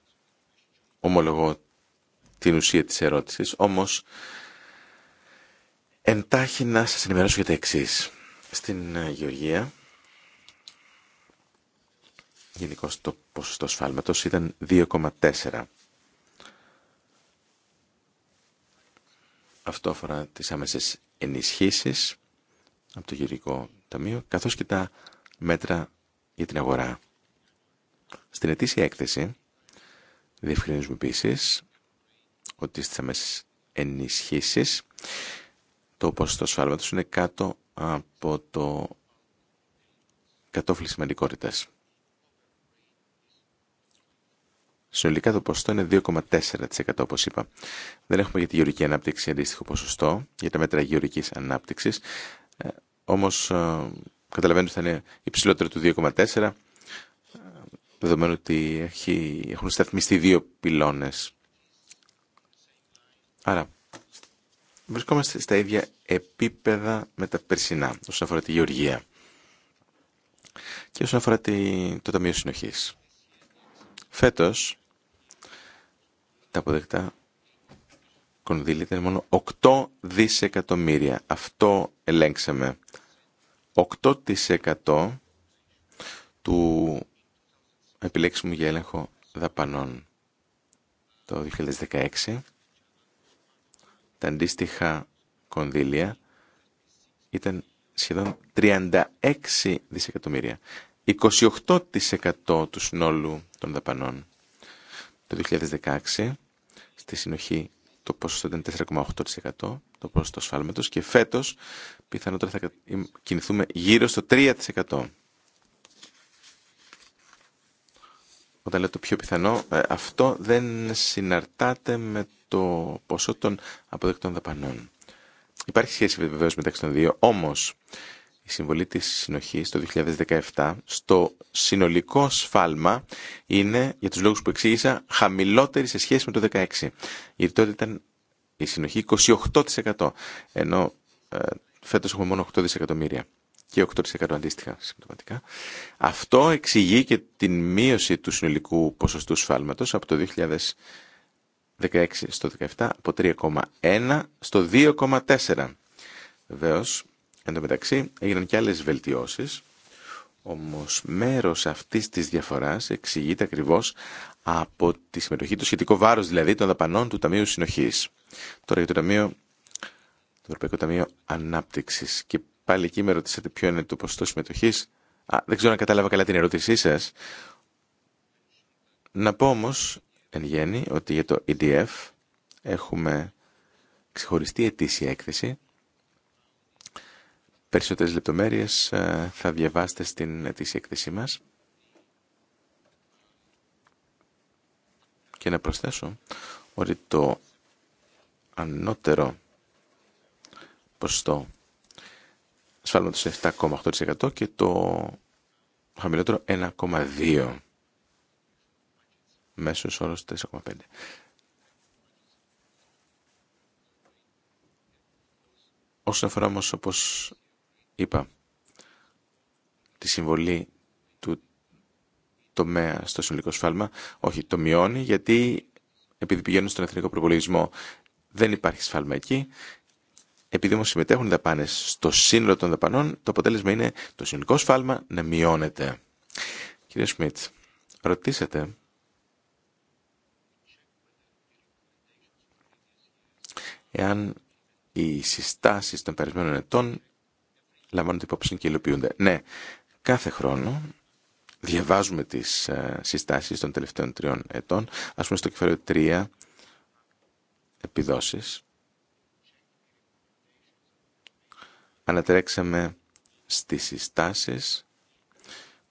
ομολογώ, την ουσία της ερώτησης, όμως εντάχει να σας ενημερώσω για τα εξή. Στην ε, Γεωργία, γενικώ το ποσοστό σφάλματος ήταν 2,4. Αυτό αφορά τις άμεσες ενισχύσεις από το Γεωργικό Ταμείο, καθώς και τα μέτρα για την αγορά. Στην ετήσια έκθεση διευκρινίζουμε επίση ότι στις αμέσες ενισχύσεις το ποσοστό σφάλματος είναι κάτω από το κατόφλι σημαντικότητας. Συνολικά το ποσοστό είναι 2,4% όπως είπα. Δεν έχουμε για τη γεωρική ανάπτυξη αντίστοιχο ποσοστό, για τα μέτρα γεωρικής ανάπτυξης, ε, όμως ε, καταλαβαίνετε ότι θα είναι υψηλότερο του 2,4% δεδομένου ότι έχει, έχουν σταθμιστεί δύο πυλώνες. Άρα, βρισκόμαστε στα ίδια επίπεδα με τα περσινά, όσον αφορά τη γεωργία και όσον αφορά το Ταμείο Συνοχής. Φέτος, τα αποδεκτά κονδύλια ήταν μόνο 8 δισεκατομμύρια. Αυτό ελέγξαμε. 8% του επιλέξιμου για έλεγχο δαπανών. Το 2016 τα αντίστοιχα κονδύλια ήταν σχεδόν 36 δισεκατομμύρια. 28% του συνόλου των δαπανών. Το 2016 στη συνοχή το ποσοστό ήταν 4,8% το ποσοστό σφάλματος και φέτος πιθανότερα θα κινηθούμε γύρω στο 3%. όταν λέω το πιο πιθανό, ε, αυτό δεν συναρτάται με το ποσό των αποδεκτών δαπανών. Υπάρχει σχέση βεβαίω μεταξύ των δύο, όμω η συμβολή τη συνοχή το 2017 στο συνολικό σφάλμα είναι, για του λόγου που εξήγησα, χαμηλότερη σε σχέση με το 2016. Γιατί τότε ήταν η συνοχή 28%, ενώ ε, φέτο έχουμε μόνο 8 δισεκατομμύρια και 8% αντίστοιχα συμπτωματικά. Αυτό εξηγεί και την μείωση του συνολικού ποσοστού σφάλματος από το 2016 στο 2017 από 3,1 στο 2,4. Βεβαίω, εν τω μεταξύ έγιναν και άλλες βελτιώσεις, όμως μέρος αυτής της διαφοράς εξηγείται ακριβώς από τη συμμετοχή, του σχετικό βάρος δηλαδή των δαπανών του Ταμείου Συνοχής. Τώρα για το Ταμείο το Ευρωπαϊκό Ταμείο Ανάπτυξη. Και Πάλι εκεί με ρωτήσατε ποιο είναι το ποσοστό συμμετοχή. Δεν ξέρω αν κατάλαβα καλά την ερώτησή σα. Να πω όμω εν γέννη ότι για το EDF έχουμε ξεχωριστή ετήσια έκθεση. Περισσότερες λεπτομέρειες ε, θα διαβάσετε στην ετήσια έκθεσή μας. Και να προσθέσω ότι το ανώτερο ποστό σφάλματος 7,8% και το χαμηλότερο 1,2%. Μέσος όρος 4,5%. Όσον αφορά όμως, όπως είπα, τη συμβολή του τομέα στο συνολικό σφάλμα, όχι, το μειώνει γιατί επειδή πηγαίνουν στον εθνικό προπολογισμό δεν υπάρχει σφάλμα εκεί επειδή όμω συμμετέχουν οι δαπάνε στο σύνολο των δαπανών, το αποτέλεσμα είναι το συνολικό σφάλμα να μειώνεται. Κύριε Σμιτ, ρωτήσατε εάν οι συστάσεις των περισμένων ετών λαμβάνονται υπόψη και υλοποιούνται. Ναι, κάθε χρόνο διαβάζουμε τις ε, συστάσεις των τελευταίων τριών ετών, ας πούμε στο κεφάλαιο 3 επιδόσεις, ανατρέξαμε στις συστάσεις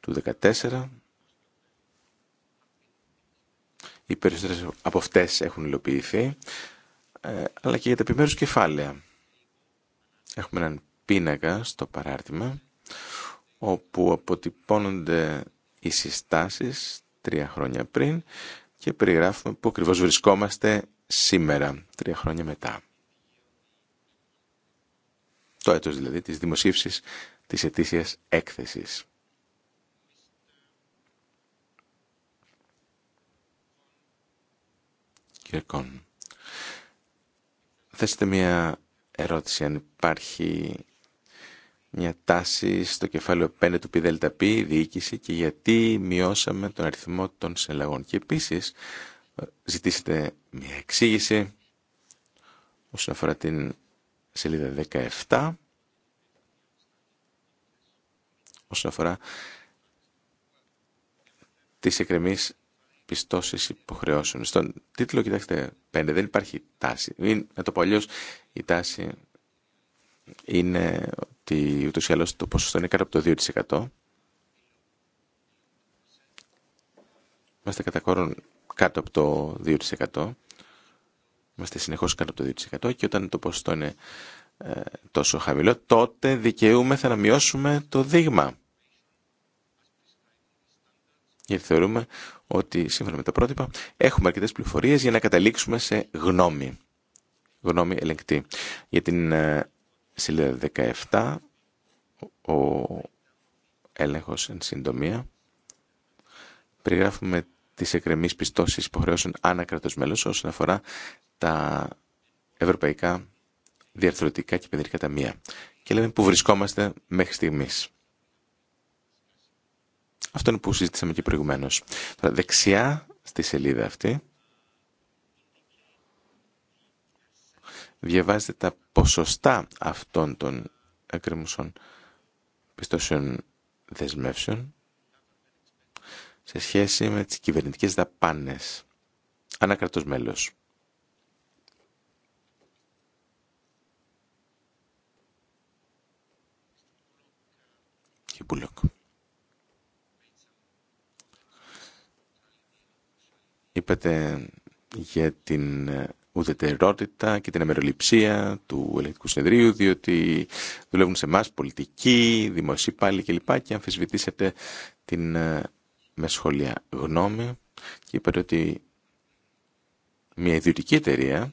του 14. Οι περισσότερες από αυτές έχουν υλοποιηθεί, ε, αλλά και για τα επιμέρους κεφάλαια. Έχουμε έναν πίνακα στο παράρτημα, όπου αποτυπώνονται οι συστάσεις τρία χρόνια πριν και περιγράφουμε που ακριβώς βρισκόμαστε σήμερα, τρία χρόνια μετά το έτος δηλαδή της δημοσίευσης της ετήσιας έκθεσης. Κύριε Κόν, θέσετε μια ερώτηση αν υπάρχει μια τάση στο κεφάλαιο 5 του η διοίκηση και γιατί μειώσαμε τον αριθμό των συλλαγών. Και επίσης ε, ζητήσετε μια εξήγηση όσον αφορά την σελίδα 17 όσον αφορά τις εκκρεμείς πιστώσεις υποχρεώσεων. Στον τίτλο, κοιτάξτε, 5 δεν υπάρχει τάση. Ή, να το πω αλλιώς, η τάση είναι ότι ούτως ή άλλως το ποσοστό είναι κάτω από το 2%. Είμαστε κατά κόρον κάτω από το 2%. Είμαστε συνεχώς κάτω από το 2% και όταν το ποσοστό είναι ε, τόσο χαμηλό, τότε δικαιούμεθα να μειώσουμε το δείγμα. Γιατί θεωρούμε ότι σύμφωνα με τα πρότυπα έχουμε αρκετέ πληροφορίε για να καταλήξουμε σε γνώμη. Γνώμη ελεγκτή. Για την ε, 17, ο έλεγχος εν συντομία, περιγράφουμε τις εκκρεμείς πιστώσεις υποχρεώσεων ανά κράτος μέλος όσον αφορά τα ευρωπαϊκά διαρθρωτικά και επενδυτικά ταμεία. Και λέμε που βρισκόμαστε μέχρι στιγμή. Αυτό είναι που συζήτησαμε και προηγουμένω. Τώρα, δεξιά στη σελίδα αυτή διαβάζετε τα ποσοστά αυτών των εκκρεμουσών πιστώσεων δεσμεύσεων σε σχέση με τις κυβερνητικές δαπάνες. Ανακρατός μέλος. Είπατε για την ε, ουδετερότητα και την αμεροληψία του ελεκτικού συνεδρίου, διότι δουλεύουν σε εμά πολιτικοί, δημοσιοί πάλι κλπ. Και αμφισβητήσατε την ε, με σχόλια γνώμη και είπε ότι μια ιδιωτική εταιρεία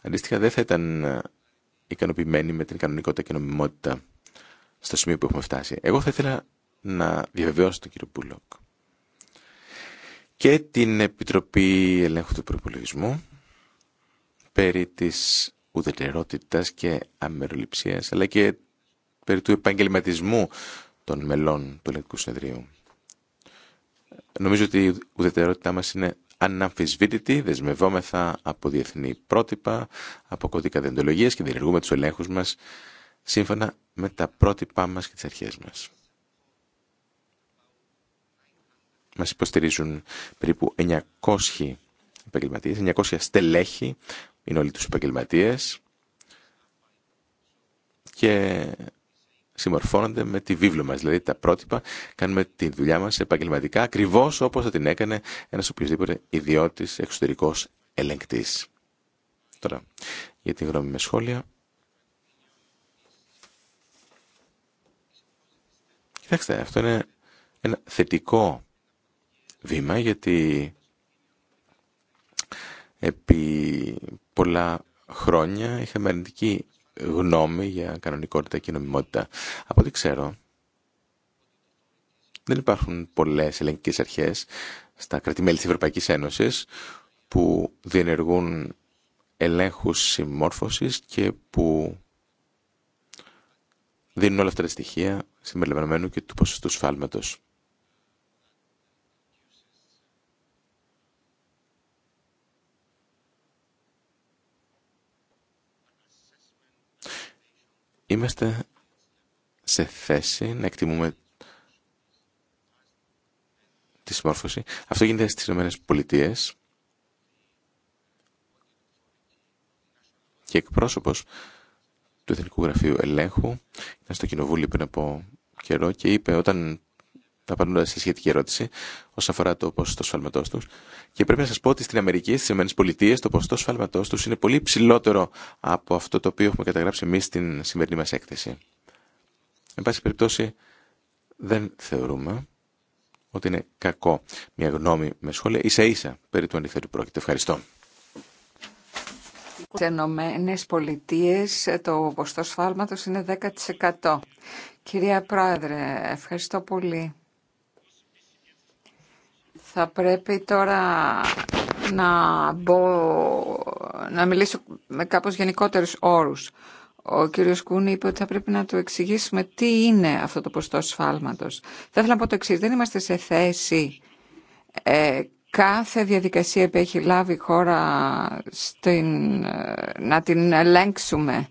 αντίστοιχα δεν θα ήταν ε, ικανοποιημένη με την κανονικότητα και νομιμότητα στο σημείο που έχουμε φτάσει. Εγώ θα ήθελα να διαβεβαιώσω τον κύριο Πούλοκ και την Επιτροπή Ελέγχου του Προπολογισμού περί της ουδετερότητας και αμεροληψίας αλλά και περί του επαγγελματισμού των μελών του Ελεκτικού Συνεδρίου. Νομίζω ότι η ουδετερότητά μας είναι αναμφισβήτητη, δεσμευόμεθα από διεθνή πρότυπα, από κώδικα δεντολογίας και διενεργούμε τους ελέγχους μας σύμφωνα με τα πρότυπά μας και τις αρχές μας. Μας υποστηρίζουν περίπου 900 επαγγελματίες, 900 στελέχη, είναι όλοι τους επαγγελματίες και συμμορφώνονται με τη βίβλο μας, δηλαδή τα πρότυπα, κάνουμε τη δουλειά μας επαγγελματικά, ακριβώς όπως θα την έκανε ένας οποιοδήποτε ιδιώτης εξωτερικός ελεγκτής. Τώρα, για τη γνώμη με σχόλια. Κοιτάξτε, αυτό είναι ένα θετικό βήμα, γιατί επί πολλά χρόνια είχαμε αρνητική γνώμη για κανονικότητα και νομιμότητα. Από ό,τι ξέρω, δεν υπάρχουν πολλές ελεγκτικές αρχές στα κρατημέλη της Ευρωπαϊκής Ένωσης που διενεργούν ελέγχους συμμόρφωσης και που δίνουν όλα αυτά τα στοιχεία συμπεριλαμβανομένου και του ποσοστού σφάλματος. είμαστε σε θέση να εκτιμούμε τη συμμόρφωση. Αυτό γίνεται στις Ηνωμένες Πολιτείες και εκπρόσωπος του Εθνικού Γραφείου Ελέγχου ήταν στο Κοινοβούλιο πριν από καιρό και είπε όταν απαντούν σε σχετική ερώτηση όσον αφορά το ποσοστό σφάλματό του. Και πρέπει να σα πω ότι στην Αμερική, στι ΗΠΑ, το ποσοστό σφάλματό του είναι πολύ ψηλότερο από αυτό το οποίο έχουμε καταγράψει εμεί στην σημερινή μα έκθεση. Εν πάση περιπτώσει, δεν θεωρούμε ότι είναι κακό μια γνώμη με σχόλια. Ίσα ίσα περί του αντιθέτου πρόκειται. Ευχαριστώ. Στι Ηνωμένε Πολιτείε το ποσοστό σφάλματο είναι 10%. Κυρία Πρόεδρε, ευχαριστώ πολύ. Θα πρέπει τώρα να, να μιλήσω με κάπως γενικότερους όρους. Ο κύριος Κούνη είπε ότι θα πρέπει να του εξηγήσουμε τι είναι αυτό το ποστό σφάλματος. Θα ήθελα να πω το εξή. Δεν είμαστε σε θέση ε, κάθε διαδικασία που έχει λάβει η χώρα στην, ε, να την ελέγξουμε.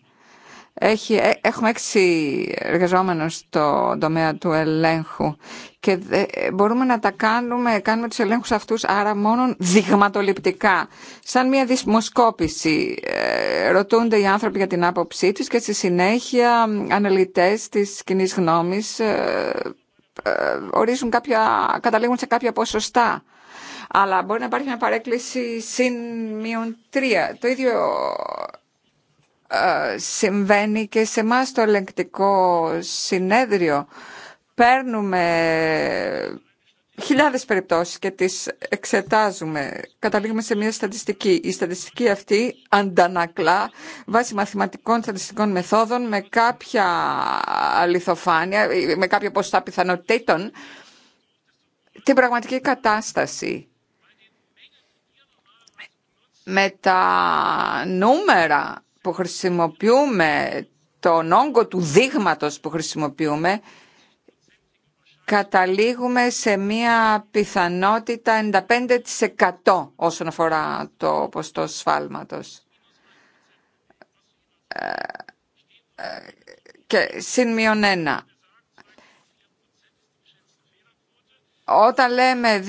Έχει, ε, έχουμε έξι εργαζόμενους στο τομέα του ελέγχου και ε, μπορούμε να τα κάνουμε, κάνουμε τους ελέγχους αυτούς άρα μόνο δειγματοληπτικά. Σαν μια δημοσκόπηση ε, ρωτούνται οι άνθρωποι για την άποψή τους και στη συνέχεια αναλυτές της κοινή γνώμης ορίζουν κάποια, καταλήγουν σε κάποια ποσοστά. Αλλά μπορεί να υπάρχει μια παρέκκληση συν μείον τρία. Το ίδιο συμβαίνει και σε εμά το ελεγκτικό συνέδριο. Παίρνουμε χιλιάδες περιπτώσεις και τις εξετάζουμε. Καταλήγουμε σε μια στατιστική. Η στατιστική αυτή αντανακλά βάσει μαθηματικών στατιστικών μεθόδων με κάποια αληθοφάνεια, με κάποια ποστά πιθανότητων, την πραγματική κατάσταση. Με τα νούμερα που χρησιμοποιούμε, τον όγκο του δείγματος που χρησιμοποιούμε, καταλήγουμε σε μία πιθανότητα 95% όσον αφορά το ποστό σφάλματος. Ε, ε, και συν Όταν λέμε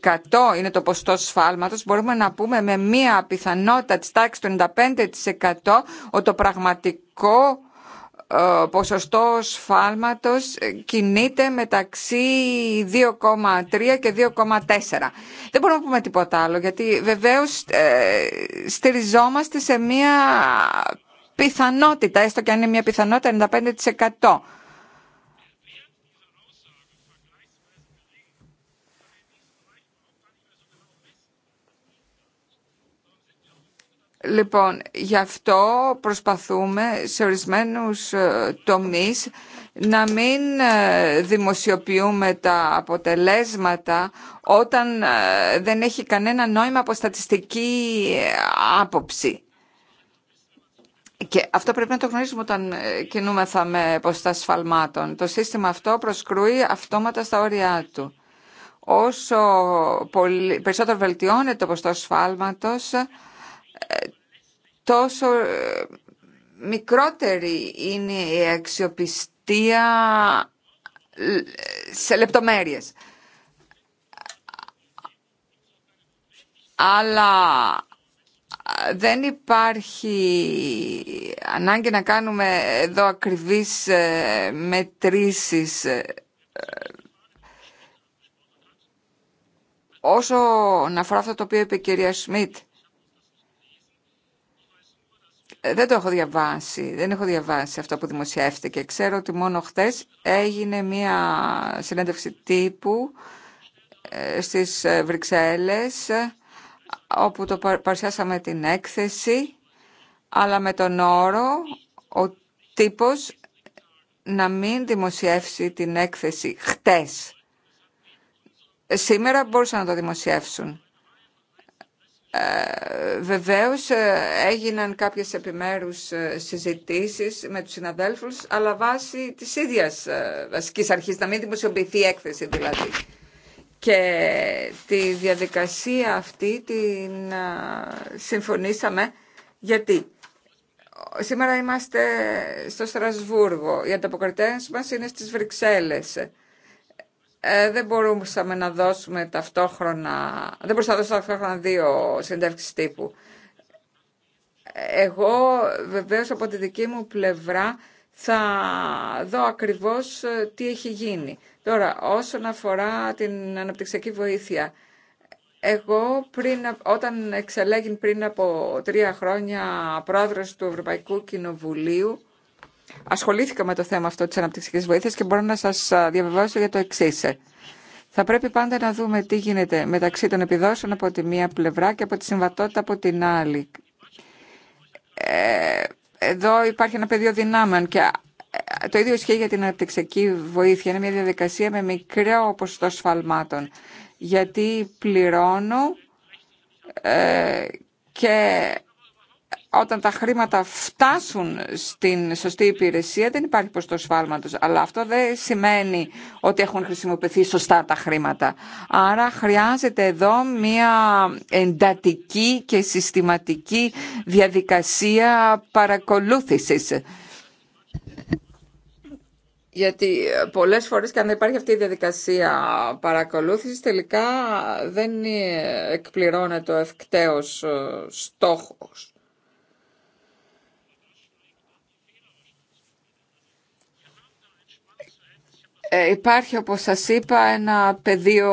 2,4% είναι το ποστό σφάλματος, μπορούμε να πούμε με μία πιθανότητα της τάξης του 95% ότι το πραγματικό ε, ποσοστό σφάλματος ε, κινείται μεταξύ 2,3 και 2,4. Δεν μπορούμε να πούμε τίποτα άλλο, γιατί βεβαίως ε, στηριζόμαστε σε μία πιθανότητα, έστω και αν είναι μία πιθανότητα 95%. Λοιπόν, γι' αυτό προσπαθούμε σε ορισμένους ε, τομείς να μην ε, δημοσιοποιούμε τα αποτελέσματα όταν ε, δεν έχει κανένα νόημα από στατιστική άποψη. Και αυτό πρέπει να το γνωρίζουμε όταν κινούμεθα με ποστά σφαλμάτων. Το σύστημα αυτό προσκρούει αυτόματα στα όρια του. Όσο περισσότερο βελτιώνεται το ποστό σφάλματος, τόσο ε, μικρότερη είναι η αξιοπιστία ε, σε λεπτομέρειες. Αλλά ε, δεν υπάρχει ανάγκη να κάνουμε εδώ ακριβείς μετρήσεις όσο να αφορά αυτό το οποίο είπε η κυρία Σμιτ. Δεν το έχω διαβάσει, δεν έχω διαβάσει αυτό που δημοσιεύτηκε. Ξέρω ότι μόνο χτες έγινε μία συνέντευξη τύπου ε, στις ε, Βρυξέλλες, όπου το παρουσιάσαμε την έκθεση, αλλά με τον όρο ο τύπος να μην δημοσιεύσει την έκθεση χτες. Σήμερα μπορούσαν να το δημοσιεύσουν. Ε, βεβαίως έγιναν κάποιες επιμέρους ε, συζητήσεις με τους συναδέλφους αλλά βάσει της ίδιας ε, βασικής αρχής, να μην δημοσιοποιηθεί η έκθεση δηλαδή. Και τη διαδικασία αυτή την ε, συμφωνήσαμε γιατί σήμερα είμαστε στο Στρασβούργο, οι ανταποκριτές μας είναι στις Βρυξέλλες ε, δεν μπορούσαμε να δώσουμε ταυτόχρονα, δεν μπορούσα να δώσω ταυτόχρονα δύο συνέντευξεις τύπου. Εγώ βεβαίως από τη δική μου πλευρά θα δω ακριβώς ε, τι έχει γίνει. Τώρα, όσον αφορά την αναπτυξιακή βοήθεια, εγώ πριν, όταν εξελέγην πριν από τρία χρόνια πρόεδρος του Ευρωπαϊκού Κοινοβουλίου, ασχολήθηκα με το θέμα αυτό της αναπτυξικής βοήθειας και μπορώ να σας διαβεβαιώσω για το εξή. Θα πρέπει πάντα να δούμε τι γίνεται μεταξύ των επιδόσεων από τη μία πλευρά και από τη συμβατότητα από την άλλη. Ε, εδώ υπάρχει ένα πεδίο δυνάμεων και ε, το ίδιο ισχύει για την αναπτυξιακή βοήθεια. Είναι μια διαδικασία με μικρό ποσοστό σφαλμάτων. Γιατί πληρώνω ε, και όταν τα χρήματα φτάσουν στην σωστή υπηρεσία δεν υπάρχει ποστό σφάλματος. Αλλά αυτό δεν σημαίνει ότι έχουν χρησιμοποιηθεί σωστά τα χρήματα. Άρα χρειάζεται εδώ μια εντατική και συστηματική διαδικασία παρακολούθησης. Γιατί ε, πολλές φορές και αν δεν υπάρχει αυτή η διαδικασία παρακολούθησης τελικά δεν ε, εκπληρώνεται ο ευκταίος ε, στόχος. Ε, υπάρχει όπως σας είπα ένα πεδίο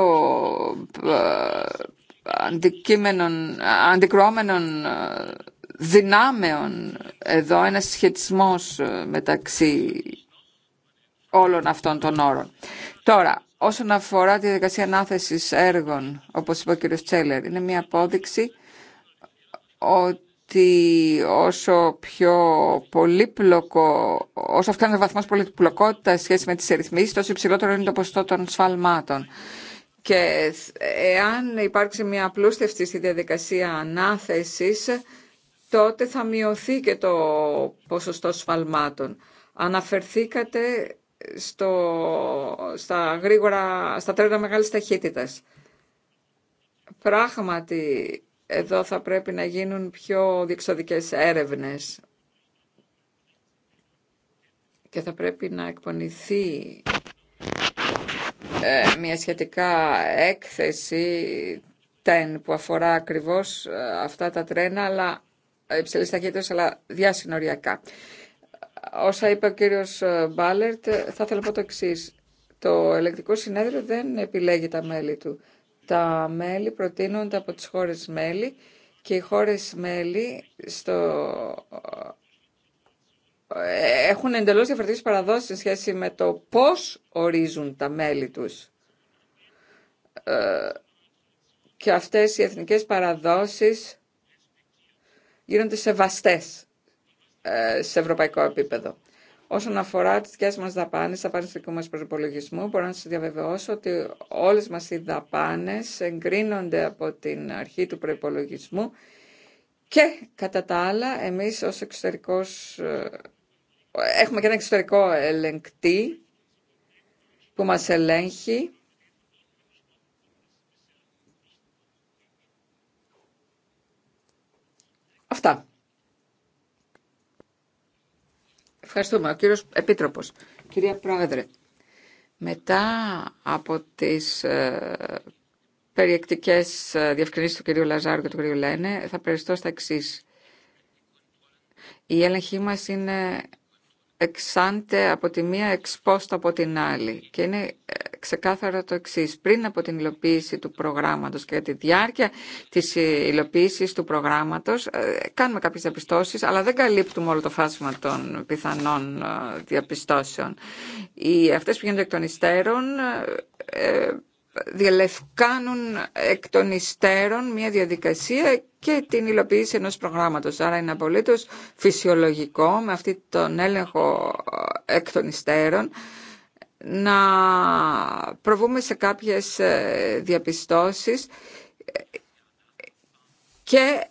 ε, αντικείμενων, αντικρώμενων ε, δυνάμεων εδώ, ένας σχετισμός μεταξύ όλων αυτών των όρων. Τώρα, όσον αφορά τη διαδικασία ανάθεσης έργων, όπως είπε ο κ. Τσέλερ, είναι μια απόδειξη ότι ότι όσο πιο πολύπλοκο, όσο αυξάνεται ο βαθμός πολυπλοκότητας σχέση με τις ρυθμίσεις, τόσο υψηλότερο είναι το ποσοστό των σφαλμάτων. Και εάν υπάρξει μια απλούστευση στη διαδικασία ανάθεσης, τότε θα μειωθεί και το ποσοστό σφαλμάτων. Αναφερθήκατε στο, στα, γρήγορα, στα τρένα μεγάλης ταχύτητας. Πράγματι, εδώ θα πρέπει να γίνουν πιο διεξοδικές έρευνες και θα πρέπει να εκπονηθεί ε, μια σχετικά έκθεση που αφορά ακριβώς ε, αυτά τα τρένα αλλά ε, υψηλής ταχύτητας αλλά διασυνοριακά. Όσα είπε ο κύριος Μπάλερτ θα ήθελα να πω το εξή. Το ελεκτικό συνέδριο δεν επιλέγει τα μέλη του τα μέλη προτείνονται από τις χώρες μέλη και οι χώρες μέλη στο... Ε, έχουν εντελώς διαφορετικές παραδόσεις σε σχέση με το πώς ορίζουν τα μέλη τους. Ε, και αυτές οι εθνικές παραδόσεις γίνονται σεβαστές ε, σε ευρωπαϊκό επίπεδο. Όσον αφορά τι δικέ μα δαπάνε, τα δαπάνε του δικού μα προπολογισμού, μπορώ να σα διαβεβαιώσω ότι όλε μα οι δαπάνε εγκρίνονται από την αρχή του προπολογισμού και κατά τα άλλα, εμεί ω εξωτερικό. Ε, έχουμε και ένα εξωτερικό ελεγκτή που μας ελέγχει Αυτά. Ευχαριστούμε. Ο κύριος Επίτροπος. Κυρία Πρόεδρε, μετά από τις ε, περιεκτικές ε, διευκρινήσεις του κυρίου Λαζάρου και του κυρίου Λένε, θα περιστώ στα εξή. Η έλεγχή μας είναι εξάντε από τη μία, εξπόστα από την άλλη. Και είναι ε, ξεκάθαρα το εξή. Πριν από την υλοποίηση του προγράμματο και τη διάρκεια της υλοποίησης του προγράμματο. Ε, κάνουμε κάποιες διαπιστώσει, αλλά δεν καλύπτουμε όλο το φάσμα των πιθανών ε, διαπιστώσεων. Οι, αυτές που γίνονται εκ των υστέρων ε, διαλευκάνουν εκ των υστέρων μια διαδικασία και την υλοποίηση ενός προγράμματος. Άρα είναι απολύτως φυσιολογικό με αυτή τον έλεγχο εκ των υστέρων να προβούμε σε κάποιες ε, διαπιστώσεις και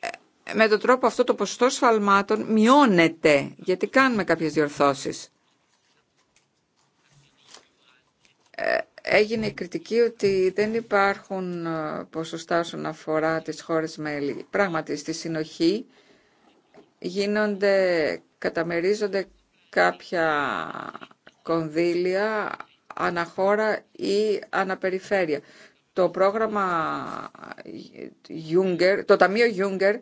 ε, με τον τρόπο αυτό το ποσοστό σφαλμάτων μειώνεται, γιατί κάνουμε κάποιες διορθώσεις. Ε, έγινε η κριτική ότι δεν υπάρχουν ποσοστά όσον αφορά τις χώρες μέλη. Πράγματι, στη συνοχή γίνονται, καταμερίζονται κάποια κονδύλια αναχώρα ή αναπεριφέρεια. Το πρόγραμμα Juncker, το Ταμείο Juncker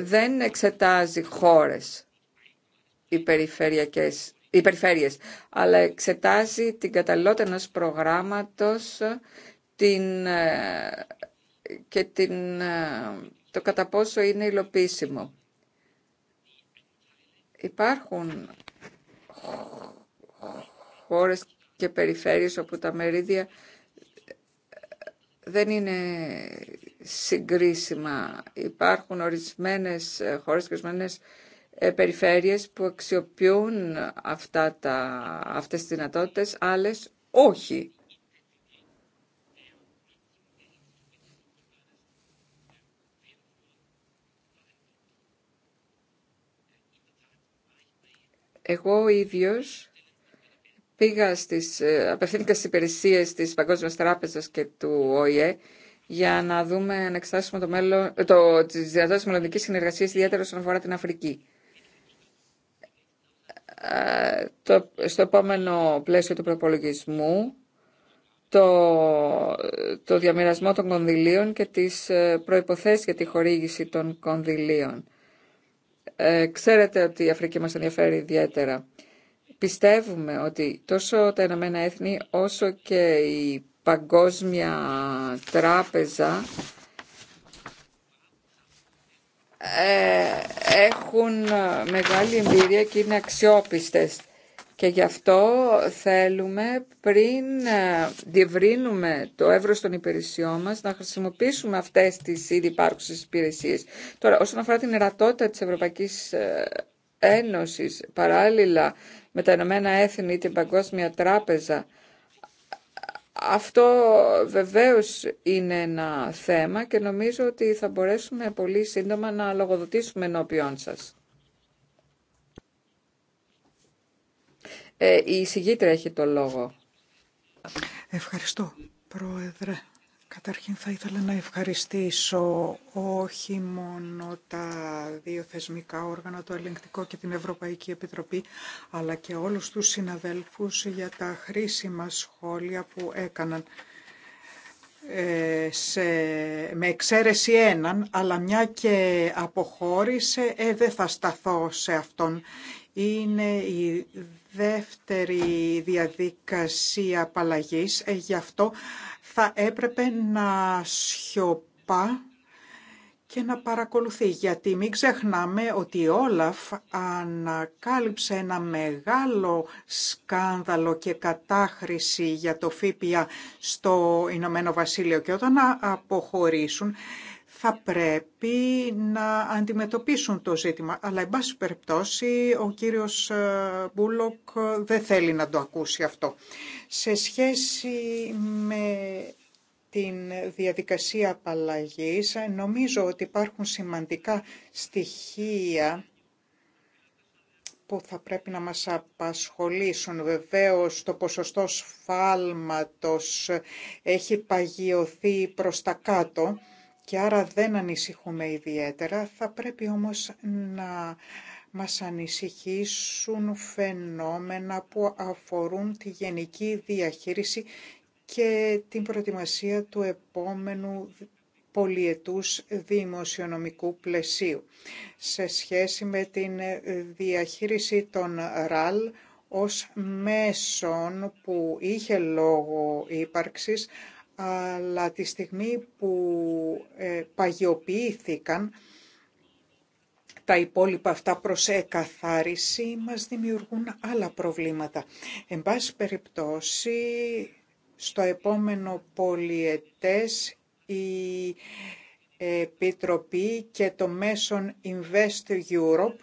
δεν εξετάζει χώρες οι, οι περιφέρειες, αλλά εξετάζει την καταλληλότητα ενός προγράμματος ε, και την, ε, το κατά πόσο είναι υλοποιήσιμο. Υπάρχουν χώρες και περιφέρειες όπου τα μερίδια δεν είναι συγκρίσιμα. Υπάρχουν ορισμένες χώρες και ορισμένες ε, περιφέρειες που αξιοποιούν αυτά τα, αυτές τις δυνατότητες, άλλες όχι. Εγώ ίδιος πήγα στις, ε, απευθύνθηκα στις υπηρεσίες της Παγκόσμιας Τράπεζας και του ΟΗΕ για να δούμε, αν εξετάσουμε το μέλλον, ε, το, τις δυνατότητες μελλοντικής συνεργασίας, ιδιαίτερα όσον αφορά την Αφρική. Ε, το, στο επόμενο πλαίσιο του προπολογισμού, το, το διαμοιρασμό των κονδυλίων και τις προϋποθέσεις για τη χορήγηση των κονδυλίων. ξέρετε ότι η Αφρική μας ενδιαφέρει ιδιαίτερα. Πιστεύουμε ότι τόσο τα Ηνωμένα Έθνη όσο και η Παγκόσμια Τράπεζα ε, έχουν μεγάλη εμπειρία και είναι αξιόπιστες. Και γι' αυτό θέλουμε πριν ε, διευρύνουμε το εύρος των υπηρεσιών μας να χρησιμοποιήσουμε αυτές τις ήδη υπάρχουσες υπηρεσίες. Τώρα όσον αφορά την ερατότητα της Ευρωπαϊκής ε, Ένωσης παράλληλα με τα Ηνωμένα Έθνη ή την Παγκόσμια Τράπεζα. Αυτό βεβαίως είναι ένα θέμα και νομίζω ότι θα μπορέσουμε πολύ σύντομα να λογοδοτήσουμε ενώπιόν σας. Ε, η συγγήτρια έχει το λόγο. Ευχαριστώ, Πρόεδρε. Καταρχήν θα ήθελα να ευχαριστήσω όχι μόνο τα δύο θεσμικά όργανα, το Ελεγκτικό και την Ευρωπαϊκή Επιτροπή, αλλά και όλους τους συναδέλφους για τα χρήσιμα σχόλια που έκαναν. Ε, με εξαίρεση έναν, αλλά μια και αποχώρησε, ε, δεν θα σταθώ σε αυτόν. Είναι η δεύτερη διαδικασία απαλλαγή. Ε, γι' αυτό θα έπρεπε να σιωπά και να παρακολουθεί. Γιατί μην ξεχνάμε ότι η Όλαφ ανακάλυψε ένα μεγάλο σκάνδαλο και κατάχρηση για το ΦΥΠΙΑ στο Ηνωμένο Βασίλειο και όταν αποχωρήσουν θα πρέπει να αντιμετωπίσουν το ζήτημα. Αλλά, εν πάση περιπτώσει, ο κύριος ε, Μπούλοκ δεν θέλει να το ακούσει αυτό. Σε σχέση με την διαδικασία απαλλαγής, νομίζω ότι υπάρχουν σημαντικά στοιχεία που θα πρέπει να μας απασχολήσουν. Βεβαίως το ποσοστό σφάλματος έχει παγιωθεί προς τα κάτω και άρα δεν ανησυχούμε ιδιαίτερα. Θα πρέπει όμως να μας ανησυχήσουν φαινόμενα που αφορούν τη γενική διαχείριση και την προετοιμασία του επόμενου πολιετούς δημοσιονομικού πλαισίου σε σχέση με την διαχείριση των ΡΑΛ ως μέσων που είχε λόγο ύπαρξης αλλά τη στιγμή που ε, παγιοποιήθηκαν τα υπόλοιπα αυτά προς εκαθάριση μας δημιουργούν άλλα προβλήματα. Εν πάση περιπτώσει, στο επόμενο πολιετές η Επιτροπή και το μέσον Invest Europe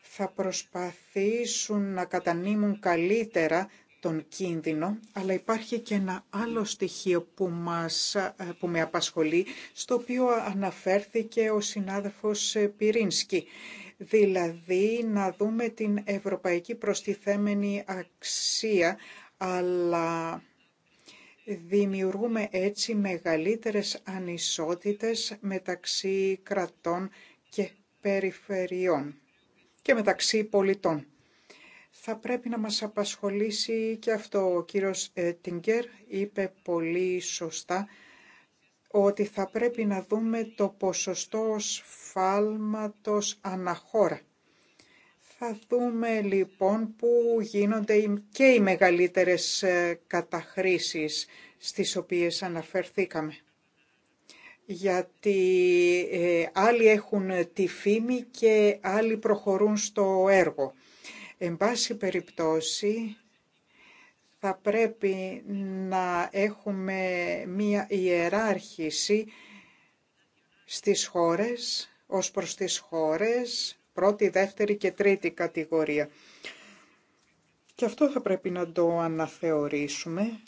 θα προσπαθήσουν να κατανείμουν καλύτερα τον κίνδυνο, αλλά υπάρχει και ένα άλλο στοιχείο που, μας, ε, που με απασχολεί, στο οποίο αναφέρθηκε ο συνάδελφος ε, Πυρίνσκι. Δηλαδή να δούμε την ευρωπαϊκή προστιθέμενη αξία, αλλά δημιουργούμε έτσι μεγαλύτερες ανισότητες μεταξύ κρατών και περιφερειών και μεταξύ πολιτών θα πρέπει να μας απασχολήσει και αυτό. Ο κύριος Τιγκερ είπε πολύ σωστά ότι θα πρέπει να δούμε το ποσοστό σφάλματος αναχώρα. Θα δούμε λοιπόν που γίνονται και οι μεγαλύτερες ε, καταχρήσεις στις οποίες αναφερθήκαμε. Γιατί ε, άλλοι έχουν τη φήμη και άλλοι προχωρούν στο έργο. Εν πάση περιπτώσει, θα πρέπει να έχουμε μία ιεράρχηση στις χώρες, ως προς τις χώρες, πρώτη, δεύτερη και τρίτη κατηγορία. Και αυτό θα πρέπει να το αναθεωρήσουμε,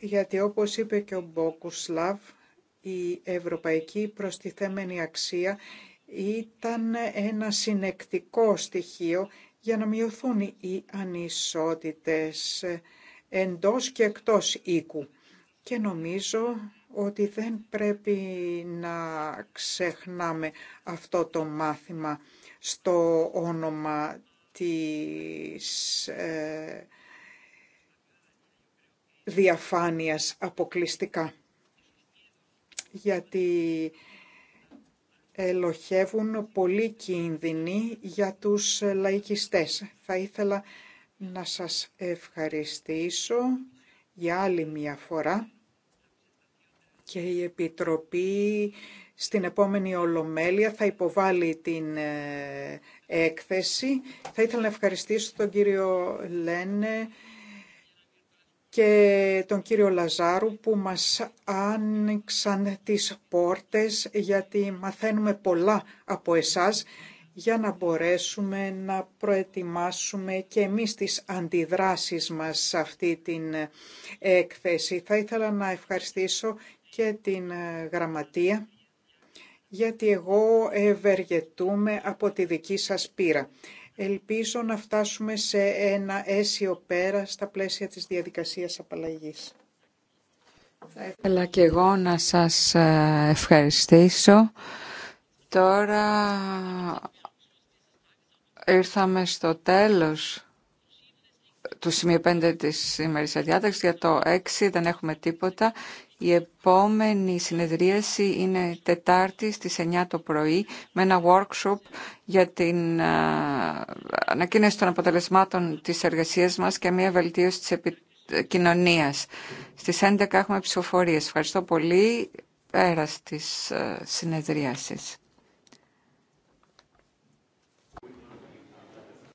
γιατί όπως είπε και ο Μπόκουσλαβ, η ευρωπαϊκή προστιθέμενη αξία ήταν ένα συνεκτικό στοιχείο για να μειωθούν οι ανισότητες εντός και εκτός οίκου. Και νομίζω ότι δεν πρέπει να ξεχνάμε αυτό το μάθημα στο όνομα της ε, διαφάνειας αποκλειστικά. Γιατί ελοχεύουν πολύ κίνδυνοι για τους λαϊκιστές. Θα ήθελα να σας ευχαριστήσω για άλλη μια φορά και η Επιτροπή στην επόμενη Ολομέλεια θα υποβάλει την ε, έκθεση. Θα ήθελα να ευχαριστήσω τον κύριο Λένε και τον κύριο Λαζάρου που μας άνοιξαν τις πόρτες γιατί μαθαίνουμε πολλά από εσάς για να μπορέσουμε να προετοιμάσουμε και εμείς τις αντιδράσεις μας σε αυτή την έκθεση. Θα ήθελα να ευχαριστήσω και την γραμματεία γιατί εγώ ευεργετούμε από τη δική σας πείρα. Ελπίζω να φτάσουμε σε ένα αίσιο πέρα στα πλαίσια της διαδικασίας απαλλαγής. Θα ήθελα και εγώ να σας ε, ευχαριστήσω. Τώρα ήρθαμε στο τέλος του σημείου 5 της ημέρης διάταξης. Για το 6 δεν έχουμε τίποτα η επόμενη συνεδρίαση είναι Τετάρτη στις 9 το πρωί με ένα workshop για την ε, ανακοίνωση των αποτελεσμάτων της εργασίας μας και μια βελτίωση της επικοινωνίας. Ε, στις 11 έχουμε ψηφοφορίες. Ευχαριστώ πολύ. Πέρας της ε, συνεδρίασης.